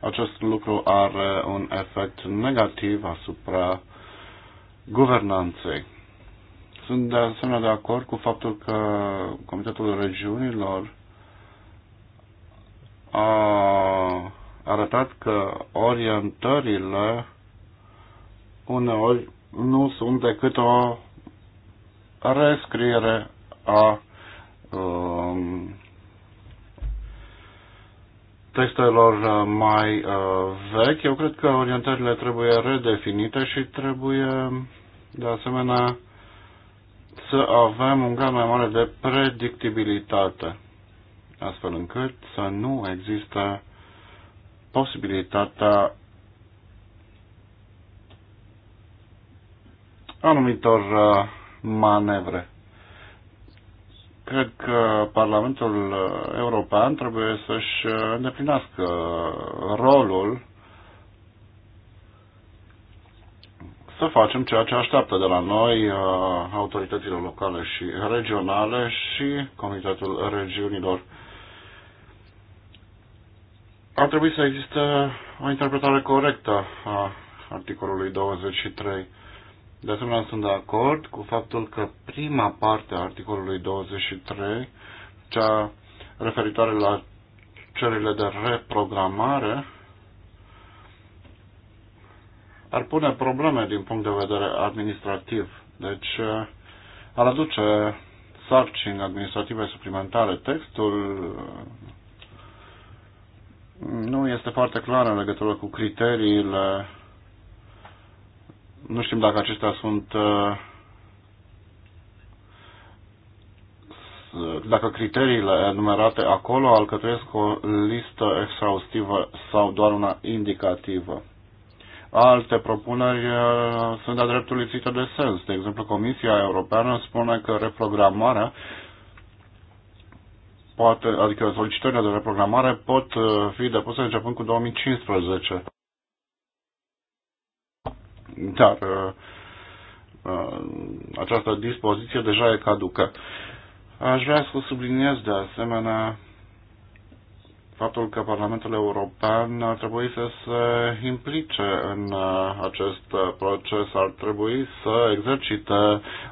acest lucru are un efect negativ asupra guvernanței. Sunt de asemenea de acord cu faptul că Comitetul Regiunilor a arătat că orientările uneori nu sunt decât o rescriere a um, textelor mai uh, vechi. Eu cred că orientările trebuie redefinite și trebuie de asemenea să avem un grad mai mare de predictibilitate, astfel încât să nu există posibilitatea anumitor uh, manevre. Cred că Parlamentul European trebuie să-și îndeplinească rolul să facem ceea ce așteaptă de la noi uh, autoritățile locale și regionale și Comitetul Regiunilor. Ar trebui să existe o interpretare corectă a articolului 23. De asemenea, sunt de acord cu faptul că prima parte a articolului 23, cea referitoare la cererile de reprogramare, ar pune probleme din punct de vedere administrativ. Deci uh, ar aduce sarcini administrative suplimentare. Textul uh, nu este foarte clar în legătură cu criteriile. Nu știm dacă acestea sunt uh, dacă criteriile enumerate acolo alcătuiesc o listă exhaustivă sau doar una indicativă. Alte propuneri uh, sunt de-a dreptul lipsite de sens. De exemplu, Comisia Europeană spune că reprogramarea poate, adică solicitările de reprogramare pot uh, fi depuse începând cu 2015. Dar uh, această dispoziție deja e caducă. Aș vrea să subliniez de asemenea faptul că Parlamentul European ar trebui să se implice în uh, acest uh, proces, ar trebui să exercite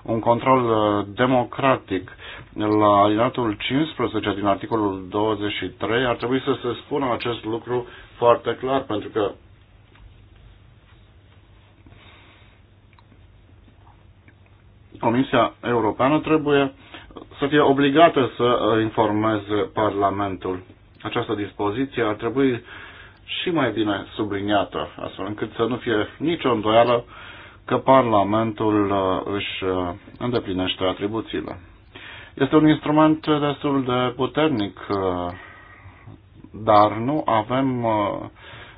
un control uh, democratic. La alinatul 15 din articolul 23 ar trebui să se spună acest lucru foarte clar, pentru că Comisia Europeană trebuie să fie obligată să informeze Parlamentul. Această dispoziție ar trebui și mai bine subliniată, astfel încât să nu fie nicio îndoială că Parlamentul uh, își uh, îndeplinește atribuțiile. Este un instrument destul de puternic, uh, dar nu avem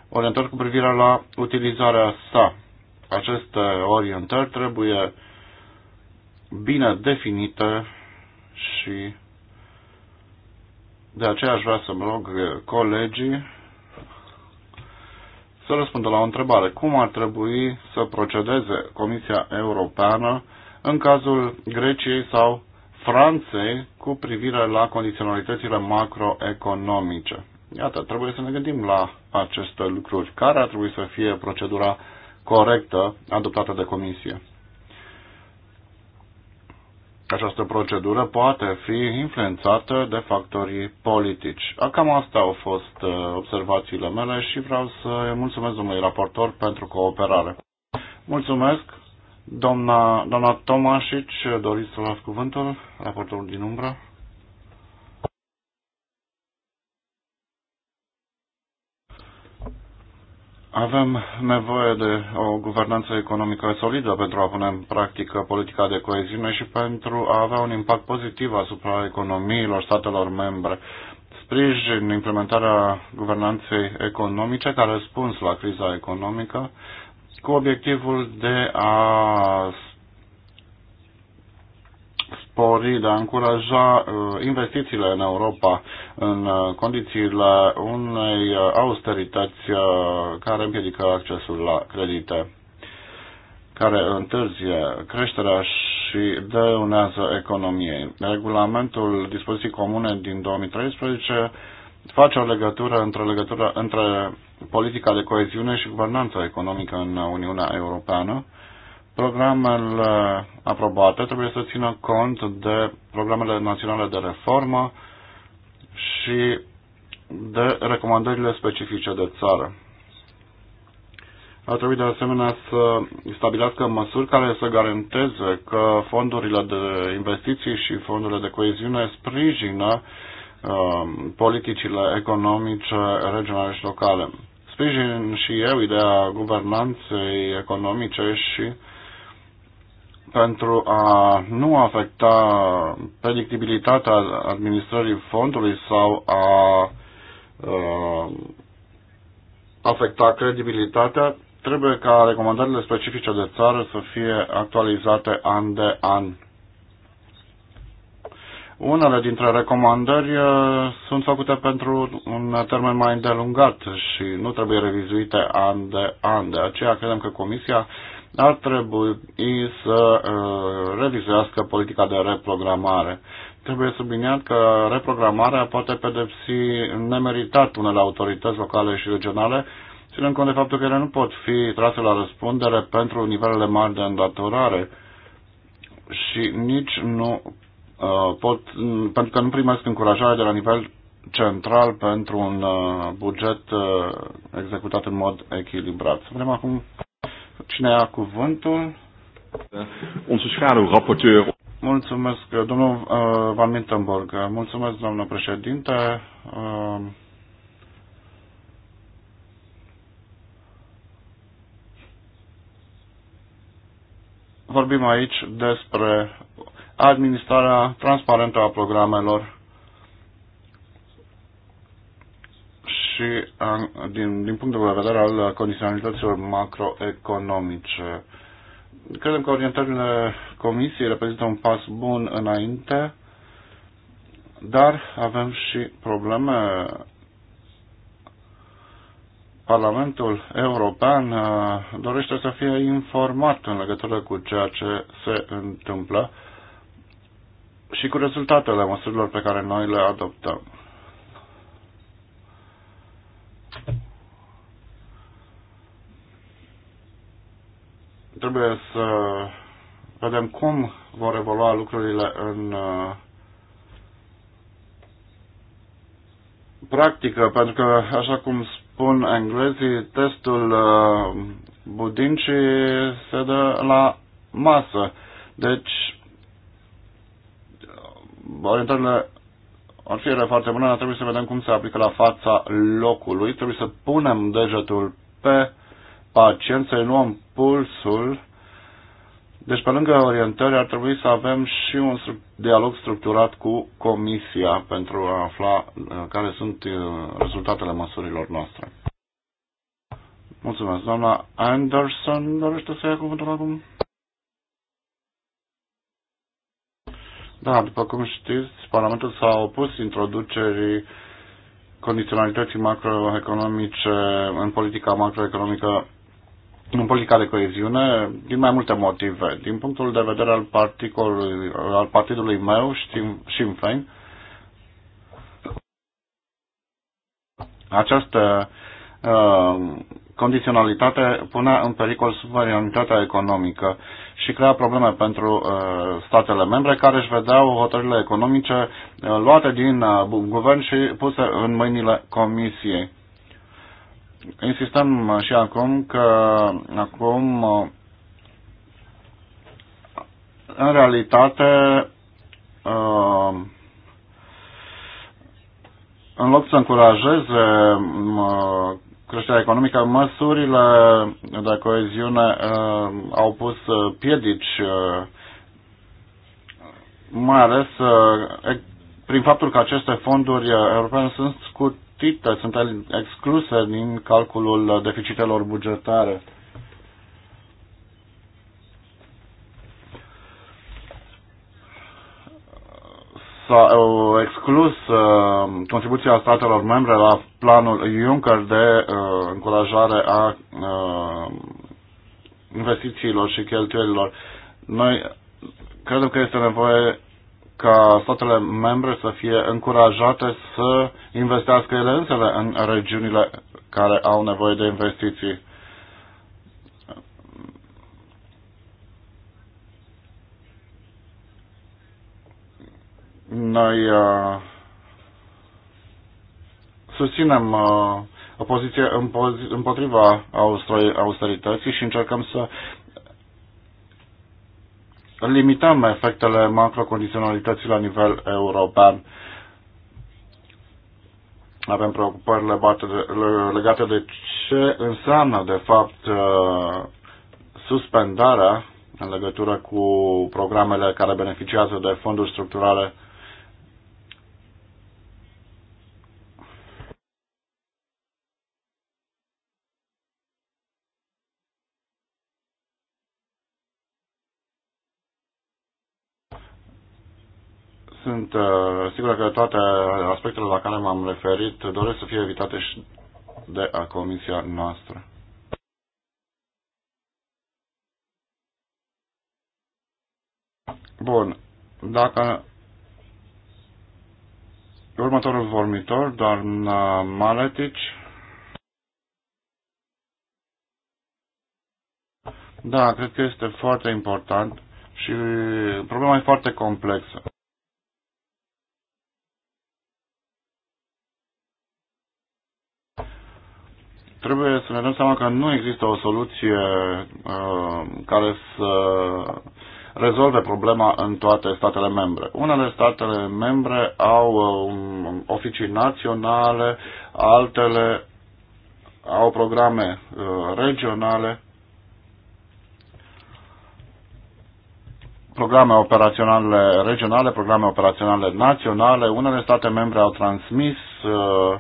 orientări cu privire la utilizarea sa. Aceste orientări trebuie bine definite și de aceea aș vrea să mă rog eh, colegii să răspundă la o întrebare. Cum ar trebui să procedeze Comisia Europeană în cazul Greciei sau Franței cu privire la condiționalitățile macroeconomice? Iată, trebuie să ne gândim la aceste lucruri. Care ar trebui să fie procedura corectă adoptată de Comisie? această procedură poate fi influențată de factorii politici. Cam asta au fost uh, observațiile mele și vreau să mulțumesc domnului raportor pentru cooperare. Mulțumesc. Doamna, doamna Tomașici, doriți să luați cuvântul, raportorul din umbră? Avem nevoie de o guvernanță economică solidă pentru a pune în practică politica de coeziune și pentru a avea un impact pozitiv asupra economiilor statelor membre. Sprijin implementarea guvernanței economice ca răspuns la criza economică cu obiectivul de a spori, de a încuraja uh, investițiile în Europa în uh, condițiile unei uh, austerități care împiedică accesul la credite care întârzie creșterea și dăunează economiei. Regulamentul dispoziții comune din 2013 face o legătură între, legătură între politica de coeziune și guvernanța economică în Uniunea Europeană Programele uh, aprobate trebuie să țină cont de programele naționale de reformă și de recomandările specifice de țară. Ar trebui de asemenea să stabilească măsuri care să garanteze că fondurile de investiții și fondurile de coeziune sprijină uh, politicile economice regionale și locale. Sprijin și eu ideea guvernanței economice și pentru a nu afecta predictibilitatea administrării fondului sau a uh, afecta credibilitatea, trebuie ca recomandările specifice de țară să fie actualizate an de an. Unele dintre recomandări uh, sunt făcute pentru un termen mai îndelungat și nu trebuie revizuite an de an. De aceea credem că Comisia ar trebui să uh, revizuiască politica de reprogramare. Trebuie subliniat că reprogramarea poate pedepsi nemeritat unele autorități locale și regionale, ținând cont de faptul că ele nu pot fi trase la răspundere pentru nivelele mari de îndatorare și nici nu uh, pot, pentru că nu primesc încurajare de la nivel central pentru un uh, buget uh, executat în mod echilibrat. Să vedem acum Cine ia cuvântul? Onze schaduwrapporteur. Mulțumesc, domnul uh, Van Mintenborg. Mulțumesc, domnul președinte. Uh, vorbim aici despre administrarea transparentă a programelor și din, din punctul de vedere al condiționalităților macroeconomice. Credem că orientările Comisiei reprezintă un pas bun înainte, dar avem și probleme. Parlamentul European uh, dorește să fie informat în legătură cu ceea ce se întâmplă și cu rezultatele măsurilor pe care noi le adoptăm. Trebuie să vedem cum vor evolua lucrurile în uh, practică, pentru că, așa cum spun englezii, testul uh, budincii se dă la masă. Deci, orientările ar fi foarte bună, dar trebuie să vedem cum se aplică la fața locului. Trebuie să punem degetul pe pacient, să-i luăm pulsul. Deci, pe lângă orientări, ar trebui să avem și un dialog structurat cu comisia pentru a afla uh, care sunt uh, rezultatele măsurilor noastre. Mulțumesc. Doamna Anderson dorește să ia cuvântul acum? Da, după cum știți, Parlamentul s-a opus introducerii condiționalității macroeconomice în politica macroeconomică în politica de coeziune din mai multe motive. Din punctul de vedere al, al partidului meu, Sinn Féin, această uh, condiționalitate pune în pericol suverenitatea economică și crea probleme pentru uh, statele membre care își vedeau hotărârile economice uh, luate din uh, guvern și puse în mâinile Comisiei. Insistăm uh, și acum că acum uh, în realitate uh, în loc să încurajeze uh, creșterea economică, măsurile de coeziune uh, au pus uh, piedici, uh, mai ales uh, prin faptul că aceste fonduri uh, europene sunt scutite, sunt excluse din calculul uh, deficitelor bugetare. Uh, au exclus uh, contribuția statelor membre la planul Juncker de uh, încurajare a uh, investițiilor și cheltuielilor. Noi credem că este nevoie ca statele membre să fie încurajate să investească ele însele în regiunile care au nevoie de investiții. Noi uh, susținem uh, o poziție împotriva austerității și încercăm să limităm efectele macrocondiționalității la nivel european. Avem preocupări legate de ce înseamnă, de fapt, uh, suspendarea în legătură cu programele care beneficiază de fonduri structurale sunt uh, sigur că toate aspectele la care m-am referit doresc să fie evitate și de a comisia noastră. Bun. Dacă următorul vormitor, doamna Maletici, Da, cred că este foarte important și problema e foarte complexă. trebuie să ne dăm seama că nu există o soluție uh, care să rezolve problema în toate statele membre. Unele statele membre au um, oficii naționale, altele au programe uh, regionale, programe operaționale regionale, programe operaționale naționale. Unele state membre au transmis uh,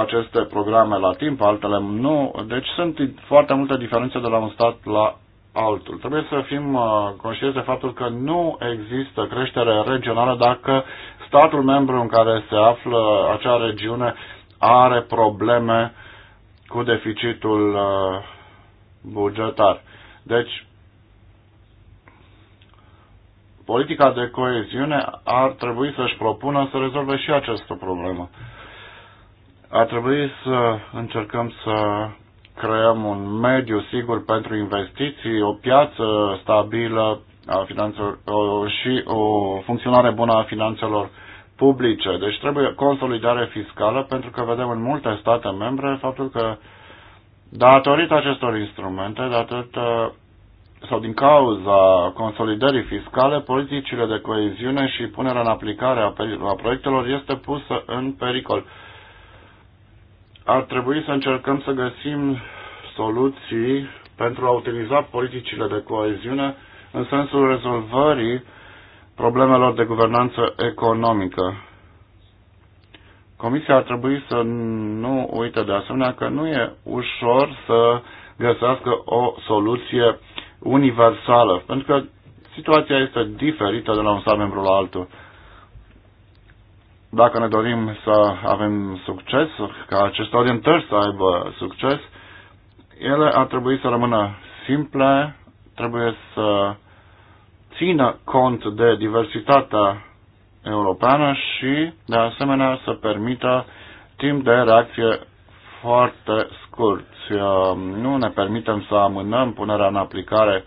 aceste programe la timp, altele nu. Deci sunt foarte multe diferențe de la un stat la altul. Trebuie să fim uh, conștienți de faptul că nu există creștere regională dacă statul membru în care se află acea regiune are probleme cu deficitul uh, bugetar. Deci, politica de coeziune ar trebui să-și propună să rezolve și această problemă. Ar trebui să încercăm să creăm un mediu sigur pentru investiții, o piață stabilă a finanțelor și o funcționare bună a finanțelor publice. Deci trebuie consolidare fiscală pentru că vedem în multe state membre faptul că datorită acestor instrumente, datorită uh, sau din cauza consolidării fiscale, politicile de coeziune și punerea în aplicare a proiectelor este pusă în pericol ar trebui să încercăm să găsim soluții pentru a utiliza politicile de coeziune în sensul rezolvării problemelor de guvernanță economică. Comisia ar trebui să nu uite de asemenea că nu e ușor să găsească o soluție universală, pentru că situația este diferită de la un stat membru la altul. Dacă ne dorim să avem succes, ca aceste orientări să aibă succes, ele ar trebui să rămână simple, trebuie să țină cont de diversitatea europeană și, de asemenea, să permită timp de reacție foarte scurt. Um, nu ne permitem să amânăm punerea în aplicare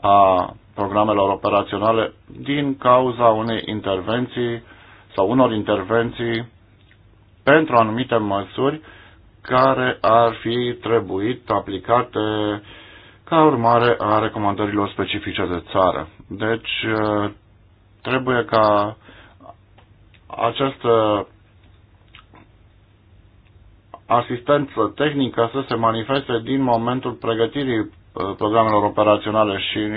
a programelor operaționale din cauza unei intervenții sau unor intervenții pentru anumite măsuri care ar fi trebuit aplicate ca urmare a recomandărilor specifice de țară. Deci trebuie ca această asistență tehnică să se manifeste din momentul pregătirii uh, programelor operaționale și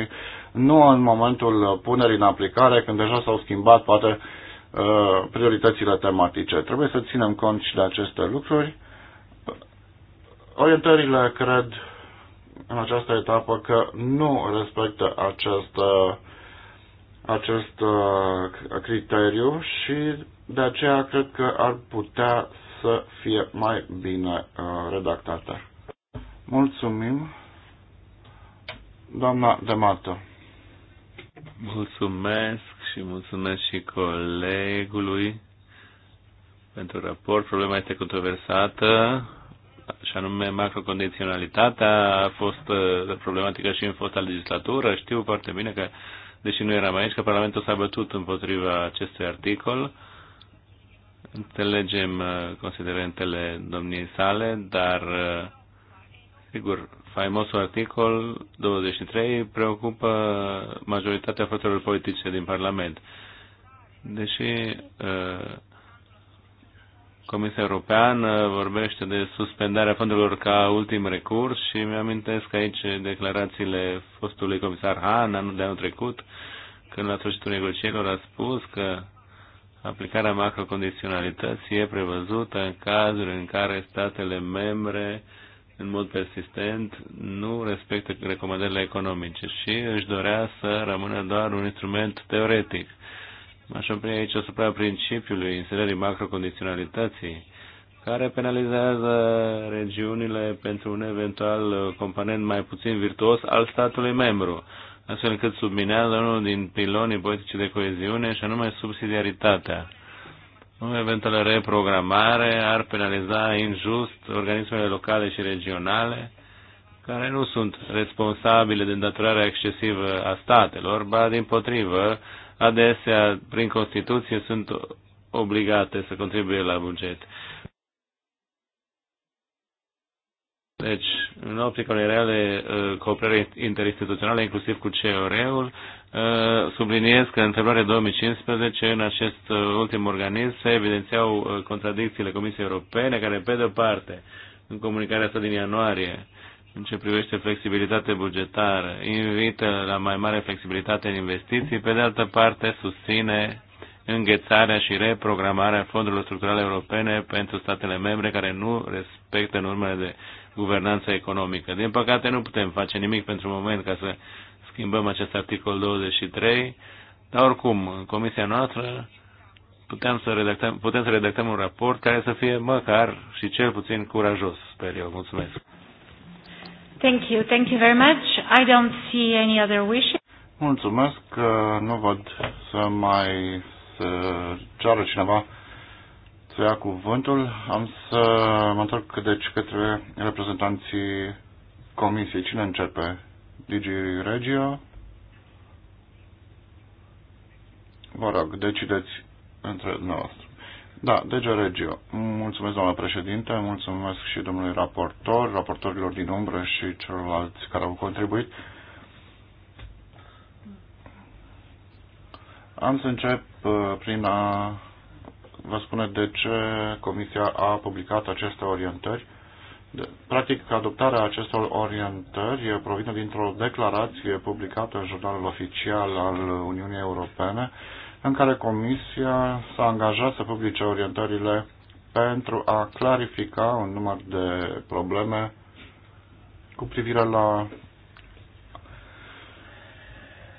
nu în momentul punerii în aplicare, când deja s-au schimbat poate Uh, prioritățile tematice. Trebuie să ținem cont și de aceste lucruri. Orientările, cred, în această etapă că nu respectă acest, acest uh, criteriu și de aceea cred că ar putea să fie mai bine uh, redactată. Mulțumim, doamna Demato. Mulțumesc și mulțumesc și colegului pentru raport. Problema este controversată și anume macrocondiționalitatea a fost uh, problematică și în fosta legislatură. Știu foarte bine că, deși nu eram aici, că Parlamentul s-a bătut împotriva acestui articol. Înțelegem uh, considerentele domniei sale, dar uh, Sigur, faimosul articol 23 preocupă majoritatea forțelor politice din Parlament. Deși uh, Comisia Europeană vorbește de suspendarea fondurilor ca ultim recurs și mi-amintesc aici declarațiile fostului comisar Han anul de anul trecut, când la sfârșitul negocierilor a spus că aplicarea macrocondiționalității e prevăzută în cazuri în care statele membre uh, în mod persistent nu respectă recomandările economice și își dorea să rămână doar un instrument teoretic. aș opri aici asupra principiului inserării macrocondiționalității, care penalizează regiunile pentru un eventual component mai puțin virtuos al statului membru, astfel încât subminează unul din pilonii politice de coeziune, și anume subsidiaritatea o eventuală reprogramare ar penaliza injust organismele locale și regionale care nu sunt responsabile de îndatorarea excesivă a statelor, ba din potrivă, adesea, prin Constituție, sunt obligate să contribuie la buget. Deci, în optică unei reale uh, cooperări interinstituționale, inclusiv cu CEOR-ul, uh, subliniez că în februarie 2015, în acest uh, ultim organism, se evidențiau contradicțiile Comisiei Europene, care, pe de-o parte, în comunicarea asta din ianuarie, în ce privește flexibilitate bugetară, invită la mai mare flexibilitate în investiții, pe de altă parte susține înghețarea și reprogramarea fondurilor structurale europene pentru statele membre care nu respectă normele de guvernanța economică. Din păcate nu putem face nimic pentru moment ca să schimbăm acest articol 23, dar oricum, în comisia noastră putem să redactăm, putem să redactăm un raport care să fie măcar și cel puțin curajos, sper eu. Mulțumesc. Thank you. Thank you very much. I don't see any other wishes. Mulțumesc că nu văd să mai să ceară cineva să ia cuvântul. Am să mă întorc deci către reprezentanții comisiei. Cine începe? Digi Regio? Vă rog, decideți între noastre. Da, DG Regio. Mulțumesc, doamna președinte, mulțumesc și domnului raportor, raportorilor din umbră și celorlalți care au contribuit. Am să încep uh, prin a vă spune de ce Comisia a publicat aceste orientări. De, practic, adoptarea acestor orientări provine dintr-o declarație publicată în jurnalul oficial al Uniunii Europene, în care Comisia s-a angajat să publice orientările pentru a clarifica un număr de probleme cu privire la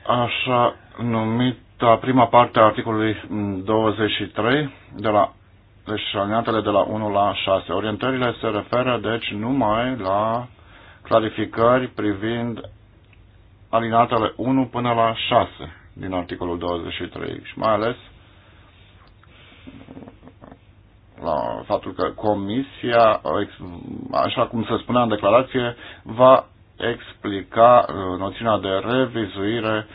așa numita prima parte a articolului 23 de la, deci aliniatele de la 1 la 6. Orientările se referă deci numai la clarificări privind alineatele 1 până la 6 din articolul 23 și mai ales la faptul că comisia, așa cum se spunea în declarație, va explica uh, noțiunea de revizuire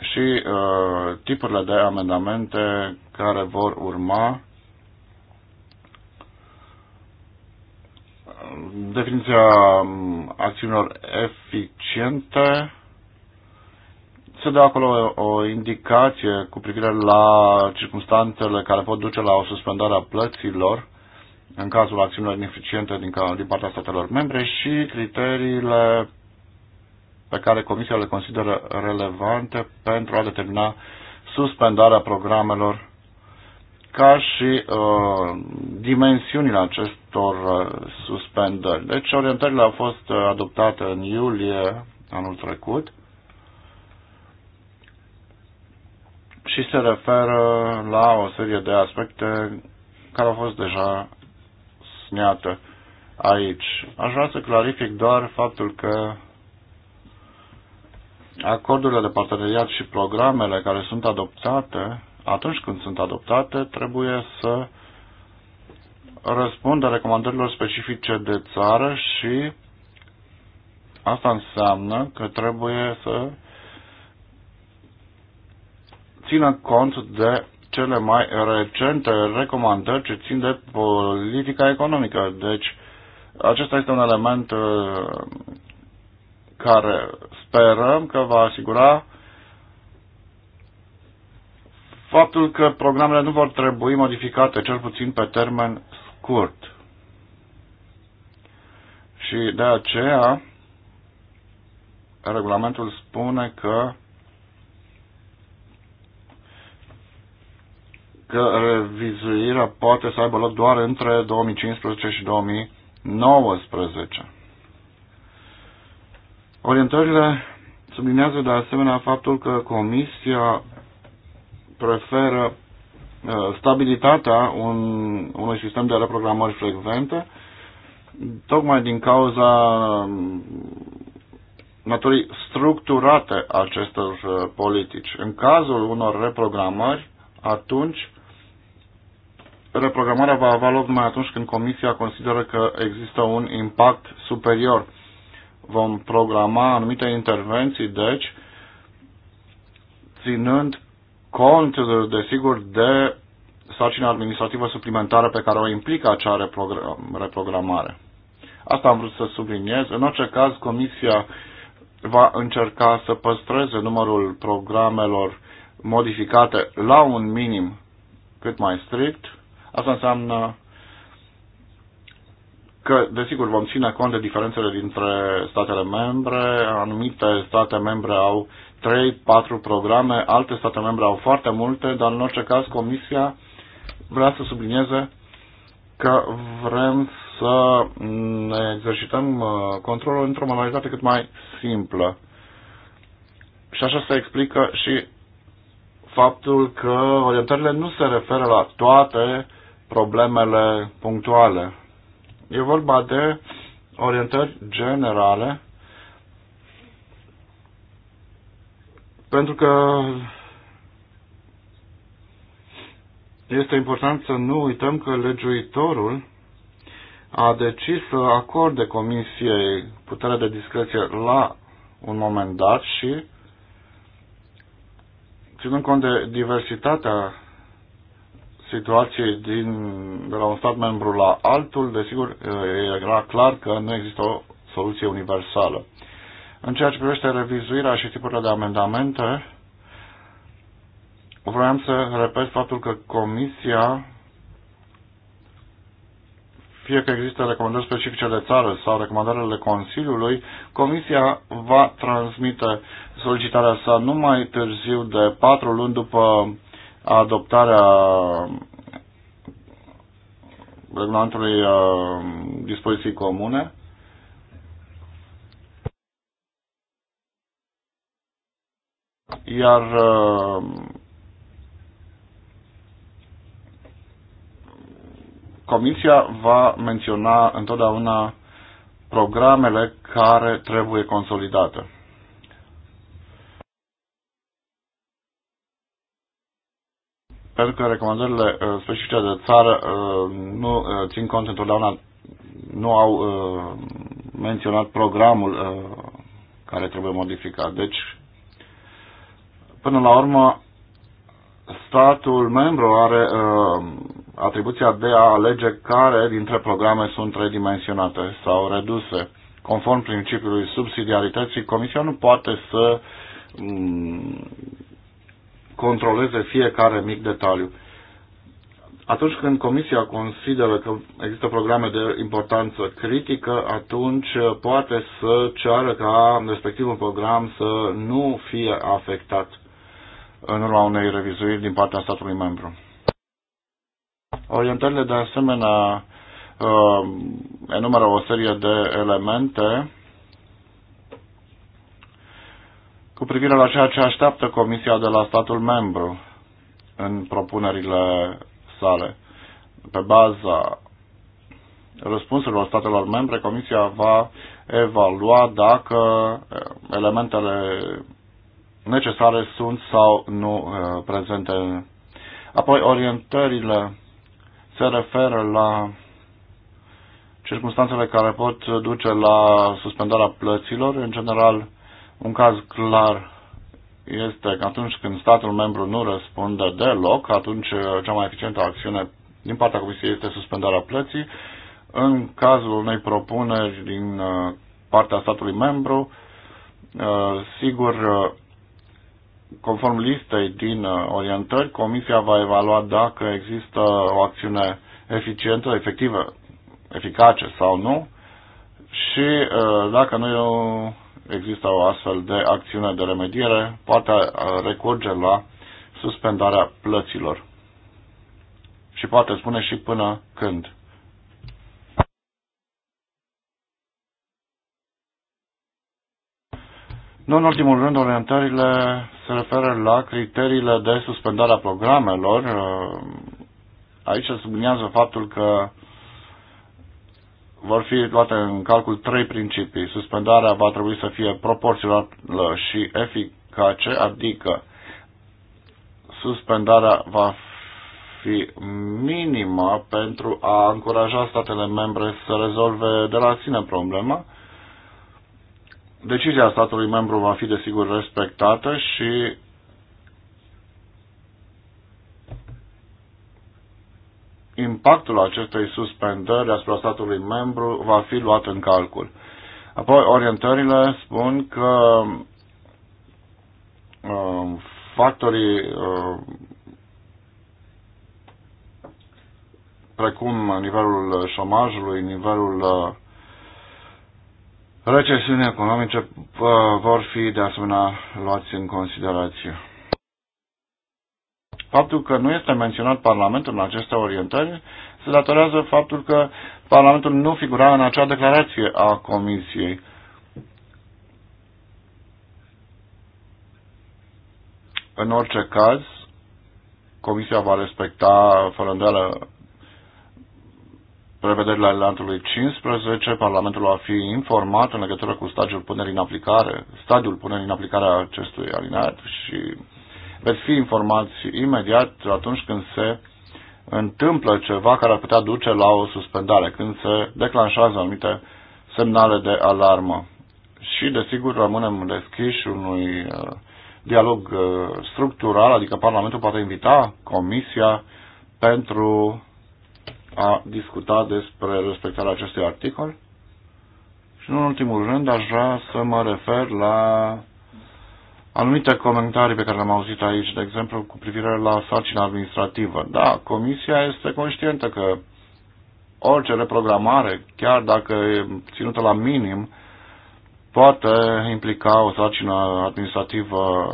și uh, tipurile de amendamente care vor urma. Definiția um, acțiunilor eficiente se dă acolo o indicație cu privire la circunstanțele care pot duce la o suspendare a plăților în cazul acțiunilor ineficiente din, din partea statelor membre și criteriile pe care Comisia le consideră relevante pentru a determina suspendarea programelor ca și uh, dimensiunile acestor uh, suspendări. Deci orientările au fost uh, adoptate în iulie anul trecut și se referă la o serie de aspecte care au fost deja sniate aici. Aș vrea să clarific doar faptul că acordurile de parteneriat și programele care sunt adoptate, atunci când sunt adoptate, trebuie să răspundă recomandărilor specifice de țară și asta înseamnă că trebuie să țină cont de cele mai recente recomandări ce țin de politica economică. Deci, acesta este un element uh, care sperăm că va asigura faptul că programele nu vor trebui modificate, cel puțin pe termen scurt. Și de aceea, regulamentul spune că că revizuirea poate să aibă loc doar între 2015 și 2019. Orientările sublinează de asemenea faptul că Comisia preferă uh, stabilitatea un, unui sistem de reprogramări frecvente, tocmai din cauza um, naturii structurate acestor uh, politici. În cazul unor reprogramări, atunci reprogramarea va avea loc numai atunci când Comisia consideră că există un impact superior vom programa anumite intervenții, deci, ținând cont, desigur, de sarcina administrativă suplimentară pe care o implică acea reprogramare. Asta am vrut să subliniez. În orice caz, Comisia va încerca să păstreze numărul programelor modificate la un minim cât mai strict. Asta înseamnă că, desigur, vom ține cont de diferențele dintre statele membre. Anumite state membre au 3-4 programe, alte state membre au foarte multe, dar în orice caz Comisia vrea să sublinieze că vrem să ne exercităm uh, controlul într-o modalitate cât mai simplă. Și așa se explică și faptul că orientările nu se referă la toate problemele punctuale E vorba de orientări generale pentru că este important să nu uităm că legiuitorul a decis să acorde comisiei puterea de discreție la un moment dat și ținând cont de diversitatea situație din, de la un stat membru la altul, desigur, era clar că nu există o soluție universală. În ceea ce privește revizuirea și tipurile de amendamente, vreau să repet faptul că Comisia, fie că există recomandări specifice de țară sau recomandările Consiliului, Comisia va transmite solicitarea sa numai târziu de patru luni după adoptarea regulamentului uh, dispoziții comune. Iar uh, Comisia va menționa întotdeauna programele care trebuie consolidate. pentru că recomandările uh, specifice de țară uh, nu uh, țin cont întotdeauna, nu au menționat programul care trebuie modificat. Deci, până la urmă, statul membru are atribuția de a alege care dintre programe sunt redimensionate sau reduse. Conform principiului subsidiarității, Comisia nu poate să mm, controleze fiecare mic detaliu. Atunci când Comisia consideră că există programe de importanță critică, atunci poate să ceară ca respectivul program să nu fie afectat în urma unei revizuiri din partea statului membru. Orientările de asemenea uh, enumeră o serie de elemente cu privire la ceea ce așteaptă Comisia de la statul membru în propunerile sale. Pe baza răspunsurilor statelor membre, Comisia va evalua dacă eh, elementele necesare sunt sau nu eh, prezente. Apoi, orientările se referă la circunstanțele care pot duce la suspendarea plăților, în general un caz clar este că atunci când statul membru nu răspunde deloc, atunci uh, cea mai eficientă acțiune din partea Comisiei este suspendarea plății. În cazul unei propuneri din uh, partea statului membru, uh, sigur, conform listei din orientări, Comisia va evalua dacă există o acțiune eficientă, efectivă, eficace sau nu și dacă nu există o astfel de acțiune de remediere, poate uh, recurge la suspendarea plăților. Și poate spune și până când. Nu în ultimul rând, orientările se referă la criteriile de suspendare a programelor. Uh, Aici se subliniază faptul că vor fi luate în calcul trei principii. Suspendarea va trebui să fie proporțională și eficace, adică suspendarea va fi minimă pentru a încuraja statele membre să rezolve de la sine problema. Decizia statului membru va fi desigur respectată și impactul acestei suspendări asupra statului membru va fi luat în calcul. Apoi, orientările spun că uh, factorii uh, precum nivelul șomajului, nivelul uh, recesiunii economice uh, vor fi de asemenea luați în considerație. Faptul că nu este menționat Parlamentul în aceste orientări se datorează faptul că Parlamentul nu figura în acea declarație a Comisiei. În orice caz, Comisia va respecta, fără îndoială, prevederile alantului 15. Parlamentul va fi informat în legătură cu stadiul punerii în aplicare, stadiul punerii în aplicare a acestui alinat și veți fi informați imediat atunci când se întâmplă ceva care ar putea duce la o suspendare, când se declanșează anumite semnale de alarmă. Și, desigur, rămânem deschiși unui uh, dialog uh, structural, adică Parlamentul poate invita Comisia pentru a discuta despre respectarea acestui articol. Și, în ultimul rând, aș vrea să mă refer la anumite comentarii pe care le-am auzit aici, de exemplu, cu privire la sarcina administrativă. Da, Comisia este conștientă că orice reprogramare, chiar dacă e ținută la minim, poate implica o sarcină administrativă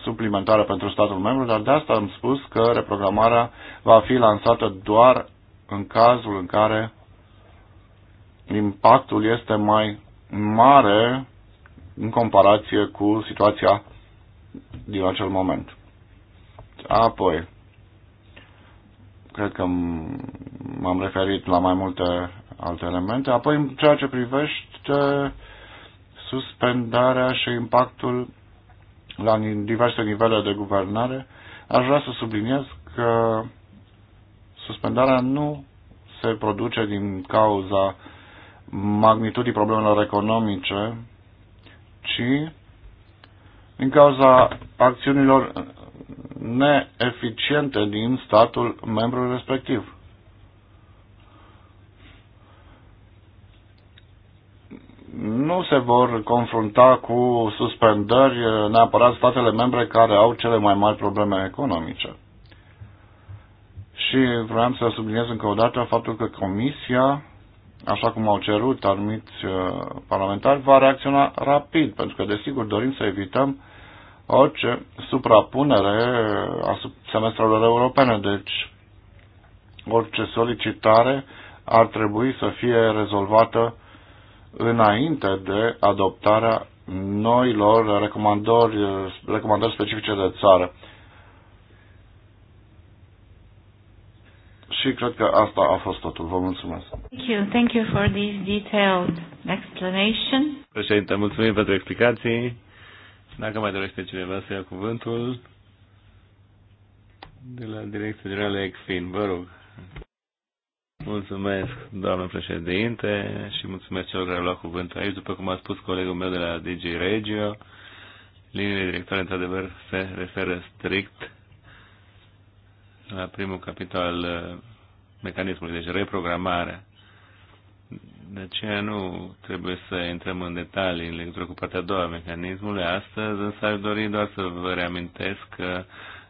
suplimentară pentru statul membru, dar de asta am spus că reprogramarea va fi lansată doar în cazul în care impactul este mai mare în comparație cu situația din acel moment. Apoi, cred că m-am referit la mai multe alte elemente. Apoi, în ceea ce privește suspendarea și impactul la diverse nivele de guvernare, aș vrea să subliniez că suspendarea nu se produce din cauza magnitudii problemelor economice ci din cauza acțiunilor neeficiente din statul membru respectiv. Nu se vor confrunta cu suspendări neapărat statele membre care au cele mai mari probleme economice. Și vreau să subliniez încă o dată faptul că Comisia așa cum au cerut anumiți uh, parlamentari, va reacționa rapid, pentru că, desigur, dorim să evităm orice suprapunere a semestrelor europene. Deci, orice solicitare ar trebui să fie rezolvată înainte de adoptarea noilor recomandări, recomandări specifice de țară. Și cred că asta a fost totul. Vă mulțumesc. Thank you. Thank you for this detailed explanation. Președinte, mulțumim pentru explicații. Dacă mai dorește cineva să ia cuvântul de la Direcția Generală ECFIN, vă rog. Mulțumesc, doamnă președinte, și mulțumesc celor care au luat cuvântul aici. După cum a spus colegul meu de la DG Regio, liniile directoare, într-adevăr, se referă strict la primul capitol al uh, mecanismului, deci reprogramarea. De aceea nu trebuie să intrăm în detalii în legătură cu partea a doua a mecanismului astăzi, însă aș dori doar să vă reamintesc că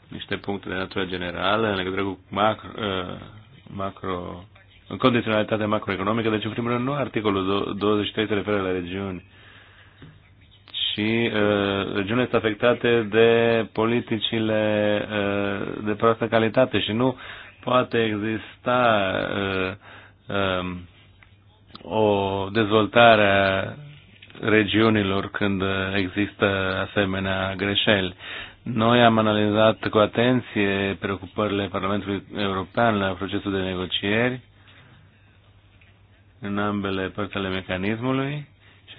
niște puncte de natură generală în legătură cu macro, uh, macro condiționalitatea macroeconomică, deci în primul rând nu articolul 23 se referă la regiuni, și uh, regiunile sunt afectate de politicile uh, de proastă calitate și nu poate exista uh, uh, o dezvoltare a regiunilor când există asemenea greșeli. Noi am analizat cu atenție preocupările Parlamentului European la procesul de negocieri în ambele părți ale mecanismului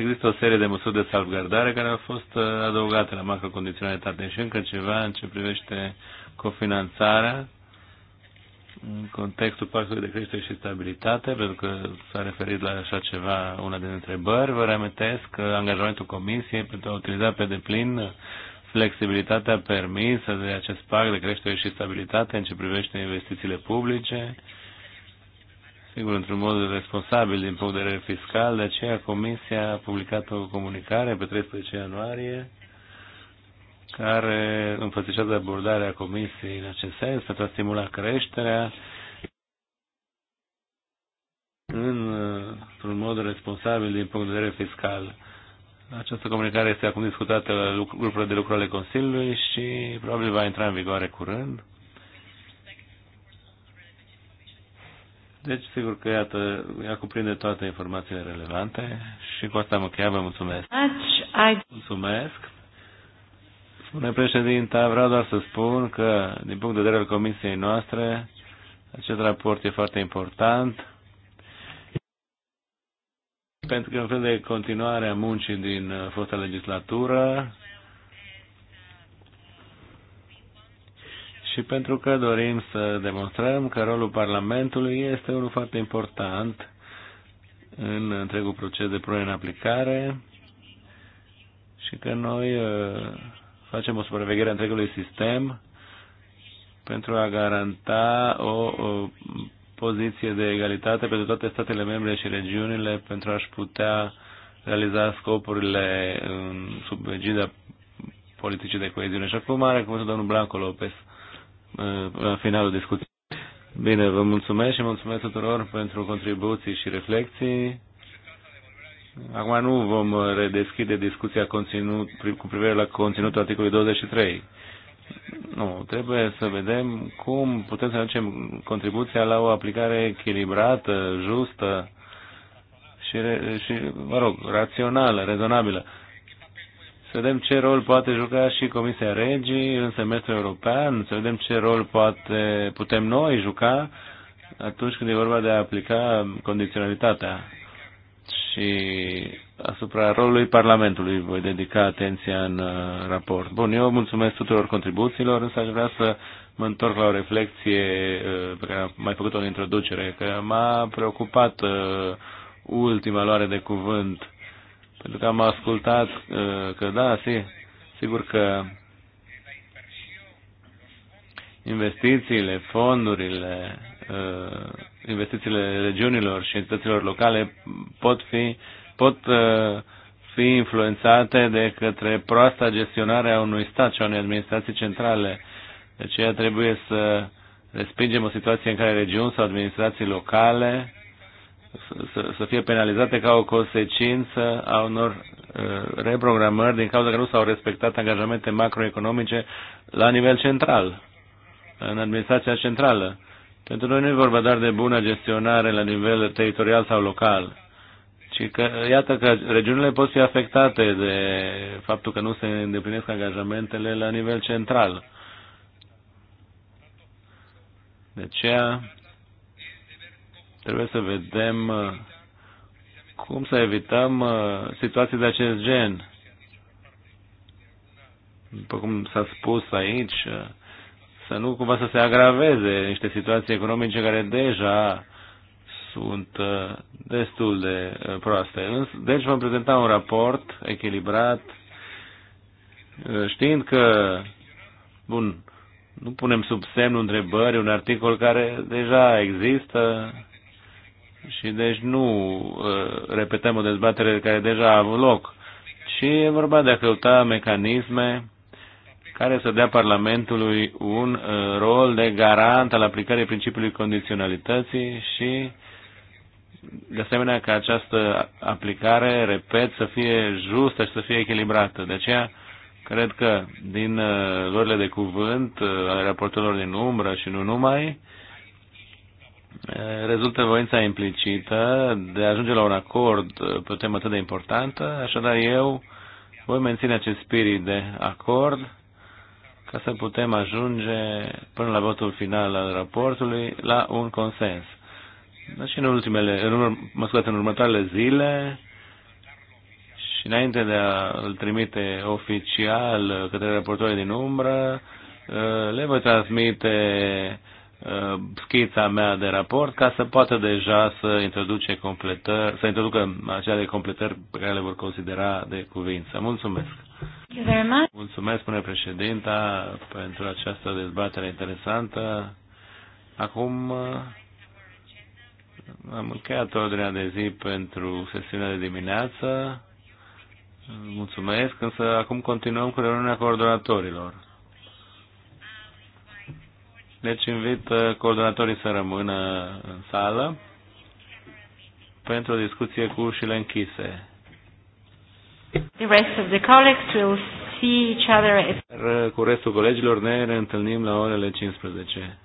există o serie de măsuri de salvgardare care au fost uh, adăugate la macrocondiționalitate și încă ceva în ce privește cofinanțarea în contextul pactului de creștere și stabilitate, pentru că s-a referit la așa ceva una din întrebări. Vă reamintesc că angajamentul Comisiei pentru a utiliza pe deplin flexibilitatea permisă de acest pact de creștere și stabilitate în ce privește investițiile publice, sigur, într-un mod responsabil din punct de vedere fiscal, de aceea Comisia a publicat o comunicare pe 13 ianuarie care înfățișează abordarea Comisiei în acest sens pentru a stimula creșterea în, într-un mod responsabil din punct de vedere fiscal. Această comunicare este acum discutată la grupurile de lucru ale Consiliului și probabil va intra în vigoare curând. Deci, sigur că, iată, ea cuprinde toate informațiile relevante și cu asta am încheiat, vă mulțumesc. Mulțumesc. Spune președinta, vreau doar să spun că, din punct de vedere al comisiei noastre, acest raport e foarte important pentru că e un fel de continuare a muncii din fosta legislatură și pentru că dorim să demonstrăm că rolul Parlamentului este unul foarte important în întregul proces de punere în aplicare și că noi uh, facem o supraveghere a întregului sistem pentru a garanta o, o poziție de egalitate pentru toate statele membre și regiunile pentru a-și putea realiza scopurile sub egida politicii de coeziune. Și acum are cuvântul domnul Blanco Lopez la finalul discuției. Bine, vă mulțumesc și mulțumesc tuturor pentru contribuții și reflexii. Acum nu vom redeschide discuția conținut, cu privire la conținutul articolului 23. Nu, trebuie să vedem cum putem să aducem contribuția la o aplicare echilibrată, justă și, și mă rog, rațională, rezonabilă să vedem ce rol poate juca și Comisia Regii în semestrul european, să vedem ce rol poate, putem noi juca atunci când e vorba de a aplica condiționalitatea. Și asupra rolului Parlamentului voi dedica atenția în uh, raport. Bun, eu mulțumesc tuturor contribuțiilor, însă aș vrea să mă întorc la o reflexie uh, pe care am mai făcut-o în introducere, că m-a preocupat uh, ultima luare de cuvânt pentru că am ascultat uh, că, da, si, sigur că investițiile, fondurile, uh, investițiile regiunilor și entităților locale pot fi, pot uh, fi influențate de către proasta gestionare a unui stat și a unei administrații centrale. De aceea trebuie să respingem o situație în care regiuni sau administrații locale să, să fie penalizate ca o consecință a unor uh, reprogramări din cauza că nu s-au respectat angajamente macroeconomice la nivel central, în administrația centrală. Pentru noi nu e vorba doar de bună gestionare la nivel teritorial sau local, ci că, iată că regiunile pot fi afectate de faptul că nu se îndeplinesc angajamentele la nivel central. De aceea, trebuie să vedem uh, cum să evităm uh, situații de acest gen. După cum s-a spus aici, uh, să nu cumva să se agraveze niște situații economice care deja sunt destul de proaste. Deci vom prezenta un raport echilibrat, știind că, bun, nu punem sub semnul întrebării un articol care deja există, și deci nu uh, repetăm o dezbatere care deja a avut loc, ci e vorba de a căuta mecanisme care să dea Parlamentului un uh, rol de garant al aplicării principiului condiționalității și, de asemenea, ca această aplicare, repet, să fie justă și să fie echilibrată. De aceea, cred că din uh, luările de cuvânt uh, ale raportelor din umbră și nu numai, uh, rezultă voința implicită de a ajunge la un acord pe o temă atât de importantă, așadar eu voi menține acest spirit de acord ca să putem ajunge până la votul final al raportului la un consens. Dar și în ultimele, în urm- mă scuze, în următoarele zile și înainte de a-l trimite oficial către raportorii din umbră, le voi transmite Uh, schița mea de raport ca să poată deja să, introduce completări, să introducă acele completări pe care le vor considera de cuvință. Mulțumesc! Mulțumesc, spune președinta, pentru această dezbatere interesantă. Acum uh, am încheiat ordinea de zi pentru sesiunea de dimineață. Mulțumesc, însă acum continuăm cu reuniunea coordonatorilor. Deci invit uh, coordonatorii să rămână în sală pentru o discuție cu ușile închise. The rest of the colleagues will see each other. Uh, cu restul colegilor ne reîntâlnim la orele 15.